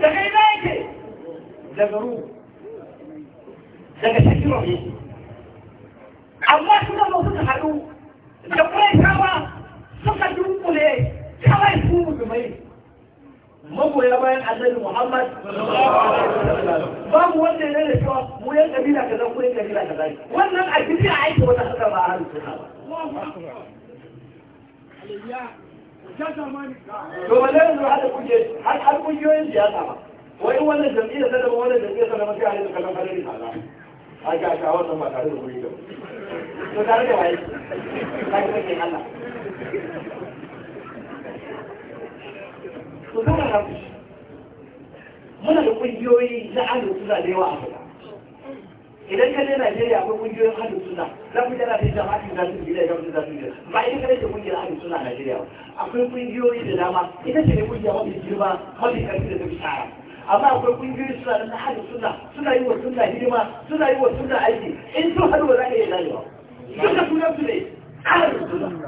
daga ina yake daga ru daga shakiro ne amma su da suka haɗu da suka dunkule kawai su musulmai magoya bayan annabi Muhammad babu wanda ya da cewa mu yan kabila kaza ko yan kabila kaza wannan a kici a aiki wata haka ba a to ba har har kungiyoyin siyasa ba wai wannan jam'iyyar ba wannan jam'iyyar da ba sai a yi kallon farari kaza a ga ka wannan ba tare da kuri da to tare da wai kai kake Allah to kama na ku muna da kungiyoyi na ahlul suna da yawa a Afirka idan ka je Najeriya akwai kungiyoyin ahlul suna za ku jira da jama'a da su gida da su za su gida ba idan ka je kungiyar ahlul sunna a Najeriya akwai kungiyoyi da dama ita ce ne kungiya mafi girma mafi karfi da ta fi shahara amma akwai kungiyoyi suna da ahlul suna suna yi wa sunna hidima suna yi wa suna aiki in sun hannu ba za ka iya zanewa duka sunan su ne ahlul suna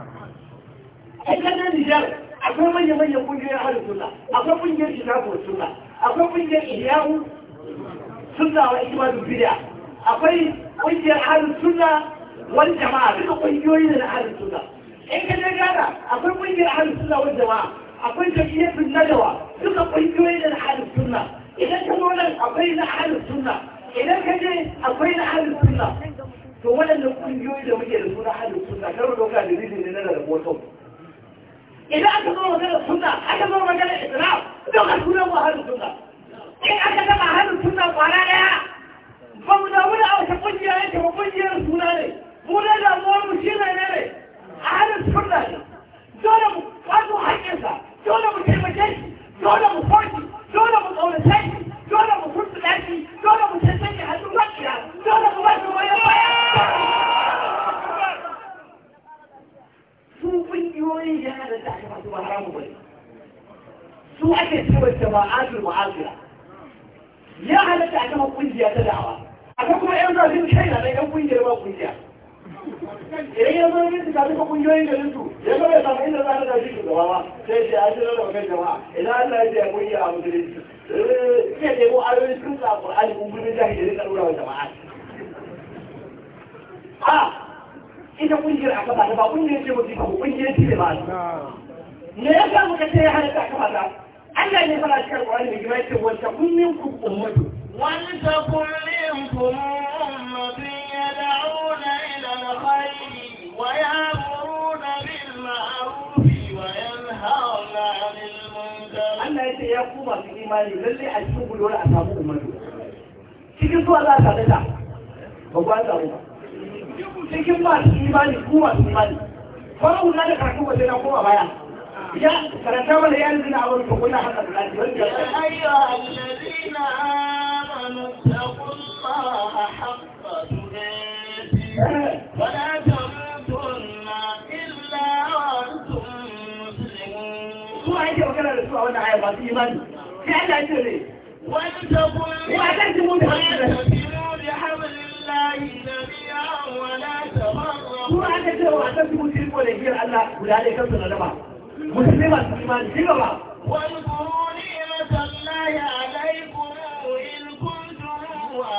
ai kan Nijar akwai manya manyan kungiyoyin ahalin suna akwai kungiyar shikago suna akwai kungiyar iyawu suna wa ijmadu bid'a akwai kungiyar ahalin suna wal jama'a duka kungiyoyi da na ahalin suna in ka je gada akwai kungiyar ahalin suna wal jama'a akwai jam'iyyatun nadawa duka kungiyoyi da na ahalin suna idan ka zo nan akwai na ahalin suna idan ka je akwai na ahalin suna to waɗannan kungiyoyi da muke da suna ahalin sunna kar mu da dalilin ne na da rahoton إذا أكبر مجال السنة أكبر مجال الإسلام دخل كل أهل السنة إن أكتب أهل السنة قال لا فمداولة أو تقول يا أنت وقل يا رسول الله مولا لا مولا مشينا إليه أهل السنة دولة مقاطع حقيقة دولة متعمدش دولة مفاجئ دولة مقاولتش دولة مفروض بالعكس دولة متسجل هتوقع دولة مباشرة ويا su ƙungiyoyin da ya halatta a kafa su ba haramu ba ne su ake cewa jama'atul mu'asira ya halatta a kafa ƙungiya ta da'awa akwai kuma yan zafin kai da 'yan ƙungiyar ba ƙungiya idan ya zama yin kafin ka ƙungiyoyin garin su ya zama ya samu inda za ta tashi shugaba ba sai ce an shirar da bakan jama'a idan an ya ce ya ƙungiya a musulunci sai eh, ce ko ayoyin sun sa ƙur'ani kun gudun jahilin da ɗora wa jama'a ah! ita kungiyar a kafa ba kungiyar ce mutu ba kungiyar ce ba ne ya sa muka ce ya halatta a kafa ta Allah ne fara cikin Qur'ani mai girma ce wanda kunnin ku ummatu wanda kullin ku ummatu yad'una ila al-khair wa ya'muruna bil ma'ruf wa yanhauna 'anil munkar Allah ya ce ya ku masu imani lalle a cikin gudu a samu ummatu cikin zuwa za a samu ta ba ku an samu ba cikin masu imani ku masu imani faru na da karatu waje na kuma baya ya karanta mana ya rizina a wani kokuna haka da lafi wani ya ayyuha alladhina amanu taqullaha haqqa tuqatih wa la tamutunna illa wa antum muslimun ko ai da magana da su a wannan aya ba su imani sai Allah ya ce ne wa taqullaha wa taqullaha Kuma aka ce wa ta fi mutum ko da biyar Allah guda ne kansu na daba. Mutum ne masu imani shi gaba. Wani kuro ne ya salla ya alaikum in kun turu a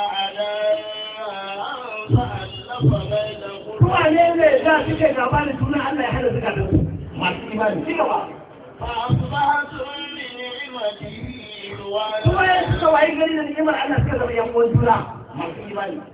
kuntum wa ala Kuma ne ne za su ke gaba da sunan Allah ya hada suka da masu imani shi gaba. فأصبحتم بنعمته Kuma ya suka wayi gari da ni'imar Allah suka zama yan uwan juna masu imani.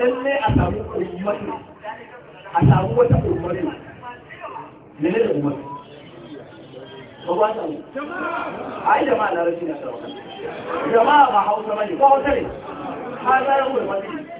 lallai a samu ummatu a samu wata da ummatu ba ba samu a yi jama'a na sarauta jama'a ba hausa ba ne ba hausa ne ha zara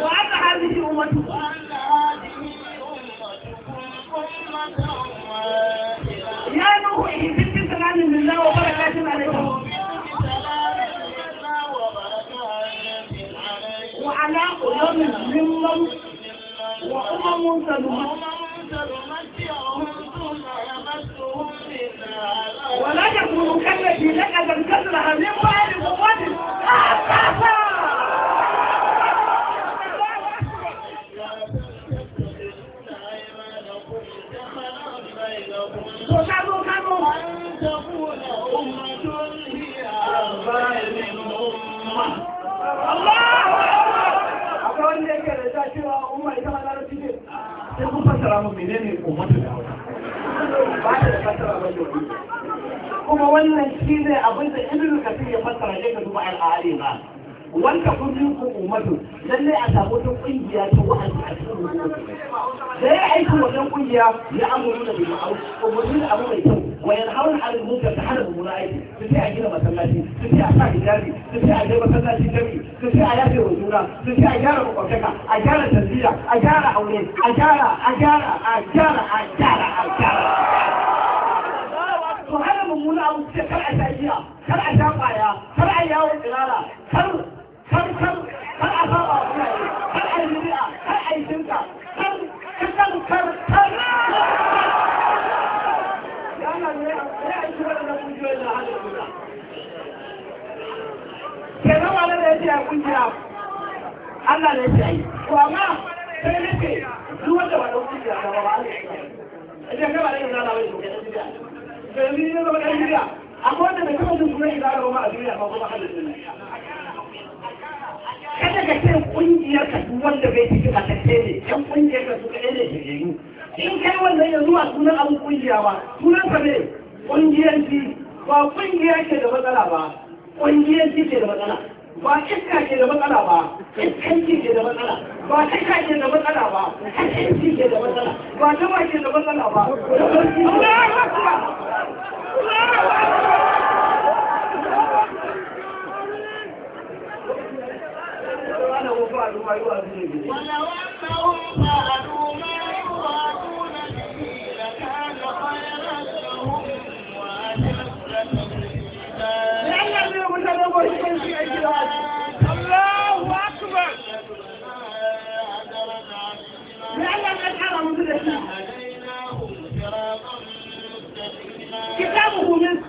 وأن هذه أمتكم يا نوح إذن بسلام الله وبركات عليكم وعلى قلوب ممن وأمم سلمت ولا يكونوا كالتي لك أن كسرها من بعد قوة cewa umma ita ma larabci ce sai kun fassara mu menene ummatu da ba ta da fassara ba kuma wannan shi ne abin da ibnu kasir ya fassara ne ka duba al'ali ba wanka kun yi ku a samu wata kungiya ta wa'azi a cikin rubutu da ya aiki wannan kungiya ya amuru da bil'aus abu mai kyau وينهون على الموت يتحرم مناعي تتي أجينا مسلاتي تتي أساك جاري تتي أجينا مسلاتي جميع تتي ياتي وزونا تتي أجارة مقرشكة أجارة تنزيلة أجارة أولين أجارة أجارة أجارة أجارة أجارة وهذا ممنوع أبو كتير كرع سيئة كرع شاقعية كرع ياو الإلالة كرع كرع كرع كرع أصابة كرع المريئة كرع الشركة كرع كرع كرع kenan wani da yake a kungiya Allah ne ya yi ko amma sai ne ke duk wanda da kungiya da ba ba Allah ya yi idan ka ba da yana da wani kungiya da ni ne ba da kungiya akwai wanda da kuma duk ne da ba a duniya ba kuma halin kada ka ce kungiyar ka duk wanda bai cikin matakke ne yan kungiyar ka su kaɗai ne shirye in kai wannan ya a sunan abin kungiya ba sunan ka ne kungiyar ji ba kungiya ke da matsala ba ƙungiyanci ce da matsala ba iska ke da matsala ba iskanci ke da matsala ba iska ke da matsala ba iskanci ke da matsala ba tawa ke da matsala ba ولو أنهم فعلوا ما يوعدون تدور كل الله أكبر لأن الحرم من كتابه من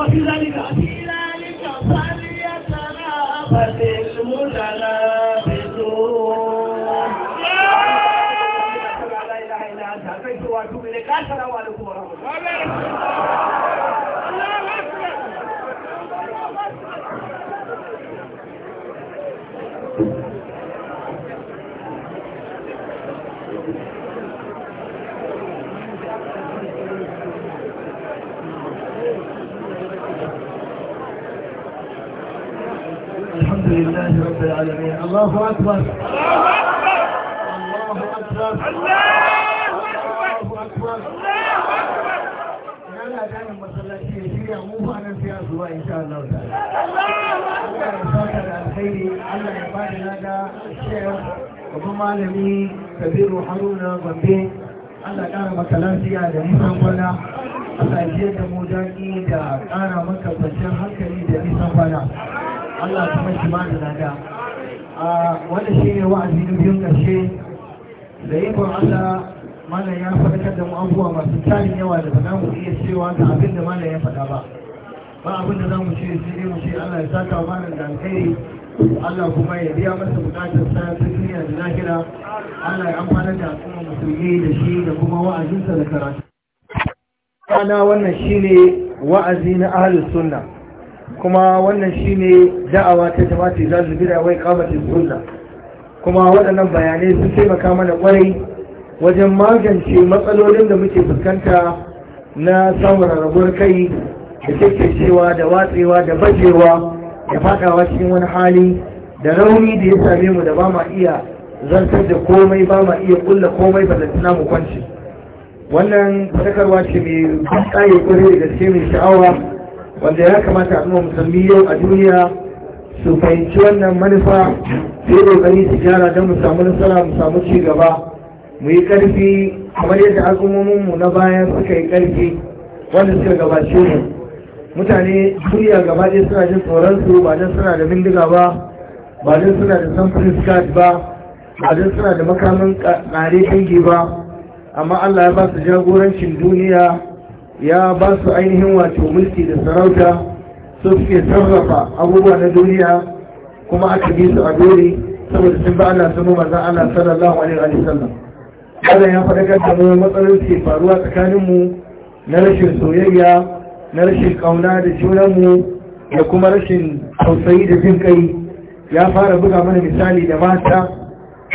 وفي ذلك وفي ذلك فليتنافس المتنافسون لا إله إلا أنت البيت وأتوب إليك السلام عليكم لله رب العالمين الله أكبر الله أكبر الله أكبر yana ganin masallaci ya mu fa nan sai azuwa insha Allah ta'ala Allah ya saka da alheri, Allah ya ba da lada shehu babban malami Kabiru Haruna Gombe Allah ya kara maka lafiya da nisan kwana Allah ya da mu daki da kara maka kwanciyar hankali da nisan kwana Allah ta mashi ma da daga wanda shi ne wa'azi na biyun ƙarshe da ikon Allah mana ya faɗakar da mu abubuwa masu tarin yawa da ba za mu iya cewa ga abin da mana ya faɗa ba ba abin da za mu ce sai dai mu ce Allah ya saka wa da alkhairi Allah kuma ya biya masa bukatar sa ta duniya da lahira Allah ya amfana da al'umma musulmi da shi da kuma wa'azinsa da karatu ana wannan shine wa'azi na ahlus sunna kuma wannan shi shine da'awa ta za su bid'a wai qamatis sunna kuma waɗannan bayanai sun taimaka mana kwarai wajen magance matsalolin da muke fuskanta na samun rarrabuwar kai da cewa da watsewa da bajewa da faɗawa cikin wani hali da rauni da ya same mu da ba ma iya zartar da komai ba ma iya kulla komai ba da mu kwanci wannan sakarwa ce mai ƙaye kwarai da gaske mai sha'awa wanda ya kamata a nuna musulmi yau a duniya su fahimci wannan manufa su yi kokari su gyara don mu samu nasara mu samu ci gaba mu yi karfi kamar yadda al'ummomin mu na baya suka yi karfi wanda suka gabace mu mutane duniya gaba ɗaya suna jin tsoron su ba don suna da bindiga ba ba don suna da samfurin skat ba ba don suna da makamin ƙare dangi ba amma Allah ya ba su jagorancin duniya ya ba su ainihin wato mulki da sarauta su suke sarrafa abubuwa na duniya kuma aka bi su a dore saboda sun ba Allah sun manzon Allah sallallahu alaihi wa sallam Allah ya faɗakar da mu matsalolin ke faruwa tsakanin mu na rashin soyayya na rashin ƙauna da junan mu da kuma rashin tausayi da jin kai ya fara buga mana misali da mata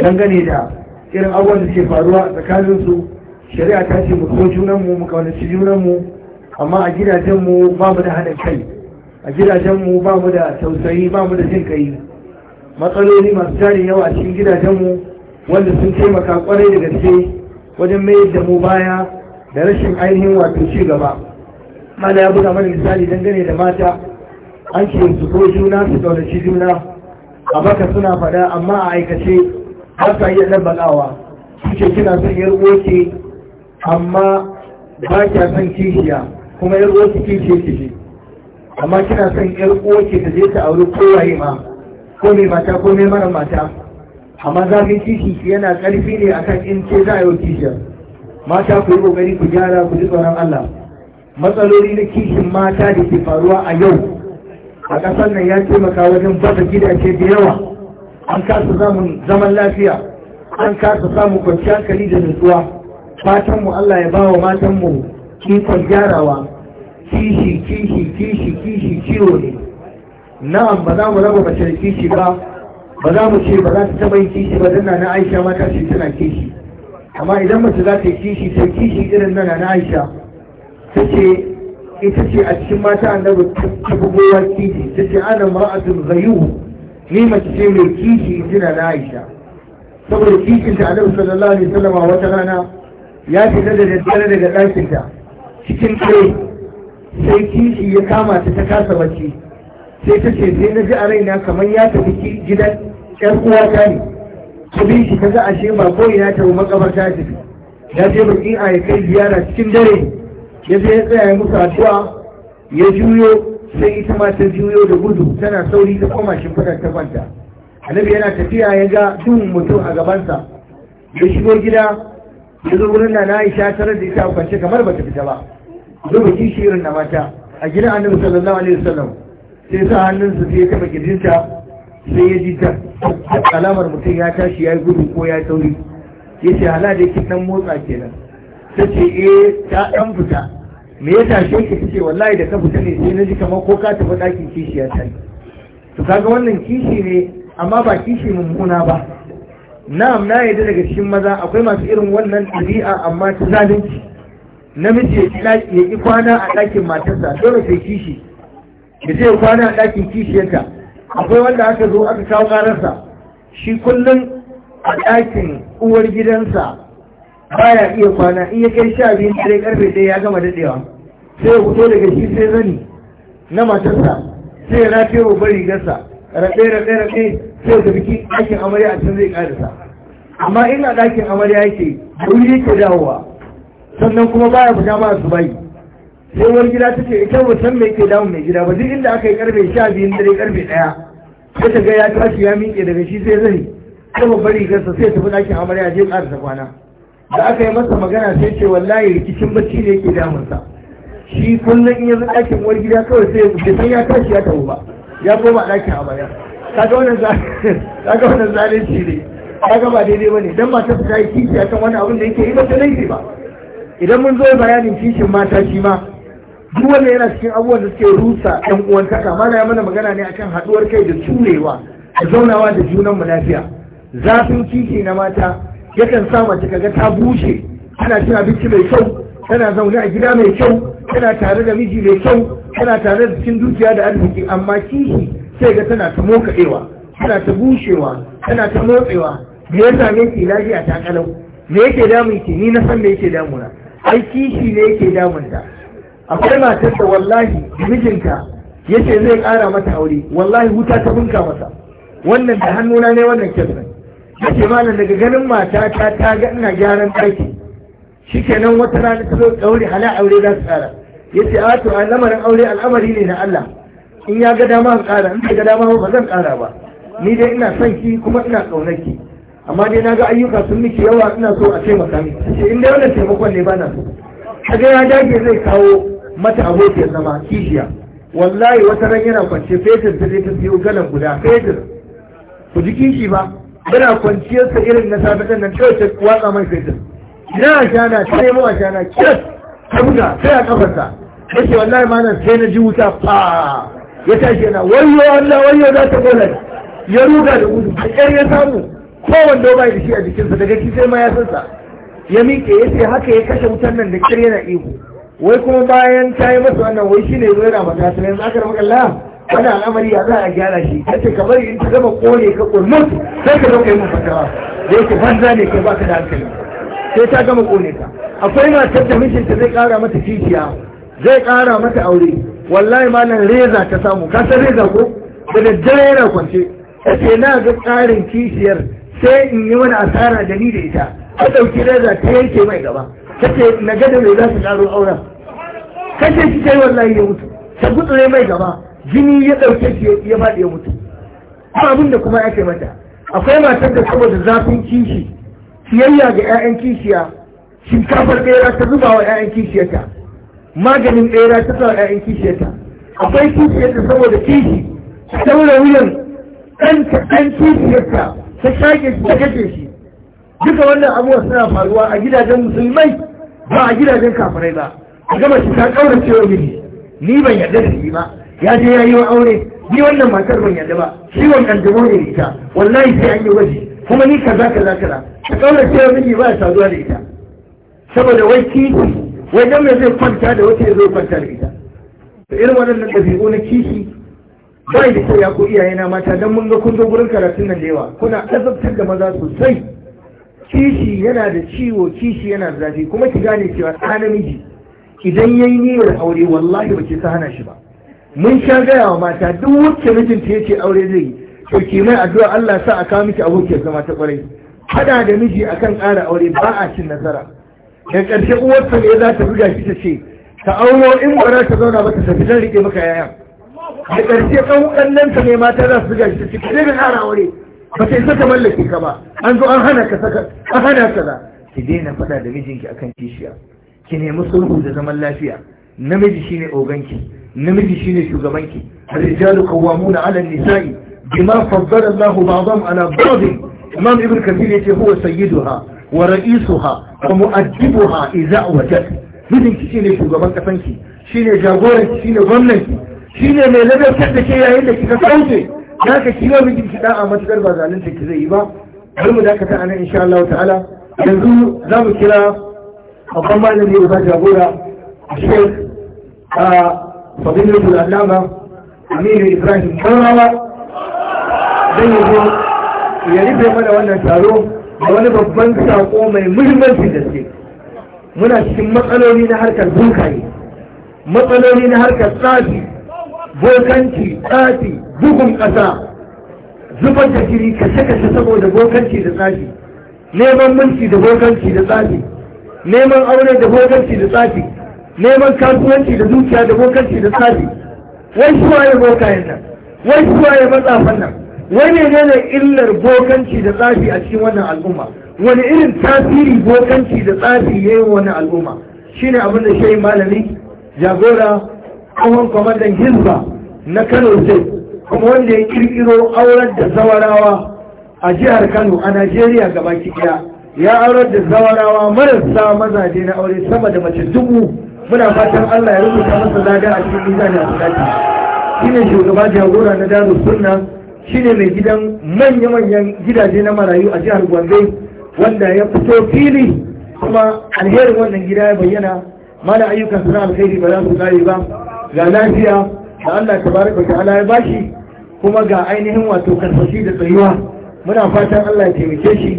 dangane da irin abubuwan da ke faruwa su. shari'a ta ce mu so junanmu mu kaunaci junanmu amma a gidajenmu ba mu da haɗin kai a gidajenmu ba mu da tausayi ba mu da jin kai matsaloli masu jari yawa a cikin gidajenmu wanda sun taimaka kwarai da gaske wajen mayar da mu baya da rashin ainihin wato ci gaba mana ya buga mana misali dangane da mata an ce su ko juna su kaunaci juna a baka suna faɗa amma a aikace har sa iya ɗabbaƙawa su ce kina son yar ke. amma ba kya son kishiya kuma yar uwarki kishiye kishi amma kina son yar uwarki ta je ta auri waye ma ko mai mata ko mai mara mata amma zafin kishi yana karfi ne akan in ce za a yi kishiyar mata ku yi kokari ku gyara ku ji tsoron Allah matsaloli na kishin mata da ke faruwa a yau a ƙasar nan ya taimaka wajen bada gidaje da yawa an kasa zaman lafiya an kasa samun kwanciyar hankali da nutsuwa Fatanmu Allah ya bawa wa matanmu kifon gyarawa kishi kishi kishi kishi ciwo ne na'am ba za mu raba mace kishi ba ba za mu ce ba za ta taba yi kishi ba dan na Aisha ma ta ce tana kishi amma idan mace za ta yi kishi sai kishi irin nana na Aisha ta ce ita ce a cikin mata annabi ta bugowa kishi ta ce ana zai zayu ni mace ce mai kishi jina na Aisha saboda kishinta ta annabi sallallahu alaihi wasallam wata rana ya fita da daddare daga ɗakinta cikin ɗaya sai kishi ya kama ta ta kasa bacci sai ta ce sai na ji a raina kamar ya tafi gidan ƴan uwata ne ta bi shi ta ga ashe ba ko ina ta makabarta ta ya je in a yi kai ziyara cikin dare ya je ya tsaya ya musu addu'a ya juyo sai ita ma ta juyo da gudu tana sauri ta koma fadar ta kwanta annabi yana tafiya ya ga duhun mutum a gabansa ya shigo gida ya zo wurin na Aisha tarar da ita kwance kamar ba ta fita ba zuba kishi irin na mata a gidan annabi sallallahu alaihi wasallam sai sa hannunsa sai ya taba kirjinta sai ya ji ta alamar mutum ya tashi ya gudu ko ya tauri ya ce hala da yake dan motsa kenan ta ce eh ta dan fita me ya tashe ki kace wallahi da ka fita ne sai na ji kamar ko ka tafi dakin kishi ya tashi to kaga wannan kishi ne amma ba kishi mummuna ba na'am na yadda daga cikin maza akwai masu irin wannan ɗabi'a amma ta zalunci namiji ya ki kwana a ɗakin matarsa dole sai kishi da zai kwana a ɗakin kishiyarta akwai wanda aka zo aka kawo ƙararsa shi kullum a ɗakin uwar gidansa baya iya kwana in ya kai sha biyu dare karfe ɗaya ya gama daɗewa sai ya fito daga shi sai zani na matarsa sai ya rafe wa bari gasa raɗe raɗe raɗe sai da biki ɗakin amarya a can zai ƙarisa amma ina ɗakin amarya yake wuri yake dawowa sannan kuma baya fita ma su bayi sai wani gida ta ce ita wa san mai ke damu mai gida ba duk inda aka yi karfe sha biyun dare karfe ɗaya sai ta ga ya tashi ya miƙe daga shi sai zai ta bari rigarsa sai tafi ɗakin amarya zai ƙarisa kwana da aka yi masa magana sai ce wallahi rikicin bacci ne yake damunsa shi kullum in yanzu ɗakin uwar kawai sai ya san ya tashi ya tafi ba ya koma ɗakin amarya kaga wannan kaga wannan zalunci ne kaga ba daidai bane dan matar ta yi kishi akan wani abin da yake yi ba ta laifi ba idan mun zo bayanin kishin mata shi ma duk wanda yana cikin abubuwan da suke rusa ɗan uwan taka mana ya mana magana ne akan haɗuwar kai da turewa da zaunawa da junan mu lafiya zafin kishi na mata yakan sa mace kaga ta bushe ana cin abinci mai kyau tana zaune a gida mai kyau tana tare da miji mai kyau tana tare da cikin dukiya da arziki amma kishi sai ga tana ta mokaɗewa tana ta bushewa tana ta motsewa me ya same ki lafiya ta kalau me yake damun ki ni na san me yake damuna ai kishi ne yake ta. akwai matar da wallahi mijinta yace zai ƙara mata aure wallahi wuta ta bunka masa wannan da hannuna ne wannan kyasa yace malam daga ganin mata ta ta ga ina gyaran ɗaki shikenan wata rana ta zo ɗaure hala aure za su Ya yace a to lamarin aure al'amari ne na Allah in ya ga dama ka ƙara in bai ga dama ba zan ƙara ba ni dai ina son ki kuma ina ƙaunar ki amma dai na ga ayyuka sun miki yawa ina so a taimaka miki in dai wannan taimakon ne ba na so kaga ya dage zai kawo mata abokiyar zama kishiya wallahi wata ran yana kwance fetur ta ta biyo galan guda fetur ku ji kishi ba yana kwanciyar sa irin na safe nan kawai ta watsa mai fetur ina shana ta nemo a shana kiras ta buga sai a kafarsa yace wallahi ma nan sai na ji wuta fa ya tashi yana wayo Allah wayo za ta bola ya ruga da gudu a ƙyar ya samu kowanne ba da shi a jikinsa daga kisai sai ma ya sansa ya miƙe ya ce haka ya kashe wutan nan da ƙyar yana ihu wai kuma bayan ta yi masa wannan wai shi ne zo yana mata yanzu aka rabu kalla wani al'amari ya za a gyara shi ya ce kamar in ta gama kone ka kurmus sai ka zauka yi mun fatawa da yake banza ne kai baka da hankali sai ta gama kone ka akwai matar da mijinta zai ƙara mata kishiya zai ƙara mata aure wallahi malam reza ta samu ka san reza ko da daddare yana kwance ake na ga tsarin kishiyar sai in yi wani asara da ni da ita a ɗauki reza ta yanke mai gaba kace na ga da me za su karo auren kace shi sai wallahi ya mutu ta gutsure mai gaba jini ya ɗauke shi ya fadi ya mutu ba abin da kuma ya mata akwai matar da saboda zafin kishi siyayya ga 'ya'yan kishiya shinkafar ɗaya ta zuba wa 'ya'yan kishiyarta maganin ɓera ta sa ƴaƴan kishiyarta akwai yadda saboda kishi saboda wuyan ɗan ɗan yadda ta shaƙe shi ta kashe shi duka wannan abubuwa suna faruwa a gidajen musulmai ba a gidajen kafirai ba a gama shi ta ce wa miji ni ban yarda da shi ba ya je ya yi wa aure ni wannan matar ban yarda ba shi wannan damo ne ita wallahi sai an yi gwaji kuma ni kaza kaza kaza ta ce wa miji ba ya saduwa da ita saboda wai kishi wai dan mai zai kwanta da wata zai kwanta da ita to irin waɗannan ɗabi'u na kishi bai da ko ya ko na mata dan mun ga kun zo gurin karatun nan da yawa kuna azabtar da maza sosai kishi yana da ciwo kishi yana da zafi kuma ki gane cewa ɗa namiji idan ya yi niyyar aure wallahi ba ki sa hana shi ba mun sha gaya wa mata duk wacce mijinta ya ce aure zai yi to ki mai addu'a Allah sa a kawo miki abokiyar zama ta kwarai hada da miji akan ƙara aure ba a cin nasara da ƙarshe uwarsa ne za ta buga shi ta ce ta auro in za ta zauna ba ta tafi zan riƙe maka yaya da ƙarshe ƙanƙannensa ne mata za su buga shi ta ce kare da ƙara aure ba ta isa ta mallake ka ba an zo an hana ka saka an hana ka za ki daina faɗa da mijinki akan kishiya ki nemi sulhu da zaman lafiya namiji shine oganki namiji shine shugabanki الرجال قوامون على النساء بما فضل الله بعضهم على بعض إمام ابن كثير يتي هو سيدها ورئيسها wa mu'addibuha idza wajen. mijin ki shine shugaban kasan shine jagoran shine gwamnan shine mai ladabtar da ke yayin da kika kauce za ka kiwa mijin ki da'a matukar ba zalunta ki zai yi ba bari mu dakata anan insha Allah ta'ala yanzu za mu kira babban malami ya jagora a shek a fadilatul alama aminu ibrahim barawa zai yi ya rufe mana wannan taro da wani babban sako mai muhimmancin gaske muna cikin matsaloli na harkar dukaye matsaloli na harkar tsafi bokanci tsafi bugun ƙasa zubar da jiri kashe-kashe saboda bokanci da tsafi neman mulki da bokanci da tsafi neman aure da bokanci da tsafi neman kasuwanci da dukiya da bokanci da tsafi wai waye bokayen nan wai waye matsafan nan wani ne ne illar bokanci da tsafi a cikin wannan al'umma wani irin tasiri bokanci da tsafi ya yi wannan al'umma shi abin da shi malami jagora kawon kwamandan hilba na kano state kuma wanda ya kirkiro aurar da zawarawa a jihar kano a najeriya gaba daya ya aurar da zawarawa marasa mazaje na aure sama da mace dubu muna fatan allah ya rubuta masa lada a cikin izani a shi ne shugaba jagora na dalu sunan shine mai gidan manya-manyan gidaje na marayu a jihar gombe wanda ya fito fili kuma alherin wannan gida ya bayyana mana ayyukan suna alkhairi ba za su kare ba ga lafiya da allah ta ta ala ya bashi kuma ga ainihin wato karfashi da tsayuwa muna fatan allah ya taimake shi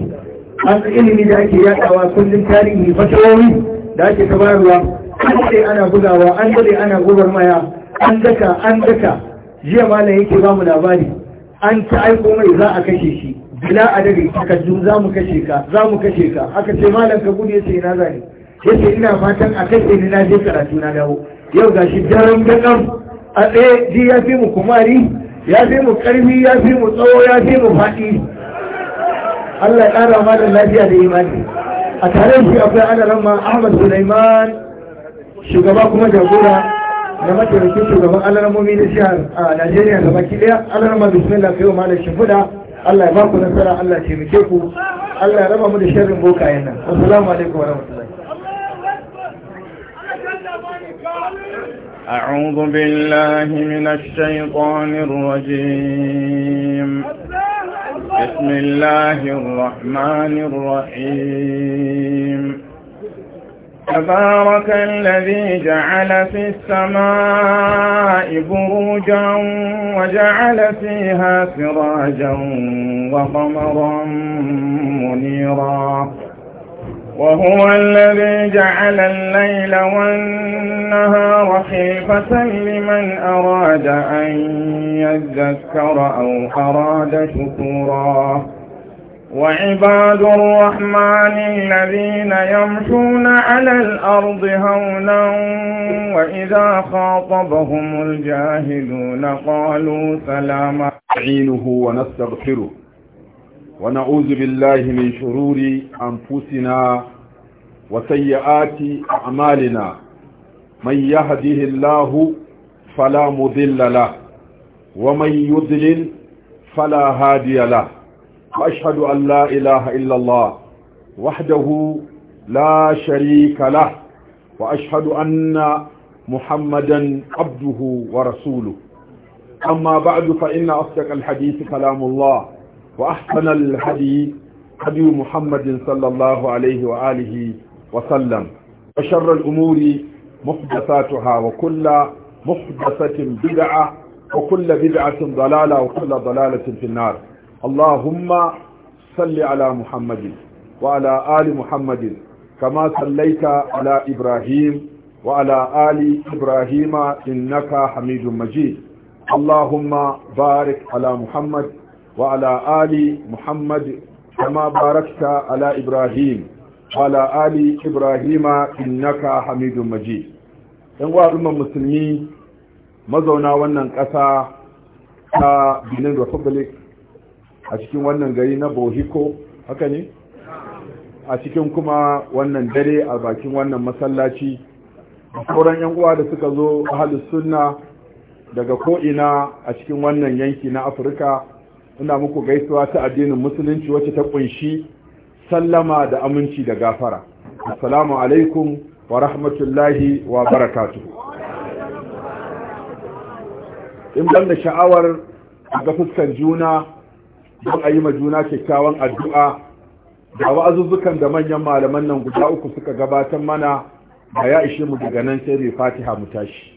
an ilimi da ake yadawa kullum tarihi fatawowi da ake tabarwa an dade ana bugawa an dade ana gubar maya an daka an daka jiya malam yake ba mu labari an ci aiko mai za a kashe shi bila adadin takaddu za mu kashe ka za mu kashe ka aka ce malam ka gudu yace ina zani yace ina fatan a kashe ni na je karatu na dawo yau gashi daren gaɗan a tsaye ji ya fi mu kumari ya fi mu karfi ya fi mu tsawo ya fi mu faɗi Allah ya ƙara malam lafiya da imani a tare shi akwai adaran ma Ahmad Sulaiman shugaba kuma jagora na mataimakin shugaban alarmomi na jihar a najeriya da baki daya alarma bismillah kai wa malam shimfuda allah ya ba ku nasara allah ya taimake ku allah ya raba mu da sharrin bokayen nan assalamu alaikum wa rahmatullahi أعوذ بالله من الشيطان الرجيم بسم الله الرحمن الرحيم تبارك الذي جعل في السماء بروجا وجعل فيها سراجا وقمرا منيرا وهو الذي جعل الليل والنهار خيفة لمن أراد أن يذكر أو أراد شكورا وعباد الرحمن الذين يمشون على الأرض هونا وإذا خاطبهم الجاهلون قالوا سلاما نعينه ونستغفره ونعوذ بالله من شرور أنفسنا وسيئات أعمالنا من يهده الله فلا مضل له ومن يضلل فلا هادي له وأشهد أن لا إله إلا الله وحده لا شريك له وأشهد أن محمدا عبده ورسوله أما بعد فإن أصدق الحديث كلام الله وأحسن الحديث حديث محمد صلى الله عليه وآله وسلم وشر الأمور محدثاتها وكل محدثة بدعة وكل بدعة ضلالة وكل ضلالة في النار اللهم صل على محمد وعلى آل محمد كما صليت على إبراهيم وعلى آل إبراهيم إنك حميد مجيد اللهم بارك على محمد وعلى آل محمد كما باركت على إبراهيم وعلى آل إبراهيم إنك حميد مجيد ‘yan wa'arumar musulmi mazauna wannan ƙasa ta benin republic a cikin wannan gari na bohiko haka ne a cikin kuma wannan dare a bakin wannan masallaci sauran yan uwa da suka zo ahalus sunna daga ko'ina a cikin wannan yanki na afirka ina muku gaisuwa ta addinin musulunci wacce ta kunshi sallama da aminci da gafara assalamu alaikum wa rahmatullahi wa barakatu. in ban da sha'awar ga fuskan juna don a yi ma juna kyakkyawan addu'a da wa'azuzzukan da manyan malaman nan guda uku suka gabatar mana a ya ishe mu daga nan sai fatiha mu tashi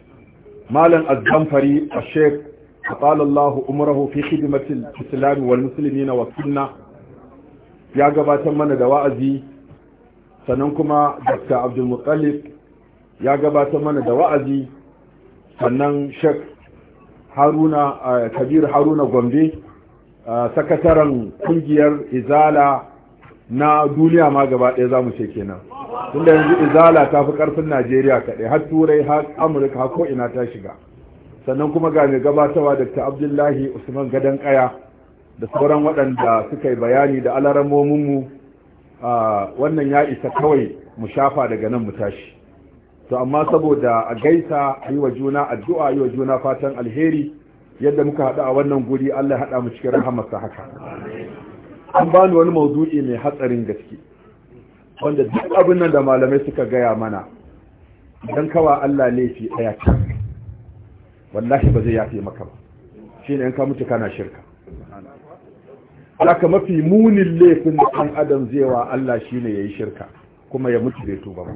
malam azzamfari a sheik أطال الله أمره في خدمة الإسلام والمسلمين والسنة يا جبات من دوائزي سننكما دكتور عبد ya gabatar mana da wa'azi sannan Sheikh haruna eh, kabir haruna gombe sakataren kungiyar izala na duniya ma gaba ɗaya za mu ce kenan tunda yanzu izala ta fi ƙarfin najeriya kaɗai har turai har amurka har ina ta shiga sannan kuma ga mai gabatarwa dr abdullahi usman gadon kaya da sauran waɗanda suka yi bayani da alaramominmu wannan ya isa kawai mu shafa daga nan mu tashi to amma saboda a gaisa yi wa juna addu'a yi wa juna fatan alheri yadda muka haɗu a wannan guri Allah ya haɗa mu cikin rahamarsa haka an bani wani mawdu'i mai hatsarin gaske wanda duk abin nan da malamai suka gaya mana idan kawa Allah laifi ɗaya can wallahi ba zai yafe maka ba shine in ka mutu kana shirka haka mafi munin laifin da ɗan adam zai wa Allah shine yayi shirka kuma ya mutu bai tuba ba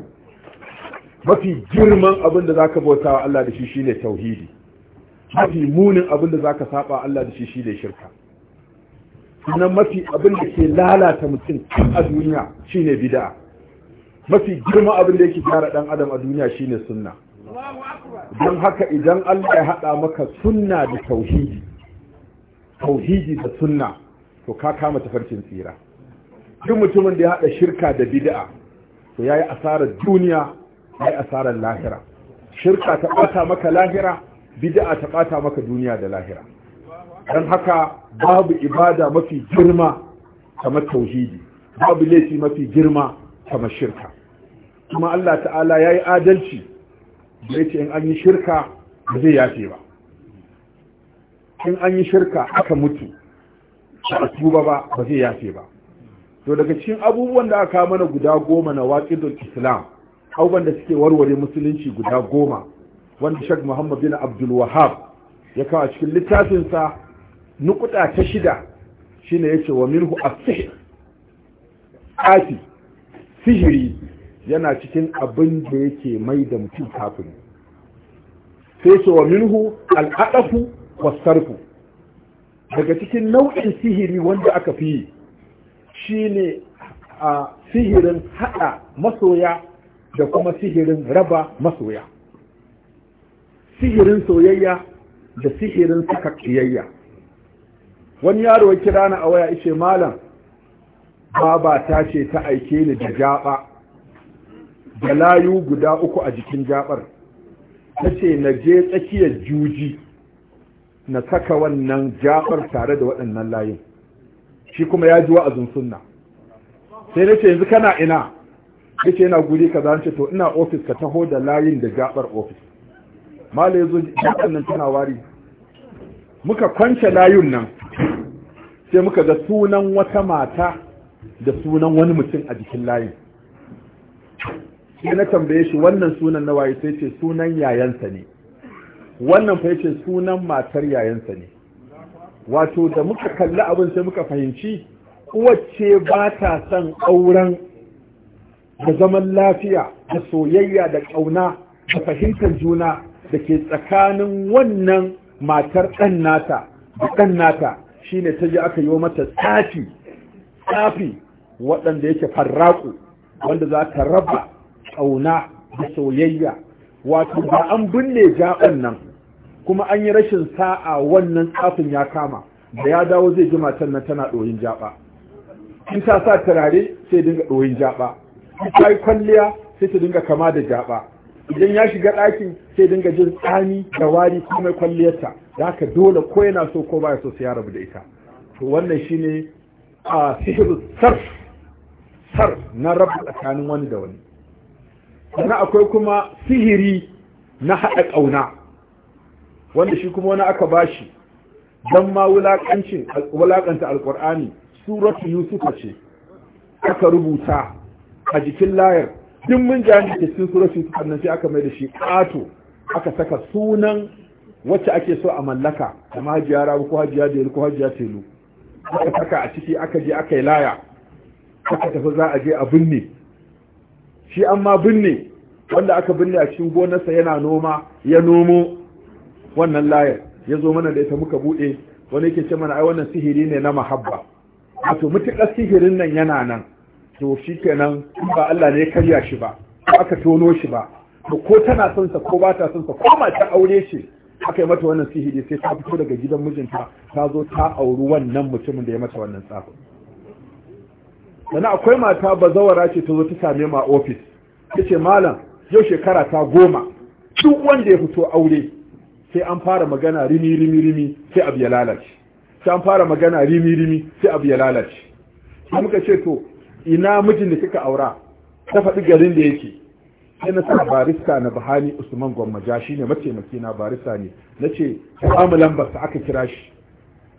mafi girman abin da zaka bauta wa Allah da shi shine tauhidi mafi munin abin da zaka saba Allah da shi shi da shirka sannan mafi abin da ke lalata mutum a duniya shine bid'a mafi girma abin da yake gyara dan adam a duniya shine sunna don haka idan Allah ya hada maka sunna da tauhidi tauhidi da sunna to ka kama tafarkin tsira duk mutumin da ya hada shirka da bid'a to yayi asarar duniya yayi asarar lahira shirka ta ɓata maka lahira bid'a ta bata maka duniya da lahira dan haka babu ibada mafi girma kamar tauhidi babu laifi mafi girma kamar shirka kuma Allah ta'ala yayi adalci bai ce in an yi shirka ba zai yafe ba in an yi shirka aka mutu ba tuba ba ba zai yafe ba to daga cikin abubuwan da aka mana guda goma na waqidul islam abubuwan da suke warware musulunci guda goma wanda shek muhammad bin abdul wahab ya kawo a cikin littafinsa nukuta ta shida shine yace wa minhu as-sihr ati sihiri yana cikin abin da yake mai da mutum kafin sai ce wa minhu al'adafu wasarfu daga cikin nau'in sihiri wanda aka fi shine a sihirin haɗa masoya da kuma sihirin raba masoya sihirin soyayya da sihirin saka kiyayya wani yaro ya kira ni a waya ishe malam baba ta ce ta aike ni da jaba da layu guda uku a jikin jabar ta ce na je tsakiyar juji na saka wannan jabar tare da waɗannan layin shi kuma ya ji wa'azin sunna sai nace yanzu kana ina ce yana guri kaza nace to ina ofis ka taho da layin da jabar ofis mala ya zo jakan nan tana wari muka kwance layun nan sai muka ga sunan wata mata da sunan wani mutum a jikin layin sai na tambaye shi wannan sunan na waye sai ce sunan yayansa ne wannan fa yace sunan matar yayansa ne wato da muka kalli abin sai muka fahimci uwace ba ta son auren da zaman lafiya da soyayya da ƙauna da fahimtar juna da ke tsakanin wannan matar ɗan nata da ɗan nata shine ta ji aka yi wa mata tsafi tsafi waɗanda yake farraku wanda za ta raba ƙauna da soyayya wato ba an binne jaɓan nan kuma an yi rashin sa'a wannan tsafin ya kama da ya dawo zai ji matar nan tana ɗoyin jaɓa in ta sa turare sai dinga ɗoyin jaɓa in ta yi kwalliya sai ta dinga kama da jaɓa idan ya shiga ɗakin sai dinga jin tsami da wari ko mai kwalliyarta da haka dole ko yana so ko baya so sai ya rabu da ita to wannan shine a sihiru sarf sarf na rabu tsakanin wani da wani sannan akwai kuma sihiri na haɗa ƙauna wanda shi kuma wani aka bashi don ma wulaƙanta alƙur'ani suratu yusufa ce aka rubuta a jikin layar duk mun ja da cikin suratu sannan sai aka mai da shi ƙato aka saka sunan wacce ake so a mallaka kamar hajiya rabu ko hajiya da ko hajiya telu aka saka a ciki aka je aka yi laya aka tafi za a je a binne shi an ma binne wanda aka binne a cikin gonarsa yana noma ya nomo wannan layar ya zo mana da ita muka buɗe wani yake ce mana ai wannan sihiri ne na mahabba wato mutuƙar sihirin nan yana nan to shi kenan ba Allah ne karya shi ba aka tono shi ba to ko tana son sa ko ba ta son sa ko ma ta aure shi aka yi mata wannan sihiri sai ta fito daga gidan mijinta ta zo ta auri wannan mutumin da ya mata wannan tsafin sannan akwai mata bazawara ce ta zo ta same ma ofis ta ce malam yau shekara ta goma duk wanda ya fito aure sai an fara magana rimi rimi rimi sai abu ya lalace sai an fara magana rimi rimi sai abu ya lalace sai muka ce to ina mijin da kika aura ta faɗi garin da yake sai na sa barista na bahani usman gwammaja shi ne mataimaki na barista ne na ce samu lambar ta aka kira shi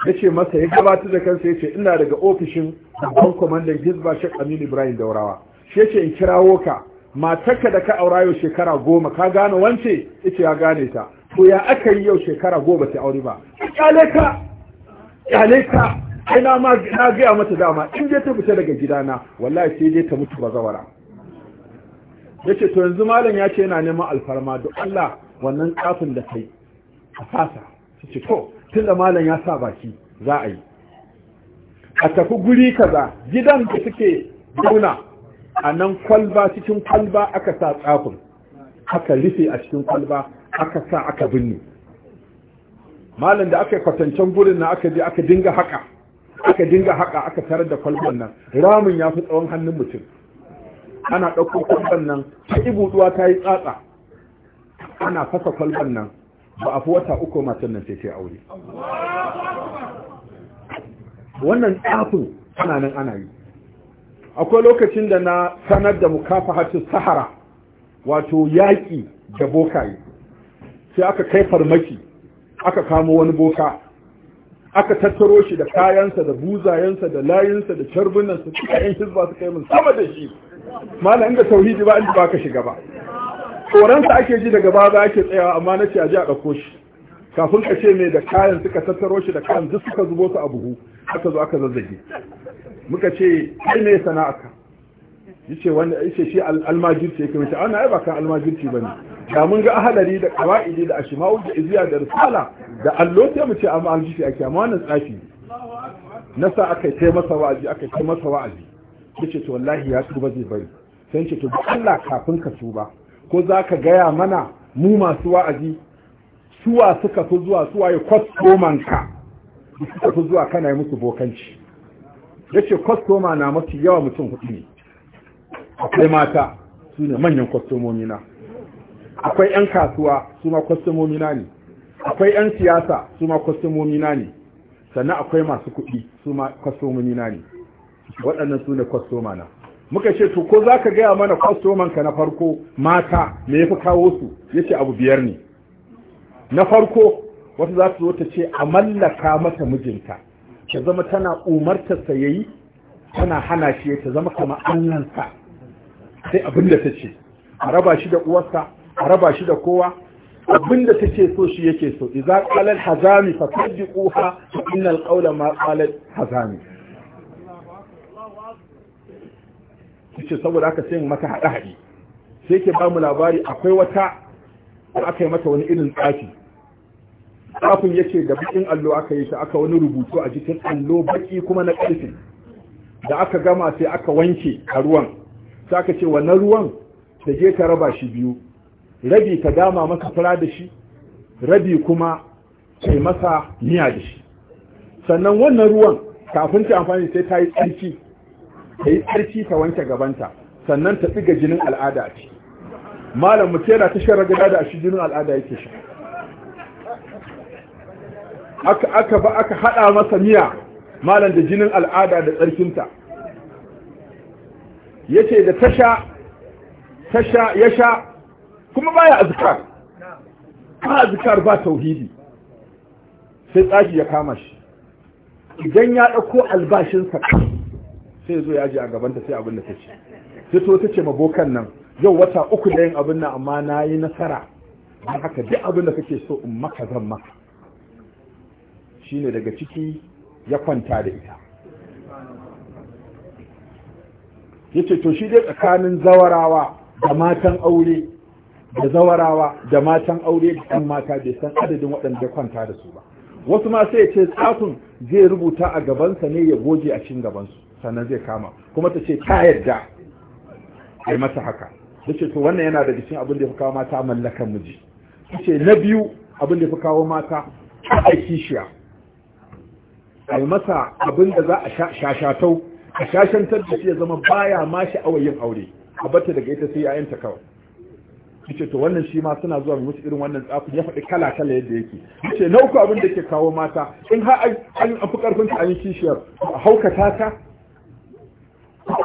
na ce masa ya gabata da kansa ya ce ina daga ofishin babban kwamandan gizba shek aminu ibrahim daurawa shi ya ce in kirawo ka matarka da ka aura yau shekara goma ka gane wance ita ya gane ta to ya aka yi yau shekara goma ta aure ba ƙyale ka ƙyale ka ai na ma na gaya mata dama in je ta fita daga gidana wallahi sai dai ta mutu bazawara yace to yanzu malam ya ce yana neman alfarma duk Allah wannan kafin da kai a fasa ce to tun da malam ya sa baki za a yi a tafi guri kaza gidan da suke zauna a nan kwalba cikin kwalba aka sa tsafin aka rufe a cikin kwalba aka sa aka binne malam da aka kwatancen gurin na aka je aka dinga haka aka dinga haka aka tarar da kwalban nan ramin ya fi tsawon hannun mutum ana ɗauko kwalban nan ta ibuduwa ta yi tsatsa ana fasa kwalban nan ba a fi wata uku matan nan sai aure wannan tsafin ana nan ana yi akwai lokacin da na sanar da hatu sahara wato yaƙi da bokaye sai aka kai farmaki aka kamo wani boka aka tattaro shi da kayansa da buzayensa da layinsa da carbunansa da kayan hizba su yi min sama da shi malam inda tauhidi ba inda ka shiga ba tsoronsa ake ji daga baza ake tsayawa amma na ce a ji a ɗauko shi kafin ka ce mai da kayan suka tattaro shi da kayan duk suka zubo su a buhu aka zo aka zazzage muka ce kai ne sana'a ka? yace wanda yace shi almajirci yake mace ana ai ba kan almajirci bane da mun ga ahalari da qawaidi da ashma'u da iziya da risala da allo sai mu ce amma aljifi ake amma wannan tsafi nasa aka yi masa wa'azi aka yi masa wa'azi yace to wallahi ya tuba zai bari sai ce to Allah kafin ka tuba ko zaka gaya mana mu masu wa'azi suwa suka fi zuwa suwa ya kwastomanka suka fi zuwa kana yi musu bokanci ya ce kwastoma na mafi yawa mutum hudu ne akwai mata su ne manyan kwastomomi na akwai 'yan kasuwa su ma kwastomomi na ne akwai 'yan siyasa su ma kwastomomi na ne sannan akwai masu kuɗi su ma kwastomomi na ne waɗannan su ne kwastoma na muka ce to ko za ka gaya mana kwastomanka na farko mata me ya fi kawo su ya ce abu biyar ne na farko wata za su zo ta ce a mallaka mata mijinta ta zama tana umarta sayayi tana hana shi ta zama kamar allansa sai abin da ta ce a raba shi da uwarsa a raba shi da kowa abinda take so shi yake so idza al hazami fa inna al qawla ma al hazami ce saboda aka sai mata hada hadi sai ke ba mu labari akwai wata da aka yi mata wani irin tsafi tsafin yace da bikin allo aka yi ta aka wani rubutu a jikin allo baki kuma na karfi da aka gama sai aka wanke a ruwan sai aka ce wannan ruwan da je ta raba shi biyu rabi ka dama masa fura da shi rabi kuma kai masa miya da shi sannan wannan ruwan kafin ta amfani sai ta yi tsarki ta yi tsarki ta wanke gabanta sannan ta tsiga jinin al'ada a ciki malam mu tera ta shan ragada da shi jinin al'ada yake shi aka aka ba aka hada masa miya malam da jinin al'ada da tsarkin ta yace da tasha tasha ya sha kuma ba ya azkar ba azkar ba tauhidi sai tsaki ya kama shi idan ya ɗauko albashinsa sai zo ya ji a gabanta sai abin da ta ce sai to ta ce mabokan nan yau wata uku da yin abin nan amma na yi nasara don haka duk abin da kake so in maka zan maka shine daga ciki ya kwanta da ita yace to shi dai tsakanin zawarawa da matan aure da zawarawa da matan aure da ɗan mata bai san adadin waɗanda kwanta da su ba wasu ma sai ce tsafin zai rubuta a gabansa ne ya goge a cikin gabansu sannan zai kama kuma ta ce ta yarda ai mata haka ta ce to wannan yana da cikin abin da ya fi kawo mata mallakan miji ta ce na biyu abin da ya fi kawo mata a kishiya ai masa abin da za a shashatau a shashantar da shi ya zama baya ma sha'awar yin aure a bata daga ita sai 'ya'yanta kawai yace to wannan shi ma suna zuwa musu irin wannan tsafin ya faɗi kala kala yadda yake yace na uku abin da ke kawo mata in har an fi karfin ta an yi kishiyar haukata ta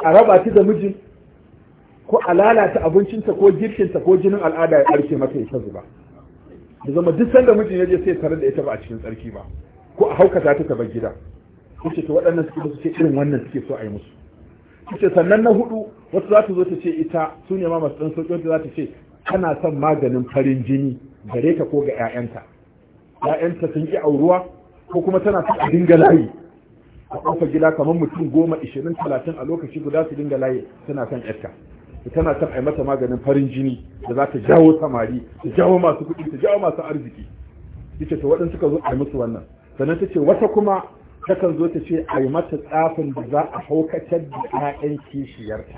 a raba ta da mijin ko a lalata abincinta ko girkinta ko jinin al'ada ya ɗarke mata ita zuba da zama duk sanda mijin ya je sai tare da ita ba a cikin tsarki ba ko a haukata ta taɓa gida yace to waɗannan suke su ce irin wannan suke so a yi musu ce sannan na hudu wasu za ta zo ta ce ita su ne ma masu ɗan sauƙi wata za ta ce kana son maganin farin jini gare ta ko ga 'ya'yanta ‘ya'yanta sun ƙi auruwa ko kuma tana son a dinga layi a ƙofa gida kamar mutum goma ishirin talatin a lokaci guda su dinga layi tana son ‘yarta tana son a mata maganin farin jini da za ta jawo samari ta jawo masu kuɗi ta jawo masu arziki ita ta waɗansu suka zo a musu wannan sannan ta ce wata kuma takan zo ta ce a yi mata tsafin da za a haukatar da ‘ya'yan kishiyarta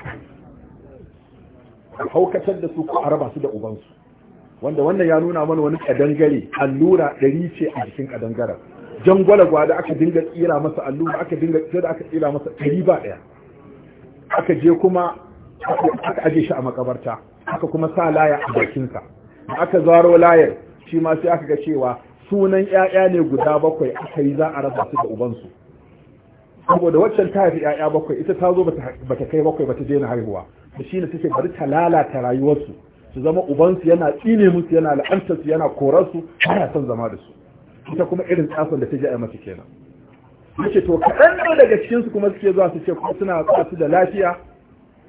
a haukatar da su ko a raba su da ubansu wanda wannan ya nuna mana wani kadangare allura ɗari ce a jikin ƙadangaren. jan gwalagwa da aka dinga tsira masa allura aka dinga tsira aka tsira masa ɗari ba ɗaya aka je kuma aka aje shi a makabarta aka kuma sa laya a bakinsa aka zaro layar shi ma sai aka ga cewa sunan 'ya'ya ne guda bakwai aka yi za a raba su da ubansu saboda waccan ta haifi 'ya'ya bakwai ita ta zo bata kai bakwai bata daina haihuwa da ta ce bari ta lalata rayuwarsu su zama ubansu yana tsine musu yana la'antar su yana korarsu su ya son zama da su ita kuma irin tsafin da ta ji a mata kenan yace to kaɗan ne daga cikinsu kuma suke zuwa su ce ko suna su da lafiya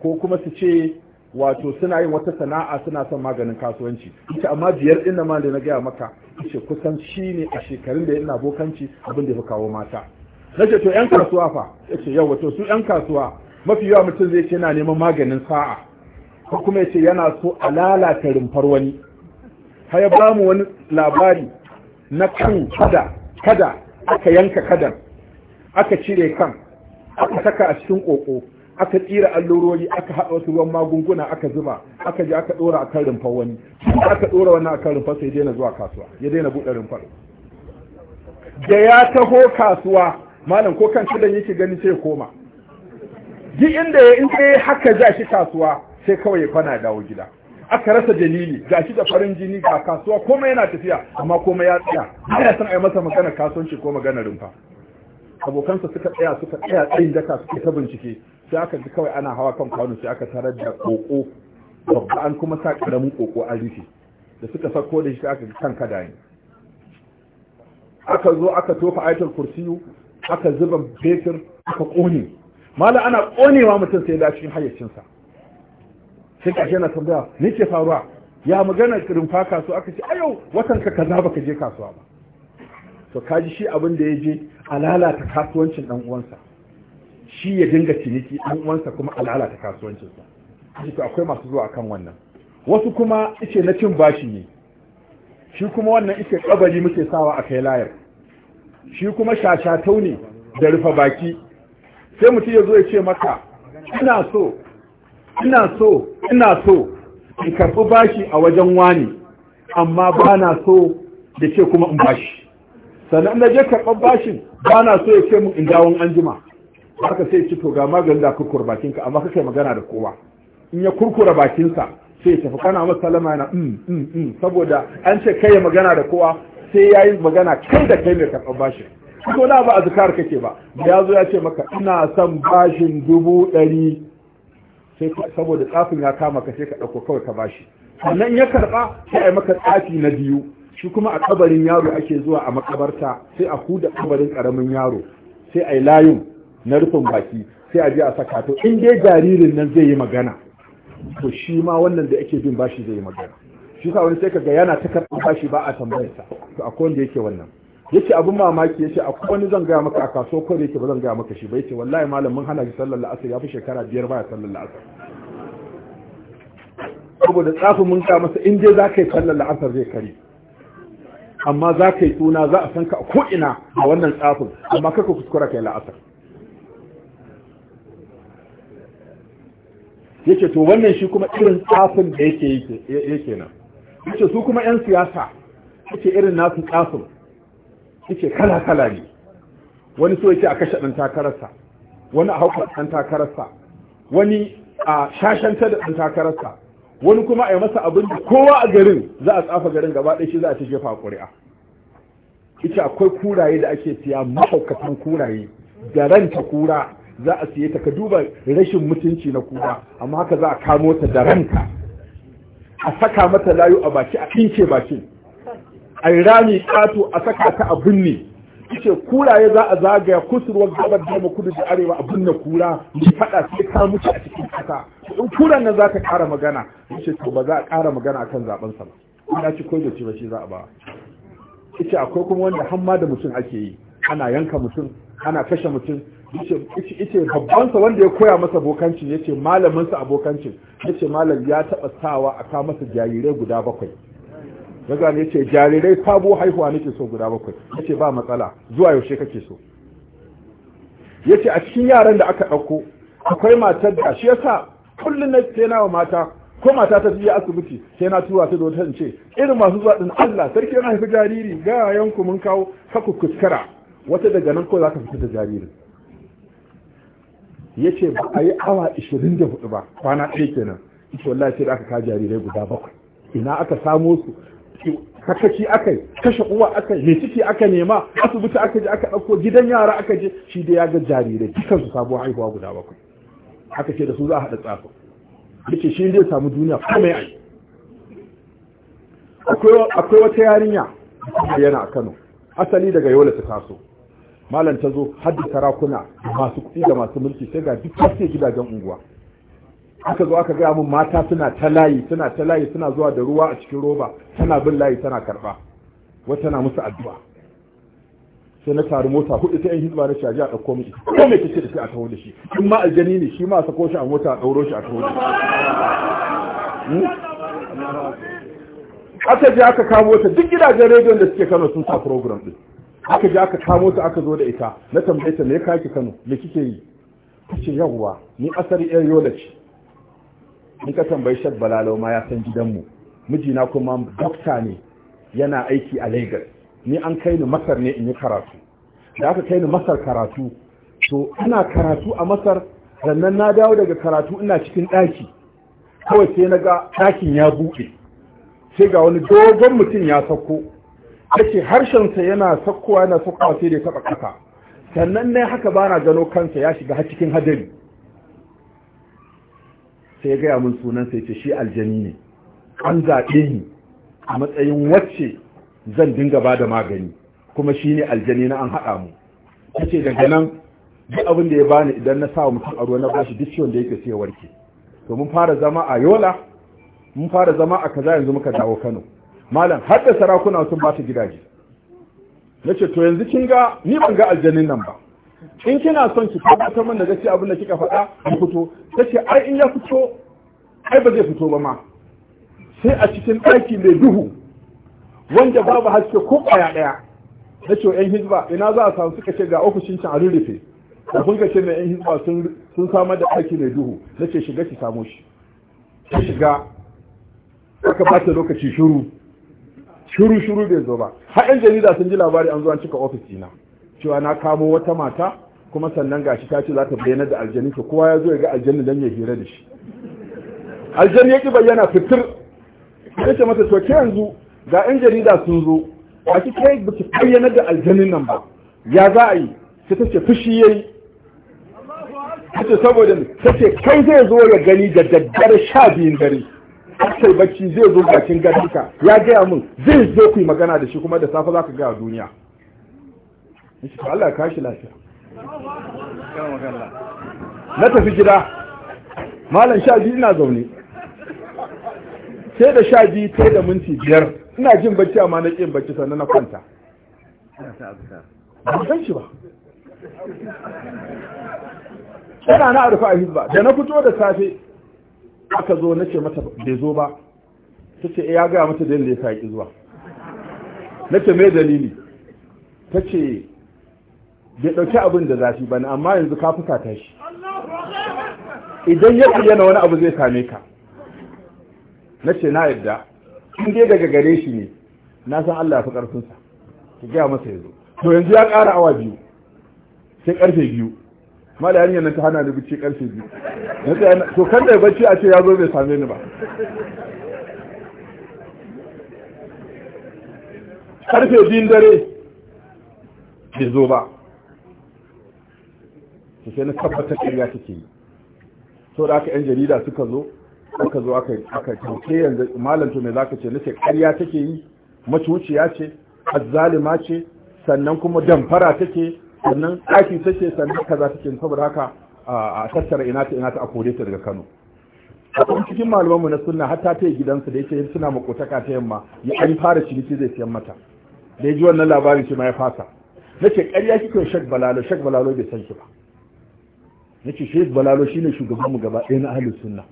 ko kuma su ce wato suna yin wata sana'a suna son maganin kasuwanci ita amma biyar din nan ma da na gaya maka ce kusan shine a shekarun da ina bokanci abin da ya kawo mata na ce to yan kasuwa fa ya ce yau wato su yan kasuwa mafi yawa mutum zai ce yana neman maganin sa'a ko kuma ya ce yana so a lalata rumfar wani haya ya ba mu wani labari na kan kada kada aka yanka kadan aka cire kan aka saka a cikin ƙoƙo aka tsira allurori aka haɗa wasu ruwan magunguna aka zuba aka je aka ɗora a kan rumfar wani aka ɗora wannan a kan rumfar sai ya daina zuwa kasuwa ya daina buɗe rumfar da ya taho kasuwa malam ko kan tudan yake gani sai koma duk inda ya in sai haka ja shi kasuwa sai kawai ya dawo gida aka rasa dalili ga shi da farin jini ga kasuwa komai yana tafiya amma komai ya tsaya ana son a masa magana kasuwanci ko magana rumfa abokansa suka tsaya suka tsaya tsayin daka suke ta bincike sai aka ji kawai ana hawa kan kwano sai aka tarar da koko babba an kuma sa karamin koko a rufe da suka sako da shi aka kan kada ne aka zo aka tofa aitar kursiyu aka zuba fetur aka ƙone mala ana ƙonewa mutum sai da cikin hayyacinsa sai ƙarshe na tambaya ni ce faruwa ya magana fa kasuwa aka ce ayo watan ka kaza baka je kasuwa ba to kaji shi abin da ya je a lalata kasuwancin dan uwansa shi ya dinga ciniki dan uwansa kuma a lalata kasuwancinsa shi to akwai masu zuwa kan wannan wasu kuma ice na cin bashi ne shi kuma wannan ice kabari muke sawa a kai layar shi kuma shashatau ne da rufe baki sai mutum ya zo ya ce maka ina so ina so ina so in karɓi bashi a wajen wani amma ba na so da ce kuma in bashi sannan na je karɓar bashin ba na so ya ce mu in dawon anjima haka sai ci to maganin da kurkura bakinka amma kake magana da kowa in ya kurkura bakinsa sai tafi kana masa salama yana mm, mm, mm, saboda an ce kai magana da kowa sai ya yi magana kai da kai mai karɓar bashin ko na ba a azkar kake ba ya zo ya ce maka ina son bashin dubu ɗari sai saboda tsafin ya kama ka sai ka ɗauko kawai ka bashi sannan ya karɓa sai a yi maka tsafi na biyu shi kuma a kabarin yaro ake zuwa a makabarta sai a huda kabarin ƙaramin yaro sai a yi layin na rufin baki sai a je a saka to in dai jaririn nan zai yi magana to shi ma wannan da ake bin bashi zai yi magana shi wani sai kaga yana ta karɓar bashi ba a tambayarsa to akwai wanda yake wannan yace abun mamaki yace akwai wani zan gaya maka a kaso ko da yake ba zan gaya maka shi ba yace wallahi malam mun hana shi sallar la'asar ya fi shekara biyar baya sallar la'asar saboda tsafin mun ga masa in dai za ka yi sallar la'asar zai kare amma za ka yi tuna za a san ka ko ina a wannan tsafin amma kaka kuskura ka yi la'asar yake to wannan shi kuma irin tsafin da yake yake nan yace su kuma yan siyasa yace irin nasu kasum yace kala kala ne wani so yake a kashe dan takararsa wani a hauka dan takararsa wani a shashanta da dan takararsa wani kuma a yi masa abin da kowa a garin za a tsafa garin gaba ɗaya shi za a ci jefa ƙuri'a Ice akwai kuraye da ake siya mahaukatan kuraye da ranta kura za a siye ta ka duba rashin mutunci na kura amma haka za a kamo ta da ranka a saka mata layu a baki a kince baki a rami ƙato a saka ta a binne ce ya za a zagaya kusurwar gabar dama kudu da arewa a binne kura mai faɗa sai ta mutu a cikin kasa in kura nan za ta ƙara magana ce to ba za a kara magana akan zaben sa ba ina ci kwai da ci ba shi za a ba ce akwai kuma wanda hamma da mutum ake yi ana yanka mutum ana kashe mutum ce babbansa wanda ya koya masa bokancin yace malaminsa abokancin yace malam ya taba sawa a ka masa jarirai guda bakwai daga ne yace jarirai sabo haihuwa nake so guda bakwai yace ba matsala zuwa yaushe kake so yace a cikin yaran da aka ɗauko akwai matar da shi yasa kullum na sai na mata ko mata ta fiye asibiti sai na tura ta da ce irin masu zuwa din Allah sarki yana haifi jariri ga yanku mun kawo ka ku kuskara wata daga nan ko za ka fita da jaririn ya ce ba a yi awa 24 ba kwana ɗaya kenan ita wallahi sai da aka ka jarirai guda bakwai ina aka samo su kakaci aka yi kashe uwa aka yi mai ciki aka nema asibiti aka je aka ɗauko gidan yara aka je shi da ya ga jarirai dukan su sabuwar haihuwa guda bakwai aka ce da su za a haɗa tsafa ce shi zai samu duniya mai ai akwai wata yarinya yana a Kano asali daga Yola ta taso malam ta zo da sarakuna masu kuɗi da masu mulki sai ga duk sai gidajen unguwa aka zo aka gaya mun mata suna ta layi suna ta layi suna zuwa da ruwa a cikin roba tana bin layi tana karɓa wata na musu addu'a sai na taru mota hudu ta yan hizba na shaji a ɗauko miki ko me kike da shi a taho da shi in ma aljani ne shi ma a sako shi a mota a ɗauro shi a taho da shi hmm? aka je aka kamo ta duk gidajen rediyon da suke kano sun sa program din aka je aka kamo ta aka zo da ita na tambaye ta me ka ki Kano me kike yi kace yawwa ni asari yan yola ce ni ka tambayi shak balalo ma ya san gidan miji mijina kuma dokta ne yana aiki a Lagos ni an kai ni Masar ne in yi karatu da aka kai ni Masar karatu to ina karatu a Masar sannan na dawo daga karatu ina cikin ɗaki kawai sai na ga ɗakin ya buɗe sai ga wani dogon mutum ya sauko ake harshensa yana sakkowa yana sakkowa sai da ya taba kasa sannan ne haka bana gano kansa ya shiga har cikin hadari sai gaya mun sunan sai ce shi aljani ne an zaɓe ni a matsayin wacce zan dinga ba da magani kuma shi ne aljani na an haɗa mu ta ce daga nan duk abin da ya bani idan na sa mutum a ruwa na bashi duk ciwon da yake sai warke to mun fara zama a yola mun fara zama a kaza yanzu muka dawo kano malam har da sarakuna sun ba ta gidaje na to yanzu kin ga ni ban ga aljanin nan ba in kina son ki ta min da gaci abin da kika faɗa ki fito ta ce ai in ya fito ai ba zai fito ba ma sai a cikin ɗaki mai duhu wanda babu haske ko ƙwaya ɗaya na ce yan hizba ina za a samu suka ce ga ofishin can a rurrufe kun ga ce mai yan hizba sun samar da ɗaki mai duhu na ce shiga ki samo shi ta shiga aka ba ta lokaci shuru shuru shuru bai zo ba har yan jarida sun ji labari an zo an cika ofis na. cewa na kamo wata mata kuma sannan gashi ta ce za ta bayyana da aljanni to kowa ya zo ya ga aljanni dan ya hira da shi aljanni ya ki bayyana fitir ya ce masa to ke yanzu ga yan jarida sun zo a ki kai ba ki bayyana da aljanin nan ba ya za a yi sai ta ce fushi yayi ta ce saboda ta ce kai zai zo ya gani da daddare sha biyun dare kai bacci zai zo bakin gadinka ya gaya min zai zo ku yi magana da shi kuma da safe za ka gaya duniya shi to Allah ya kashi lafiya na tafi gida malam sha biyu ina zaune sai da sha biyu sai da minti biyar ina jin bacci amma na ƙin bacci sannan na kwanta ba san shi ba yana na arfa a hizba da na fito da safe aka zo nace mata bai zo ba tace eh, ya gaya mata da ya saki zuwa nace mai dalili tace bai dauki abin da zafi bane amma yanzu ka fusata shi idan ya bayyana wani abu zai same ka nace na yadda in dai daga gare shi ne na san Allah ya fi karfin sa ki ga masa yazo to yanzu ya ƙara awa biyu sai karfe biyu mala yarinyar nan ta hana ni bacci karfe biyu na na to kan da bacci a ce ya zo bai same ni ba karfe biyun dare bai zo ba su sai na tabbatar ƙarya take yi sau da aka yan jarida suka zo aka zo aka kyauke yanzu malamta mai za ka ce nace ƙarya take yi macuciya ce azzalima ce sannan kuma damfara take sannan ɗaki take sannan kaza take saboda haka a tattara ina ta ina ta a kore ta daga Kano A kuma cikin malamanmu na sunna har ta taya gidansu da yake suna makotaka ta yamma ya an fara ciniki zai siyan mata da ya ji wannan labarin shi ma ya fasa nace ƙarya kike shak balalo shak balalo bai san shi ba nace shek balalo shine shugaban mu gaba ɗaya na ahlus sunna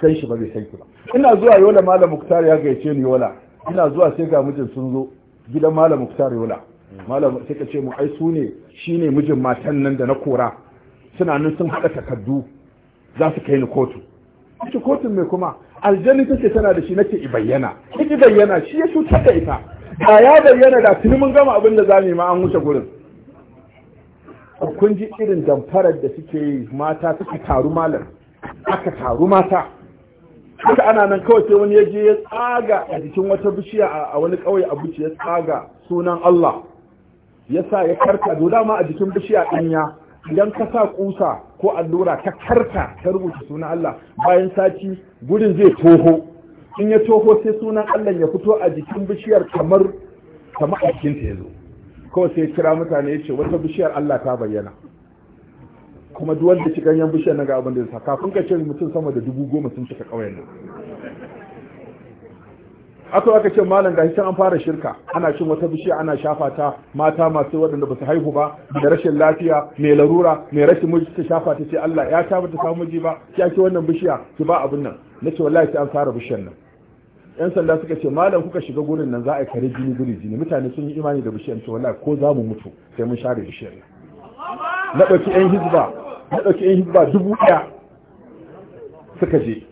san shi ba bai san shi ba ina zuwa yola malam muktar ya gaice ni yola ina zuwa sai ga mijin sun zo gidan malam muktar yola malam sai ka ce mu ai su ne shine mijin matan nan da na kora suna nan sun haɗa takardu za su kai ni kotu shi kotun mai kuma ta ce tana da shi nake i bayyana ki bayyana shi ya cutar da ita da ya bayyana da tuni mun gama abin da za mu yi ma an wuce gurin kun ji irin damfarar da suke yi mata suka taru malam aka taru mata haka ana nan kawai sai wani ya je ya tsaga a jikin wata bishiya a wani kauye a ya tsaga sunan Allah ya sa ya karta do dama a jikin bishiya ɗanya idan ka sa kusa ko allura ka karta ta rubuta sunan Allah bayan sati gudun zai toho in ya toho sai sunan Allah ya fito a jikin bishiyar kamar kamar a cikin ta yazo kawai sai kira mutane ya ce wata bishiyar Allah ta bayyana kuma duk wanda ci ganyen bishiyar na ga abin da ya sa kafin ka ce mutum sama da dubu goma sun cika ƙauyen nan aka aka ce malam gashi can an fara shirka ana cin wata bishiya ana shafa ta mata masu waɗanda ba su haihu ba da rashin lafiya mai larura mai rashin miji ta shafa ta ce Allah ya ta bata samu miji ba ki ake wannan bishiya ki ba abin nan nace wallahi sai an fara bishiyar nan yan sanda suka ce malam kuka shiga gurin nan za a kare jini guri jini mutane sun yi imani da bishiyar ce wallahi ko za mu mutu sai mun share bishiyar na ɗauki yan hizba na ɗauki yan hizba dubu ɗaya suka je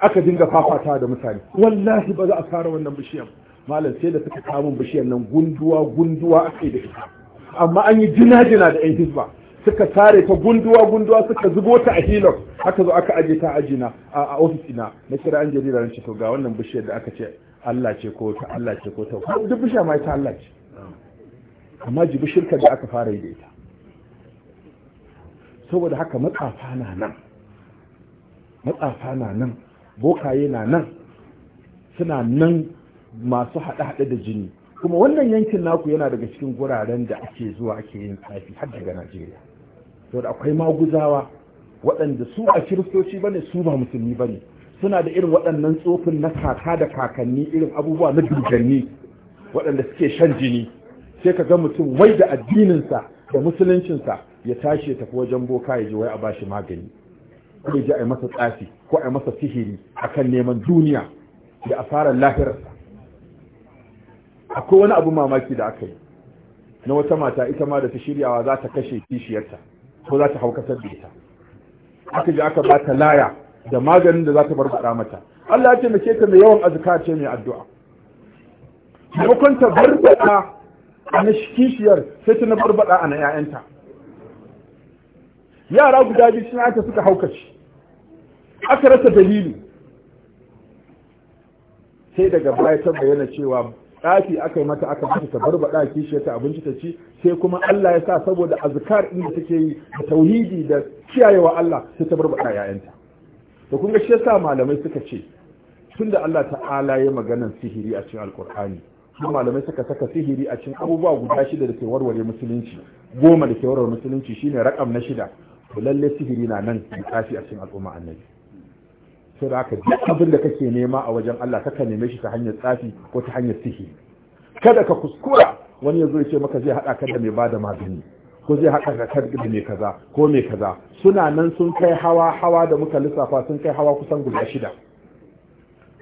aka dinga fafata da mutane wallahi ba za a fara wannan bishiyar malam sai da suka kamun bishiyar nan gunduwa gunduwa aka da ita amma an yi jina-jina da yan hizba suka tare ta gunduwa gunduwa suka zubo ta a hilon Haka zo aka aje ta ajina a ofis ina na kira an jarida ce to ga wannan bishiyar da aka ce Allah ce ko ta Allah ce ko ta duk bishiya ma ita Allah ce amma jibi bishirka da aka fara yi da ita saboda haka matsafa na nan matsafa na nan bokaye na nan suna nan masu haɗe-haɗe da jini kuma wannan yankin naku yana daga cikin guraren da ake zuwa ake yin tsafi har daga najeriya da akwai maguzawa waɗanda su a kiristoci ba ne su ba musulmi ba ne suna da irin waɗannan tsofin na kaka da kakanni irin abubuwa na dujanni waɗanda suke shan jini sai ka ga mutum wai da addininsa da musuluncinsa ya tashi ya tafi wajen boka ya ji wai a bashi magani sai ji a masa tsafi ko a masa sihiri akan neman duniya da asarar lahirarsa akwai wani abu mamaki da aka yi na wata mata ita ma da ta shiryawa za ta kashe kishiyarta ko za ta haukatar da ita aka ji aka bata laya da maganin da za ta barbada mata Allah ya taimake ta mai yawan azka ce mai addu'a maimakon ta barbada a na kishiyar sai ta na barbada a na 'ya'yanta yara guda biyu suna aka suka haukaci. aka rasa dalili sai daga baya ta bayyana cewa ɗafi aka yi mata aka mata ta ɗaki shi ta abinci ta ci sai kuma Allah ya sa saboda azkar din da take yi da tauhidi da kiyayewa Allah sai ta barbaɗa yayanta to kun ga shi yasa malamai suka ce tunda Allah ta'ala ya maganar sihiri a cikin alkur'ani kuma malamai suka saka sihiri a cikin abubuwa guda shida da ke warware musulunci goma da ke warware musulunci shine rakam na shida to lalle sihiri na nan da kashi a cikin al'umma annabi sai da aka duk abin da kake nema a wajen Allah kaka neme shi ta hanyar tsafi ko ta hanyar sihiri kada ka kuskura wani ya ya ce maka zai haɗa ka da mai bada magani ko zai hada ka da mai kaza ko mai kaza suna nan sun kai hawa hawa da muka lissafa sun kai hawa kusan guda shida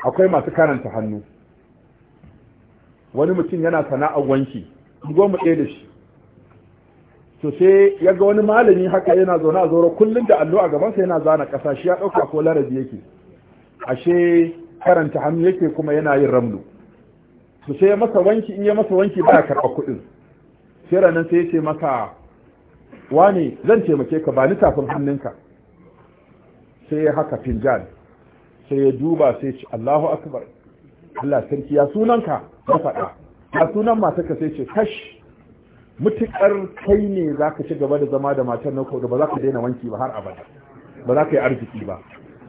akwai masu karanta hannu wani mutum yana sana'ar wanki goma ɗaya da shi to sai ya ga wani malami haka yana zaune a zoro kullum da allo a gaban gabansa yana zana kasa shi ya dauka ko larabi yake ashe karanta hannu yake kuma yana yin ramlu to sai ya masa wanki in ya masa wanki ba karba kuɗin sai ranan sai ya ce maka wani zan taimake ka ba ni tafin hannunka sai ya haka finjan sai ya duba sai ce Allahu akbar Allah sarki ya sunanka ya faɗa ya sunan matarka sai ce kash mutukar kai ne za ka ci gaba da zama da matar na da ba za ka daina wanki ba har abada ba za ka yi arziki ba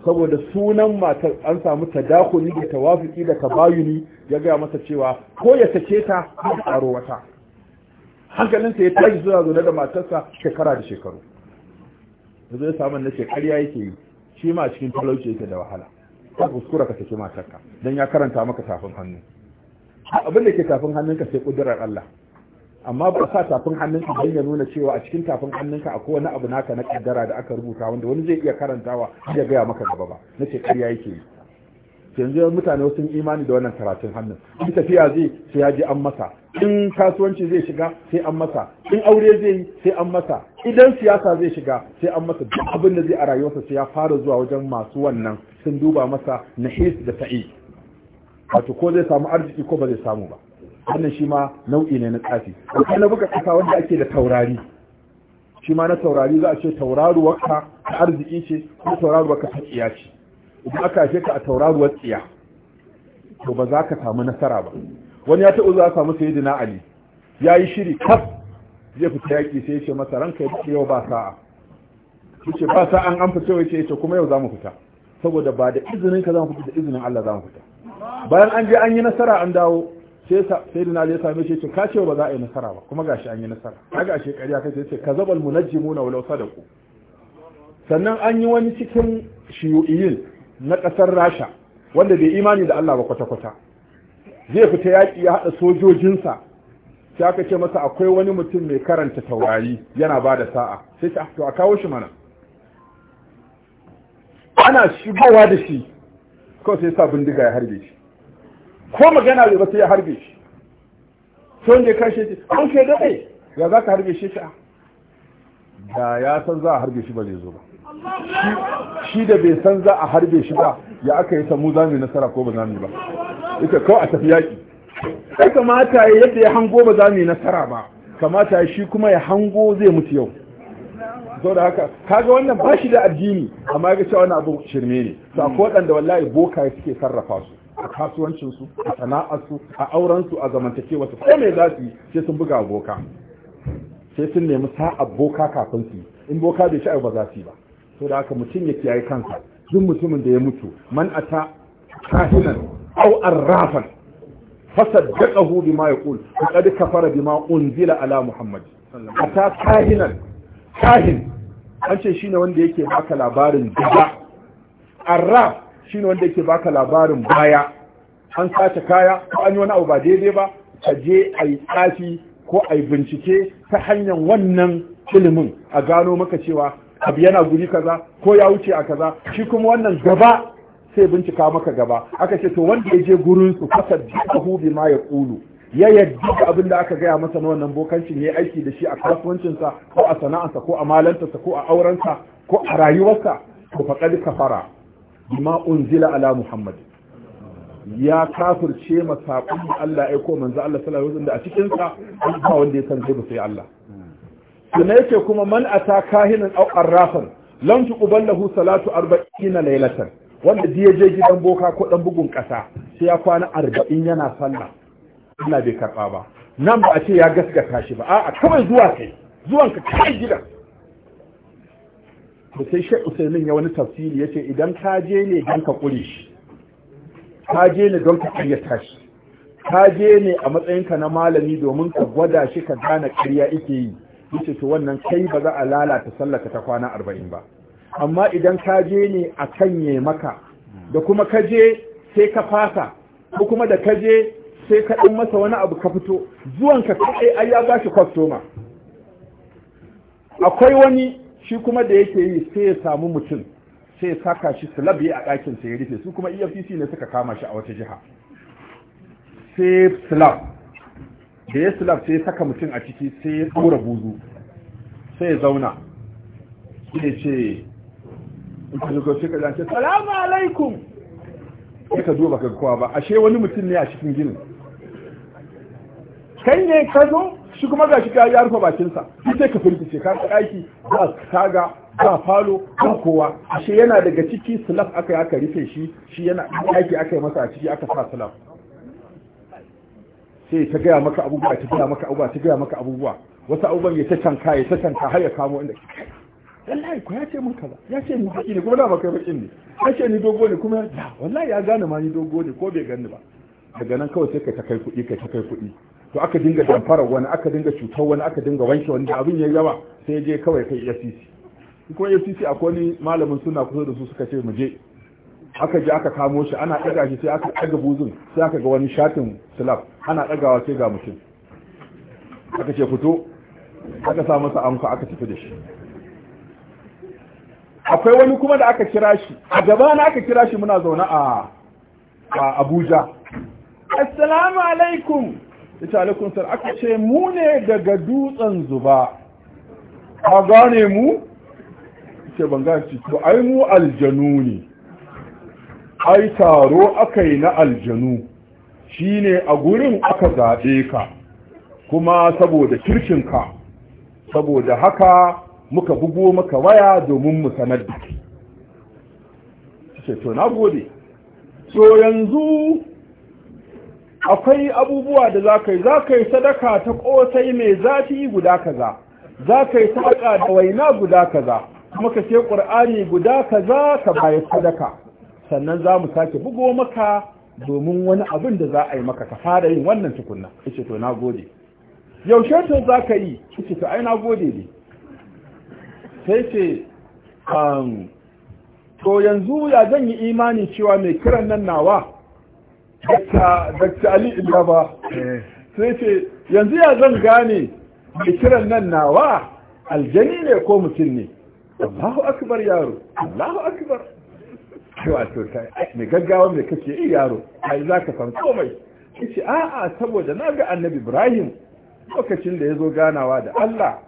saboda sunan matar an samu ta dakuni, da tawafiki da tabayuni ya gaya masa cewa ko ya sace ta ko ya aro wata hankalinsa ya tashi zuwa zo da matarsa shekara da shekaru yanzu ya samu na shekarya yake yi shi ma cikin talauci yake da wahala ka kuskura ka saki matarka Dan ya karanta maka tafin hannu abin da ke tafin hannunka sai kudurar Allah amma ba sa tafin hannunka don ya nuna cewa a cikin tafin hannunka akwai wani abu naka na kaddara da aka rubuta wanda wani zai iya karantawa ya gaya maka gaba ba na ce ƙarya yake yi yanzu mutane sun imani da wannan karatun hannun in tafiya zai sai ya je an masa in kasuwanci zai shiga sai an masa in aure zai yi sai an masa idan siyasa zai shiga sai an masa duk abin da zai a rayuwarsa sai ya fara zuwa wajen masu wannan sun duba masa nahis da ta'i wato ko zai samu arziki ko ba zai samu ba wannan shi ma nau'i ne na tsafi akwai na buga ƙasa wanda ake da taurari shi ma na taurari za a ce tauraruwarka ta arziki ce ko tauraruwarka ta tsiya ce idan aka ce ka a tauraruwar tsiya to ba za ka samu nasara ba wani ya taɓa za a samu dina ali ya yi shiri kaf zai fita yaƙi sai ya ce masa ranka ya yau ba sa'a ce ba sa'an an fita ya yace kuma yau za mu fita saboda ba da izinin ka za mu fita da izinin Allah za mu fita bayan an je an yi nasara an dawo sai sai da naje same shi ce ka ce ba za a yi nasara ba kuma gashi an yi nasara kaga ashe na kace ce kazabal munajjimuna da ku. sannan an yi wani cikin shiyu'iyin na ƙasar Rasha wanda bai imani da Allah ba kwata-kwata zai fita yaƙi ya haɗa sojojinsa sai aka ce masa akwai wani mutum mai karanta taurari yana ba da sa'a sai ah, to a kawo shi mana ana shigowa da shi kawai sai sa bindiga ya harbe shi ko magana bai ba sai ya harbe shi to ne kashe shi an ke dade ya za ka harbe shi shi da ya san za a harbe shi ba zai zo ba shi da bai san za a harbe shi ba ya aka yi samu za mu nasara ko ba za mu ba ita ko a tafi yaƙi sai kamata ya yadda ya hango ba za mu nasara ba kamata shi kuma ya hango zai mutu yau zo da haka kaga wannan ba shi da addini amma ga cewa wani abu shirme ne to akwai waɗanda wallahi boka suke sarrafa su a kasuwancinsu a sana'arsu a aurensu a zamantakewarsu ko mai za su yi sai sun buga boka sai sun nemi sa'a boka kafin su in boka bai sha'ar ba za su yi ba to da haka mutum ya kiyaye kansa duk mutumin da ya mutu man a ta kahinan aw arrafan ya bima yaqul faqad kafara bima unzila ala muhammad A ta kahinan kahin an ce shine wanda yake baka labarin duba arraf ne wanda yake baka labarin baya an sace kaya ko an yi wani abu ba daidai ba a je a yi tsafi ko a yi bincike ta hanyar wannan ilimin a gano maka cewa abu yana guri kaza ko ya wuce a kaza shi kuma wannan gaba sai bincika maka gaba aka ce to wanda ya je gurin su fasa duhu bi ma ya kulu ya yadda abin da aka gaya masa na wannan bokancin ya aiki da shi a kasuwancinsa ko a sana'arsa ko a malantarsa ko a aurensa ko a rayuwarsa to faqad kafara bima unzila ala muhammad ya kafirce ma saƙon Allah ya aiko manzo Allah sallallahu alaihi wasallam a cikin sa ba wanda ya san ba sai Allah sannan yake kuma man ata kahinan aw arrafan lam tuqballahu salatu 40 laylatan wanda ya je gidan boka ko dan bugun kasa sai ya kwana 40 yana sallah Allah bai karba ba nan ba a ce ya gaskata shi ba a'a kawai zuwa kai zuwanka kai gidan to sai shi usaimin ya wani tafsiri ya ce idan ka je ne don ka ƙuri, shi ka je ne don ka ƙaryata shi ka je ne a matsayinka na malami domin ka gwada shi ka gane ƙarya ike yi yace to wannan kai ba za a lalata sallaka ta kwana arba'in ba amma idan ka je ne a kanye maka da kuma ka je sai ka fasa ko kuma da ka je sai ka ɗan masa wani abu ka fito zuwanka kaɗai ai ya ba shi kwastoma akwai wani shi kuma da yake yi sai ya samu mutum sai ya saka shi sulabi a ɗakin sai ya rufe su kuma efcc ne suka kama shi a wata jiha sai slab da ya slab sai ya saka mutum a ciki sai ya ɗaura buzu sai ya zauna sai ce in ka salamu alaikum ka duba kowa ba ashe wani mutum ne a cikin ginin kan ne ka zo shi kuma ga shi ya rufe bakinsa sai ka firgice ka ɗaki ba kaga ba falo ba kowa ashe yana daga ciki sulaf aka yi aka rufe shi shi yana aiki aka yi masa a ciki aka sa sulaf sai ta gaya maka abubuwa ta gaya maka abubuwa ta gaya maka abubuwa wasu abubuwan ya ta canka ya ta canka har ya kamo inda wallahi ko ya ce mun kaza ya ce mun haƙi ne kuma da ba kai baƙin ne ya ce ni dogo ne kuma ya wallahi ya gane ma ni dogo ne ko bai gani ba daga nan kawai sai ka ta kai kuɗi ka ta kai kuɗi to aka dinga damfara wani aka dinga cutar wani aka dinga wanke wani abin ya yawa sai ya je kawai kai FCC kuma FCC akwai wani malamin suna kusa da su suka ce mu je aka je aka kamo shi ana ɗaga shi sai aka ɗaga buzun sai aka ga wani shatin slab ana ɗagawa sai ga mutum aka ce fito aka sa masa anko aka tafi da shi akwai wani kuma da aka kira shi a gaba na aka kira shi muna zaune a Abuja assalamu alaikum ita alaikun sar aka ce mu ne daga dutsen zuba a gane mu ce ban gane ci to ai mu aljanu ne ai taro aka yi na aljanu Shi ne a gurin aka zaɓe ka kuma saboda kirkinka saboda haka muka bugo maka waya domin mu sanar da ke to na gode so yanzu akwai abubuwa da za ka yi za ka yi sadaka ta ƙosai mai zafi guda kaza za ka yi sadaka da waina guda kaza kuma ka ce ƙur'ani guda kaza ka bayar sadaka sannan za mu sake bugo maka domin wani abin da za a yi maka ka fara yin wannan tukunna yace to na gode yaushe to za ka yi yace to ai na gode ne sai ce um, to yanzu ya zan yi imani cewa mai kiran nan nawa dakta ali illa eh. sai ce yanzu ya zan gane mai kiran nan nawa aljani ne ko mutum ne Allahu akbar yaro Allahu akbar cewa to mai gaggawa mai kake yi yaro ai za ka san komai ce, a'a saboda na ga annabi Ibrahim lokacin da ya zo ganawa da Allah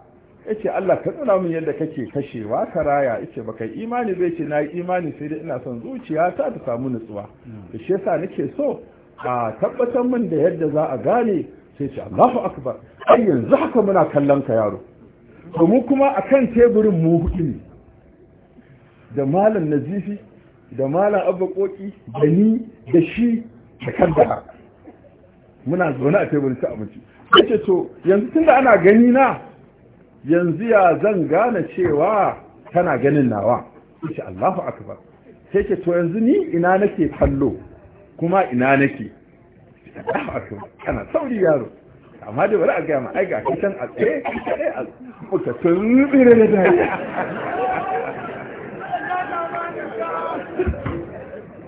ce Allah ka nuna min yadda kake kashewa ka raya ce baka imani zai ce na yi imani sai dai ina son zuciya ta ta samu nutsuwa da shi yasa nake so a tabbatar min da yadda za a gane sai ce Allahu akbar ai yanzu haka muna kallon ka yaro to mu kuma akan teburin mu hudu ne da malam nazifi da malam koki, da ni da shi da kan da muna zaune a teburin ta abinci yace to yanzu tunda ana gani na yanzu ya zan gane cewa tana ganin nawa yace Allahu akbar sai ke to yanzu ni ina nake kallo kuma ina nake Allahu akbar kana sauri yaro amma da bari a gaya ma ai ga kitan a tsaye a muka tsire da dariya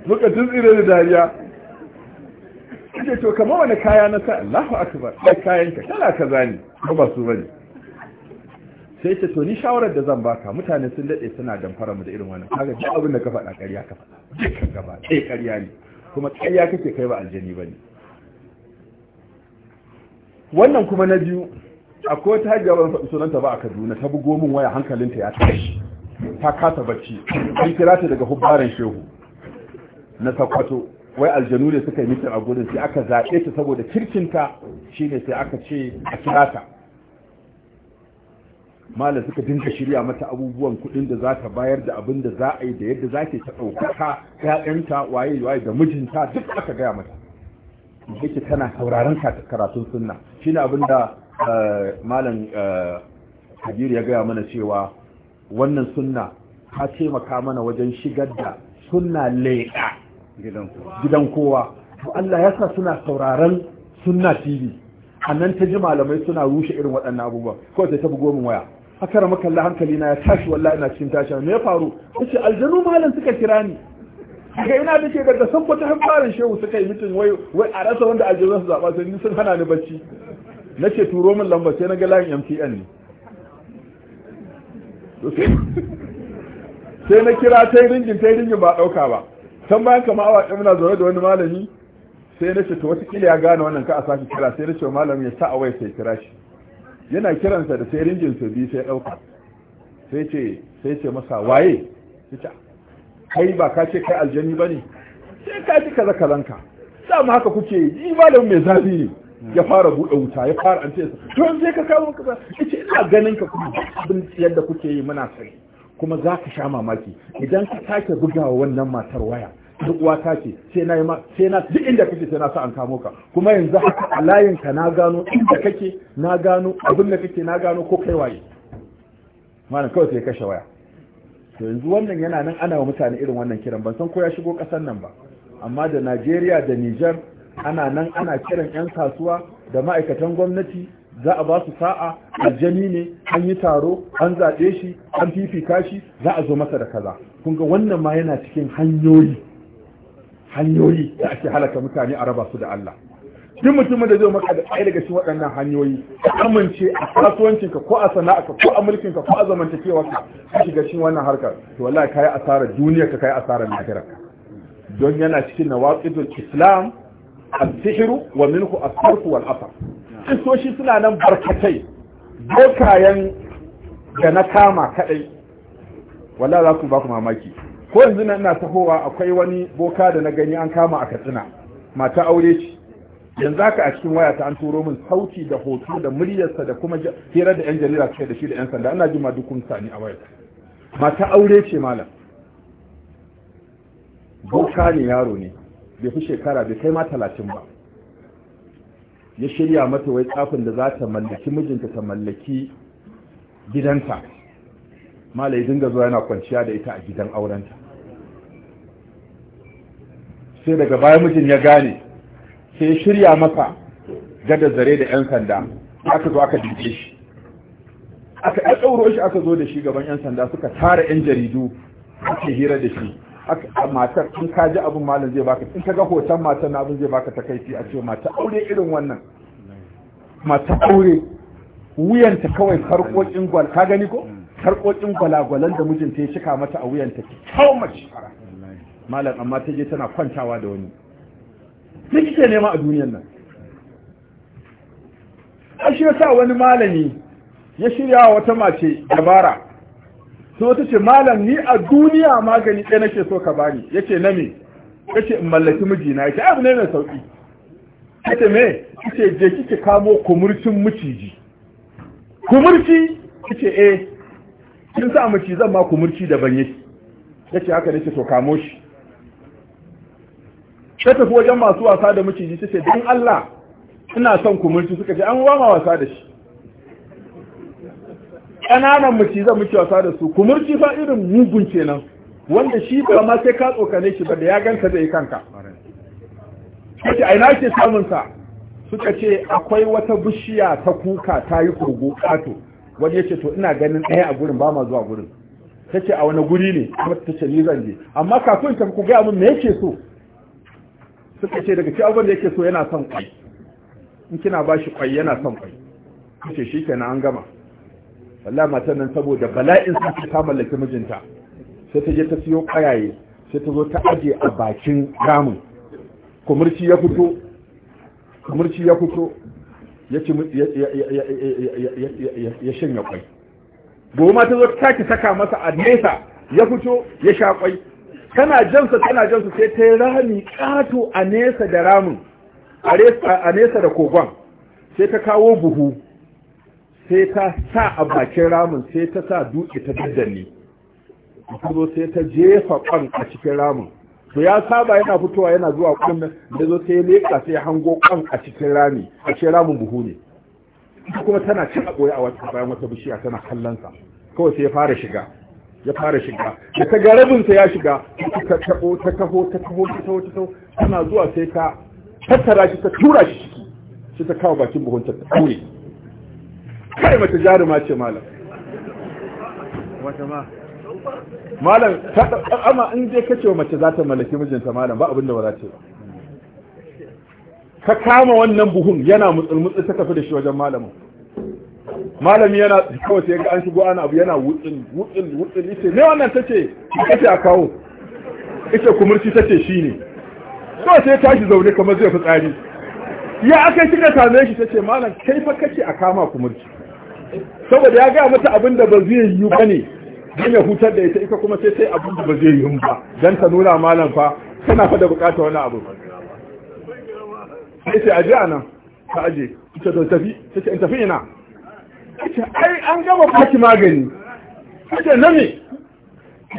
muka tsire da dariya ce to kamar wani kaya na sa Allahu akbar kai kayan ka kala kaza ne ba su bane sai ce to shawarar da zan baka mutane sun dade suna damfara mu da irin wannan kaga duk abin da ka faɗa ƙarya ka faɗa dukkan gaba sai ƙarya ne kuma ƙarya kake kai ba aljani bane wannan kuma na biyu akwai hajiya gaban faɗi sunanta ba a Kaduna ta bugo min waya hankalinta ya tashi ta kasa bacci an kira ta daga hubbaran shehu na sakwato wai aljanu ne suka yi mitin a gurin sai aka zaɓe ta saboda kirkinta shine sai aka ce a kira ta mala suka dinka shirya mata abubuwan kuɗin da za ta bayar da abin da za a yi da yadda za ke ta ɗaukaka ƴaƴanta waye waye da mijinta duk aka gaya mata yake tana sauraron karatun sunna shine abin da eh, malam eh, kabir ya gaya mana cewa wannan sunna ta taimaka mana wajen shigar da sunna leƙa gidan kowa to Allah ya sa suna sauraron sunna TV annan ta ji malamai suna rushe irin waɗannan abubuwa ko ta bugo min waya a kara makalla hankali na ya tashi wallahi ina cikin tashi me ya faru yace aljanu malam suka kira ni ga ina da ke daga san kwata hankalin shehu suka yi mutum wai wai a rasa wanda aljanu su zaba sai ni sun hana ni bacci nace turo min lamba sai na ga layin MTN ne sai na kira ta yi ringin ta yi ringin ba ɗauka ba san bayan kama awa ɗin muna zaune da wani malami sai na ce to wata ya gane wannan ka a sake kira sai na ce malami ya sa a wai sai kira shi yana kiransa da sai rinjinsa biyu sai ɗauka sai ce sai ce masa waye kai ba ka ce kai aljani ba ne sai ka ji kaza kazanka dama haka kuke yi malamin mai zafi ne ya fara buɗe wuta ya fara an ce to sai ka kawo ba yace ina ganin ka kuma abin yadda kuke yi muna sani kuma za ka sha mamaki idan ka sake bugawa wannan matar waya duk wata ce sai na yi ma sai na duk inda kake sai na sa an kamo ka kuma yanzu haka a layin ka na gano inda kake na gano abin da kake na gano ko kai waye mana kawai sai kashe waya to yanzu wannan yana nan ana wa mutane irin wannan kiran ban san ko ya shigo kasar nan ba amma da Najeriya da Niger ana nan ana kiran yan kasuwa da ma'aikatan gwamnati za a ba su sa'a aljani ne an yi taro an zaɓe shi an fifika shi za a zo masa da kaza kun ga wannan ma yana cikin hanyoyi hanyoyi da ake halaka mutane a raba su da Allah duk mutumin da zai maka da ɗaya daga cikin waɗannan hanyoyi ka amince a kasuwancinka ko a sana'arka ko a mulkinka ko a zamantakewarka ka shiga cikin wannan harkar to wallahi kai asarar duniya ka kai asarar lahirarka don yana cikin nawaqidul islam al sihr wa minhu as-sarf wal asr shi suna nan barkatai dokayen da na kama kadai wallahi za ku ba ku mamaki ko yanzu na ina tahowa akwai wani boka da na gani an kama a katsina mata aure ce yanzu haka a cikin waya ta an turo min sauti da hoto da muryarsa da kuma hira da yan jarida suke da shi da yan sanda ana jima duk kun sani a wayar mata aure ce malam boka ne yaro ne bai fi shekara bai kai ma talatin ba ya shirya mata wai tsafin da za ta mallaki mijinta ta mallaki gidanta malai dinga zuwa yana kwanciya da ita a gidan aurenta sai daga baya mijin ya gane sai ya shirya masa gada zare da 'yan sanda aka zo aka dinke shi aka ya ɗauro shi aka zo da shi gaban 'yan sanda suka tara 'yan jaridu ake hira da shi matar in ka ji abin malam zai baka in ka ga hoton matar na abin zai baka takaici a ce mata aure irin wannan mata aure wuyanta kawai karkokin gwal ka gani ko karkokin gwalagwalan da mijinta ya cika mata a wuyanta kyau mace malam amma ta je tana kwantawa da wani me kike nema a duniyar nan a shi sa wani malami ya shirya wa wata mace dabara so ta ce malam ni a duniya magani ɗaya nake so ka bani ya ce na me Ya ce in mallaki mijina yace abu ne mai sauki ce me ce je kike kamo kumurcin maciji. kumurci Ya ce eh kin sa zan ma kumurci daban yake ce haka nake so kamo shi ta tafi wajen masu wasa da maciji ta ce don Allah ina son kumurci suka ce an wama wasa da shi ƙananan zan muke wasa da su kumurci fa irin mugun kenan wanda shi ba ma sai ka tsokane shi ba da ya ganka zai kanka kace aina ke samun sa suka ce akwai wata bishiya ta kuka ta yi kurgo kato wani ce to ina ganin ɗaya a gurin ba ma zuwa gurin Ta ce a wani guri ne ta ce ni zan je amma kafin ta ku gaya mun me yake so suka ce daga ci abin da yake so yana son kwai in kina ba shi kwai yana son kwai kace shi kenan an gama wallahi matan nan saboda bala'in sun ta mallaki mijinta sai ta je ta siyo kayaye sai ta zo ta aje a bakin ramin kumurci ya fito kumurci ya fito ya ci ya ya kwai goma ta zo ta ki saka masa a nesa ya fito ya sha kwai tana jansa tana jansa sai ta yi rami kato a nesa da ramin a nesa da kogon sai ta kawo buhu sai ta sa a bakin ramin sai ta sa duke ta daddanne zo sai ta jefa kwan a cikin ramin to ya saba yana fitowa yana zuwa kwan da zo sai leƙa sai hango kwan a cikin rami a cikin ramin buhu ne kuma tana cin a a wata bayan wata bishiya tana kallon sa kawai sai ya fara shiga ya fara shiga da ta garabinsa ya shiga ta taho ta taho ta taho ta taho ta taho tana zuwa sai ta tattara shi ta tura shi ciki sai ta kawo bakin buhunta ta ɗaure kai mata jaruma ce malam malam ta ama amma in ka kace wa mace za ta mallaki mijinta malam ba abin da ba za ta ba ka kama wannan buhun yana mutsul ta tafi da shi wajen malamin malami yana kawai sai ga an shigo ana abu yana wutsin wutsin wutsin ita ne wannan tace kace a kawo ita kumurci tace shine So sai tashi zaune kamar zai fitsari ya aka kika same shi tace malam kai fa kace a kama kumurci saboda ya ga mata abin da ba zai yi bane dan ya hutar da ita ita kuma sai sai abin da ba zai yi ba dan ta nuna malam fa tana fa da bukata wani abu sai sai aje ana ta aje ita ta tafi sai in tafi ina ai an gama baki magani kace na me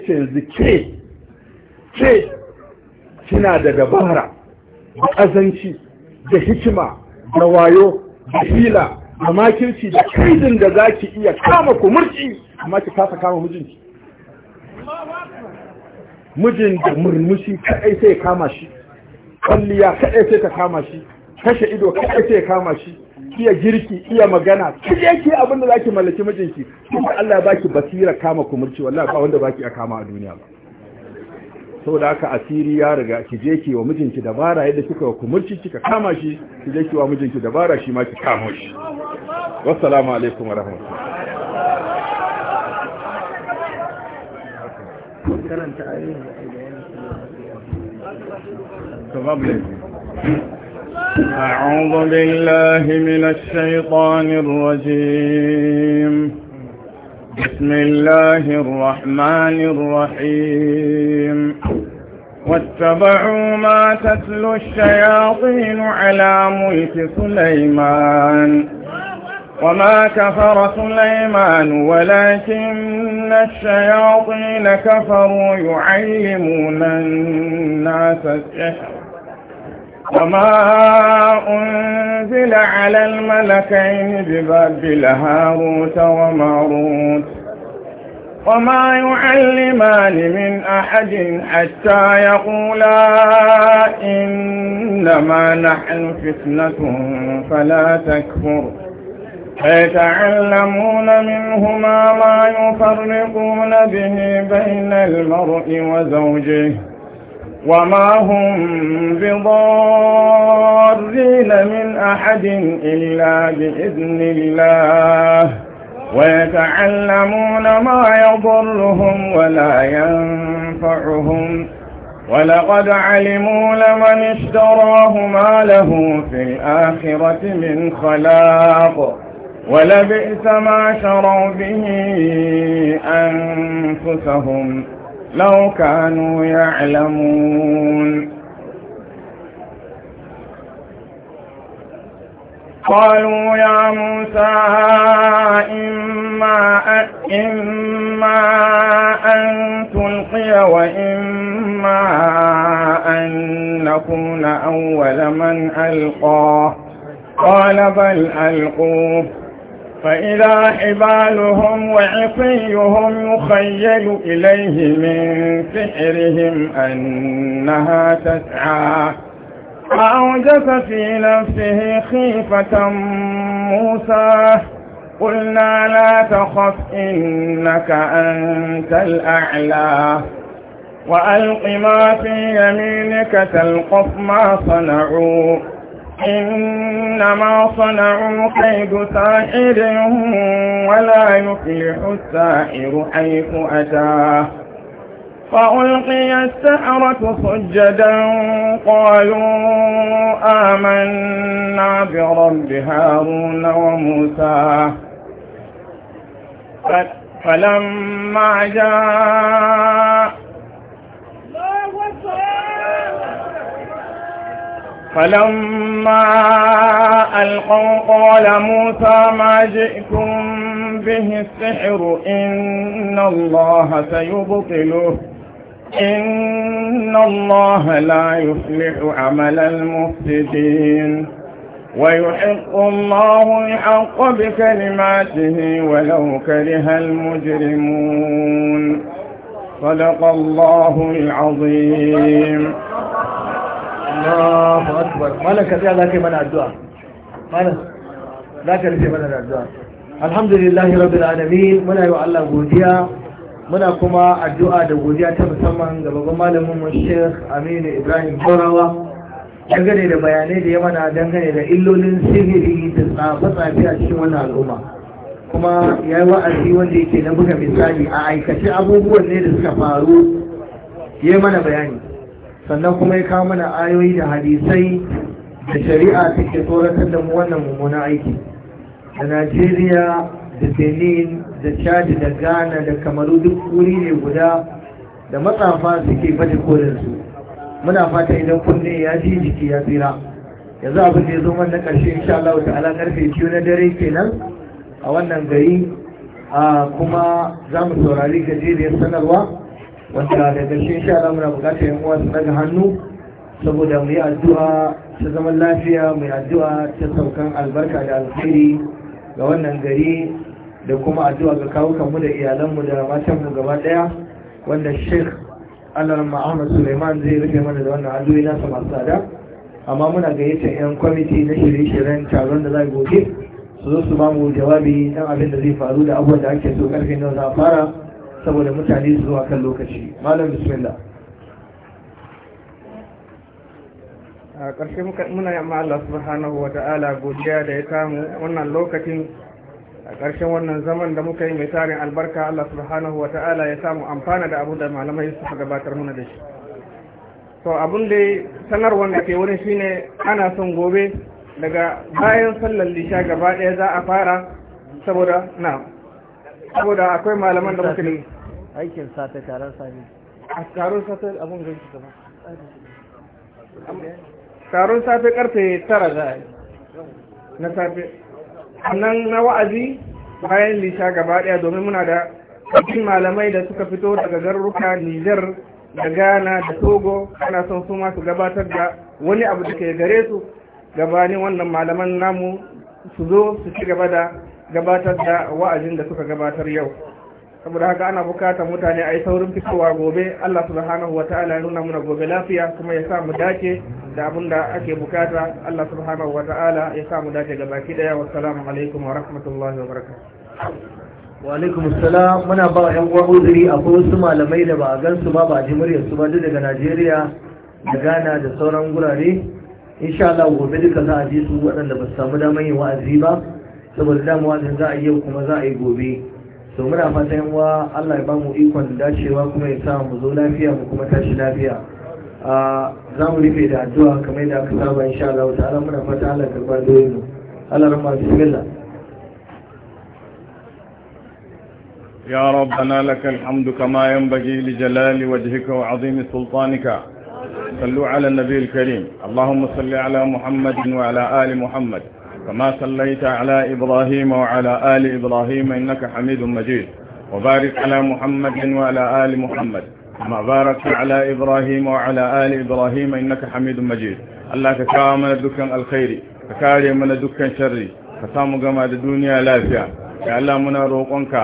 yanzu ke ke kina da dabara da kazanci, da hikima da wayo da hila da makirci da kaidin da zaki iya kama ku murci amma ki kasa kama mijinki mijin da murmushi kaɗai sai kama shi kwalliya kaɗai sai ta kama shi kashe ido kaɗai sai kama shi iya girki iya magana ki je abin da zaki mallaki mijinki kuma Allah ya baki basira kama kumurci wallahi ba wanda baki a kama a duniya ba saboda haka asiri ya riga ki je ki wa mijinki dabara yadda kika wa kumurci kika kama shi ki je ki wa mijinki dabara shi ma ki kama shi wassalamu alaikum wa rahmatullahi karanta ayoyin da أعوذ بالله من الشيطان الرجيم بسم الله الرحمن الرحيم واتبعوا ما تتلو الشياطين على ملك سليمان وما كفر سليمان ولكن الشياطين كفروا يعلمون الناس السحر وما أنزل على الملكين ببابل هاروت وماروت وما يعلمان من أحد حتى يقولا إنما نحن فتنة فلا تكفر فيتعلمون منهما ما يفرقون به بين المرء وزوجه وما هم بضارين من أحد إلا بإذن الله ويتعلمون ما يضرهم ولا ينفعهم ولقد علموا لمن اشتراه ما له في الآخرة من خلاق ولبئس ما شروا به أنفسهم لو كانوا يعلمون قالوا يا موسى إما, إما أن تلقي وإما أن نكون أول من ألقاه قال بل ألقوه فإذا حبالهم وعصيهم يخيل إليه من سحرهم أنها تسعى فأوجس في نفسه خيفة موسى قلنا لا تخف إنك أنت الأعلى وألق ما في يمينك تلقف ما صنعوا إنما صنعوا قيد ساحر ولا يفلح الساحر حيث أتاه فألقي السحرة سجدا قالوا آمنا برب هارون وموسى فلما جاء فلما ألقوا قال موسى ما جئتم به السحر إن الله سيبطله إن الله لا يفلح عمل المفسدين ويحق الله الحق بكلماته ولو كره المجرمون صدق الله العظيم akbar ka tsaya alhamdulillah rabbil alamin muna yi wa Allah godiya muna kuma addu'a da godiya ta musamman ga babban malamin mu Sheikh Aminu Ibrahim Borawa dangane da bayanai da ya mana dangane da illolin sihiri da tsafe tsafi a cikin wannan al'umma kuma ya yi wa'azi wanda yake na buga misali a aikace abubuwan ne da suka faru ya mana bayani sannan kuma ya kawo mana ayoyi da hadisai da shari'a take tsoratar da mu wannan mummunan aiki da najeriya da benin da chad da ghana da kamaru duk wuri ne guda da matsafa suke baje kolinsu muna fata idan kunne ya ji jiki ya tsira yanzu abin da ya zo wannan ƙarshe insha Allah ta'ala karfe biyu na dare kenan a wannan gari A kuma za mu saurari gajeriyar sanarwa wanda da gaske sha za muna bukatar yan uwa daga hannu saboda mu yi addu'a ta zaman lafiya mu yi addu'a ta saukan albarka da alheri ga wannan gari da kuma addu'a ga kawukan mu da iyalanmu da matanmu gaba daya wanda Sheikh Allah rahma Ahmad Suleiman zai rufe mana da wannan addu'a na masu tsada amma muna gayyata yan kwamiti na shirye-shiryen taron da za goge, su zo su ba mu jawabi don abin da zai faru da abubuwan da ake so karfe nawa za fara saboda mutane su zuwa kan lokaci malam bismillah a ƙarshe muna yamma Allah subhanahu wa ta'ala godiya da ya kamu wannan lokacin a ƙarshen wannan zaman da muka yi mai tarin albarka Allah subhanahu wa ta'ala ya samu amfana da abu da malamai suka gabatar muna da shi to abun da sanarwar da ke wurin shine ana son gobe daga bayan sallar lisha gaba ɗaya za a fara saboda na. saboda akwai malaman da muka aikin sata taron sami a taron sata abun gaba taron safe karfe tara za na safe sannan na wa'azi bayan lisha gaba daya domin muna da kakin malamai da suka fito daga garuruka nijar da ghana da togo ana son su masu gabatar da wani abu da ke gare su gabanin wannan malaman namu su zo su ci gaba da gabatar da wa'azin da suka gabatar yau saboda haka ana bukatar mutane a yi saurin fitowa gobe Allah subhanahu wata'ala ya nuna muna gobe lafiya kuma ya sa mu dace da abin da ake bukata Allah subhanahu wata'ala ya sa mu dace ga baki daya wassalamu alaikum wa rahmatullahi wa barakatuh wa alaikum assalam muna ba yan uwa uzuri akwai wasu malamai da ba a gansu ba ba a ji muryar su ba daga Najeriya da Ghana da sauran gurare insha Allah gobe duka za a ji su waɗanda ba su samu damar yin wa'azi ba saboda damuwa da za a yau kuma za a yi gobe to muna fata yan Allah ya ba mu ikon dacewa kuma ya sa mu zo lafiya mu kuma tashi lafiya za mu rufe da addu'a kamar yadda aka saba sha Allah ta'ala muna fata Allah ya karba doyin mu Allah rahma bismillah يا ربنا لك الحمد كما ينبغي لجلال وجهك وعظيم sultanika صلوا على النبي الكريم اللهم صل على محمد وعلى آل محمد كما صليت على إبراهيم وعلى آل إبراهيم إنك حميد مجيد وبارك على محمد وعلى آل محمد كما باركت على إبراهيم وعلى آل إبراهيم إنك حميد مجيد الله كتاب من دكان الخير كاري من دكان شر كسام جماعة الدنيا لافيا يا الله منا روقنك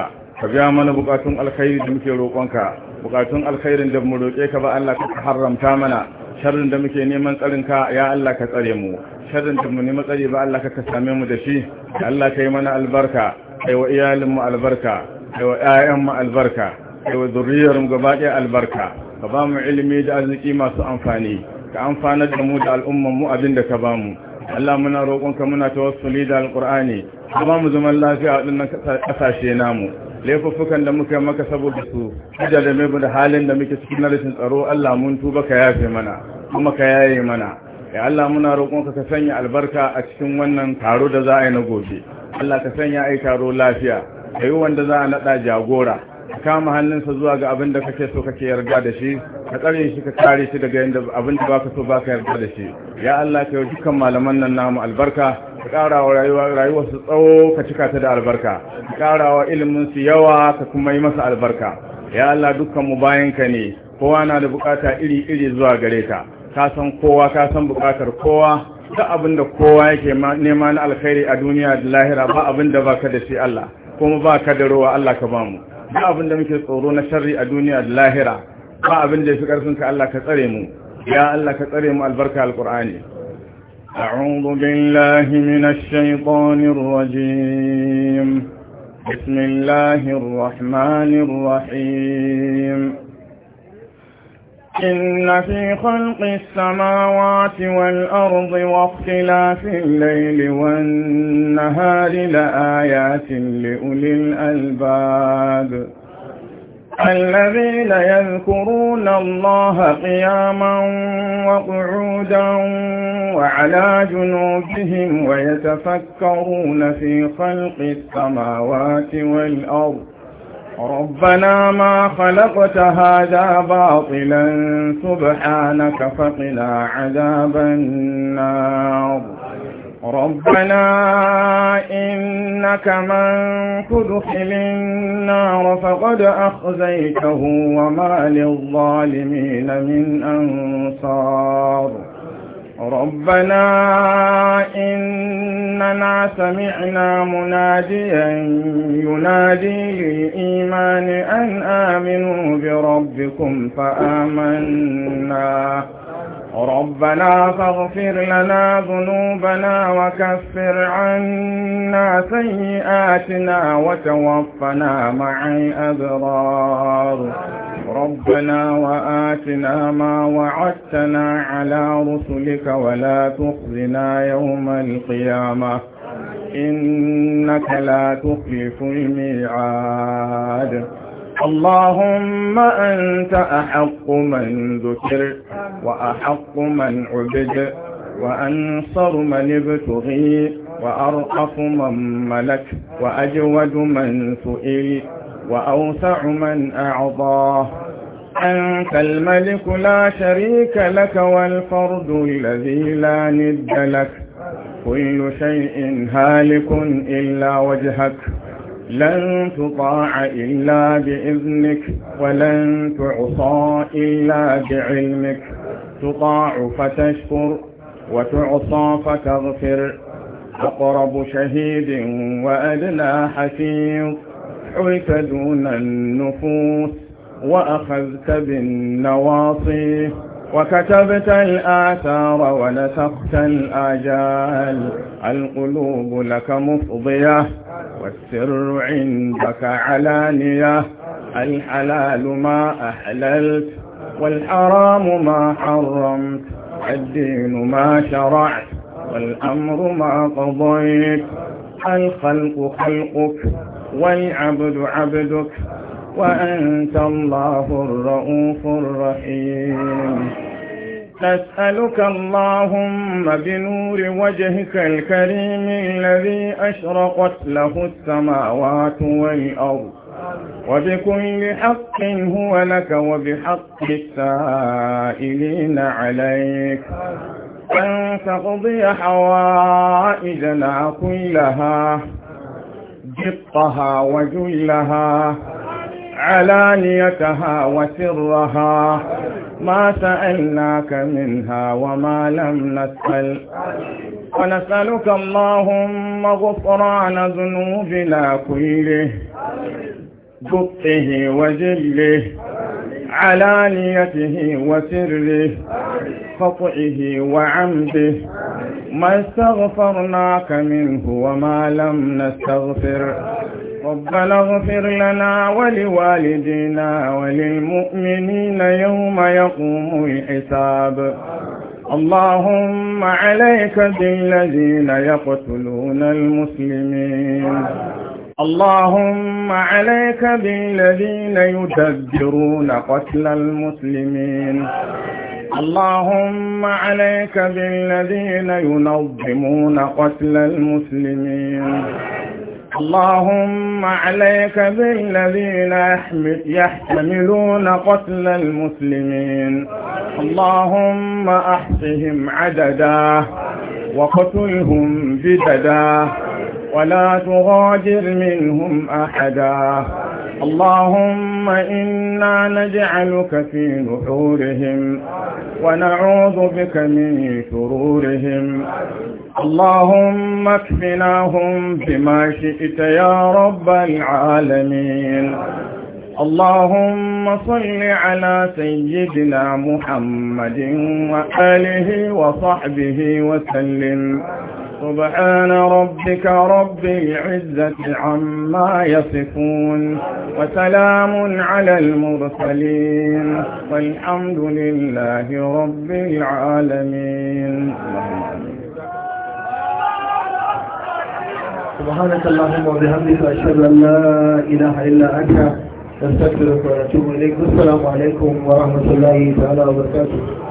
كبيا من بقاتون الخير دمك روقنك بقاتون الخير دم روقك بأ الله كحرم تامنا شر دمك نيمان تلنك يا الله كتريمو sharrin da mu ne matsari ba Allah ka same mu da shi Allah ka yi mana albarka kai wa iyalinmu albarka kai wa ƴaƴan mu albarka kai wa zuriyar gabaɗaya albarka ka ba mu ilimi da arziki masu amfani ka amfana da mu da al'umman mu abin da ka ba mu Allah muna ka muna tawassuli da alƙur'ani ka ba mu zaman lafiya a wannan ƙasashe namu laifuffukan da muka maka saboda su hujja da mai da halin da muke cikin rashin tsaro Allah mun tuba ka yafe mana kuma ka yaye mana ya Allah muna roƙonka ka sanya albarka a cikin wannan taro da za a yi na gobe Allah ka sanya ai taro lafiya ka yi wanda za a naɗa jagora ka kama hannunsa zuwa ga abin da kake so kake yarda da shi ka tsare shi ka kare shi daga yadda abin da baka so baka yarda da shi ya Allah ka yi dukkan malaman nan namu albarka ka ƙara wa rayuwar su tsawo ka cika ta da albarka ka ƙara wa ilimin su yawa ka kuma yi masa albarka ya Allah dukkan mu bayanka ne kowa na da bukata iri iri zuwa gare ka ka san kowa ka san bukatar kowa duk abin da kowa yake nema na alkhairi a duniya da lahira ba abin da ba ka da shi Allah kuma ka da rowa Allah ka bamu duk abin da muke tsoro na sharri a duniya da lahira ba abin da yafi karfin ka Allah ka tsare mu ya Allah ka tsare mu albarka alqur'ani أعوذ بالله من الشيطان الرجيم بسم الله الرحمن الرحيم إن في خلق السماوات والأرض واختلاف الليل والنهار لآيات لأولي الألباب الذين يذكرون الله قياما وقعودا وعلى جنوبهم ويتفكرون في خلق السماوات والأرض ربنا ما خلقت هذا باطلا سبحانك فقنا عذاب النار ربنا إنك من تدخل النار فقد أخزيته وما للظالمين من أنصار ربنا إننا سمعنا مناديا ينادي للإيمان أن آمنوا بربكم فآمنا ربنا فاغفر لنا ذنوبنا وكفر عنا سيئاتنا وتوفنا مع الأبرار ربنا وآتنا ما وعدتنا على رسلك ولا تخزنا يوم القيامة إنك لا تخلف الميعاد اللهم أنت أحق من ذكر وأحق من عبد وأنصر من ابتغي وأرأف من ملك وأجود من سئل وأوسع من أعضاه أنت الملك لا شريك لك والفرد الذي لا ند لك كل شيء هالك إلا وجهك لن تطاع إلا بإذنك ولن تعصى إلا بعلمك تطاع فتشكر وتعصى فتغفر أقرب شهيد وأدنى حفيظ حلت دون النفوس وأخذت بالنواصي وكتبت الآثار ونسخت الآجال القلوب لك مفضية والسر عندك علانية الحلال ما أحللت والحرام ما حرمت الدين ما شرعت والأمر ما قضيت الخلق خلقك والعبد عبدك وأنت الله الرؤوف الرحيم نسألك اللهم بنور وجهك الكريم الذي أشرقت له السماوات والأرض وبكل حق هو لك وبحق السائلين عليك أن تقضي حوائجنا كلها جقها وجلها علانيتها وسرها ما سألناك منها وما لم نسأل ونسألك اللهم غفران ذنوبنا كله جبته وجله علانيته وسره خطئه وعمده ما استغفرناك منه وما لم نستغفر ربنا اغفر لنا ولوالدينا وللمؤمنين يوم يقوم الحساب اللهم عليك بالذين يقتلون المسلمين اللهم عليك بالذين يدبرون قتل المسلمين اللهم عليك بالذين ينظمون قتل المسلمين اللهم عليك بالذين يحتملون قتل المسلمين اللهم أحصهم عددا وقتلهم بددا ولا تغادر منهم أحدا اللهم إنا نجعلك في نحورهم ونعوذ بك من شرورهم اللهم اكفناهم بما شئت يا رب العالمين اللهم صل على سيدنا محمد وآله وصحبه وسلم سبحان ربك رب العزة عما يصفون وسلام على المرسلين والحمد لله رب العالمين سبحانك اللهم وبحمدك أشهد أن لا إله إلا أنت نستغفرك ونتوب إليك والسلام عليكم ورحمة الله تعالى وبركاته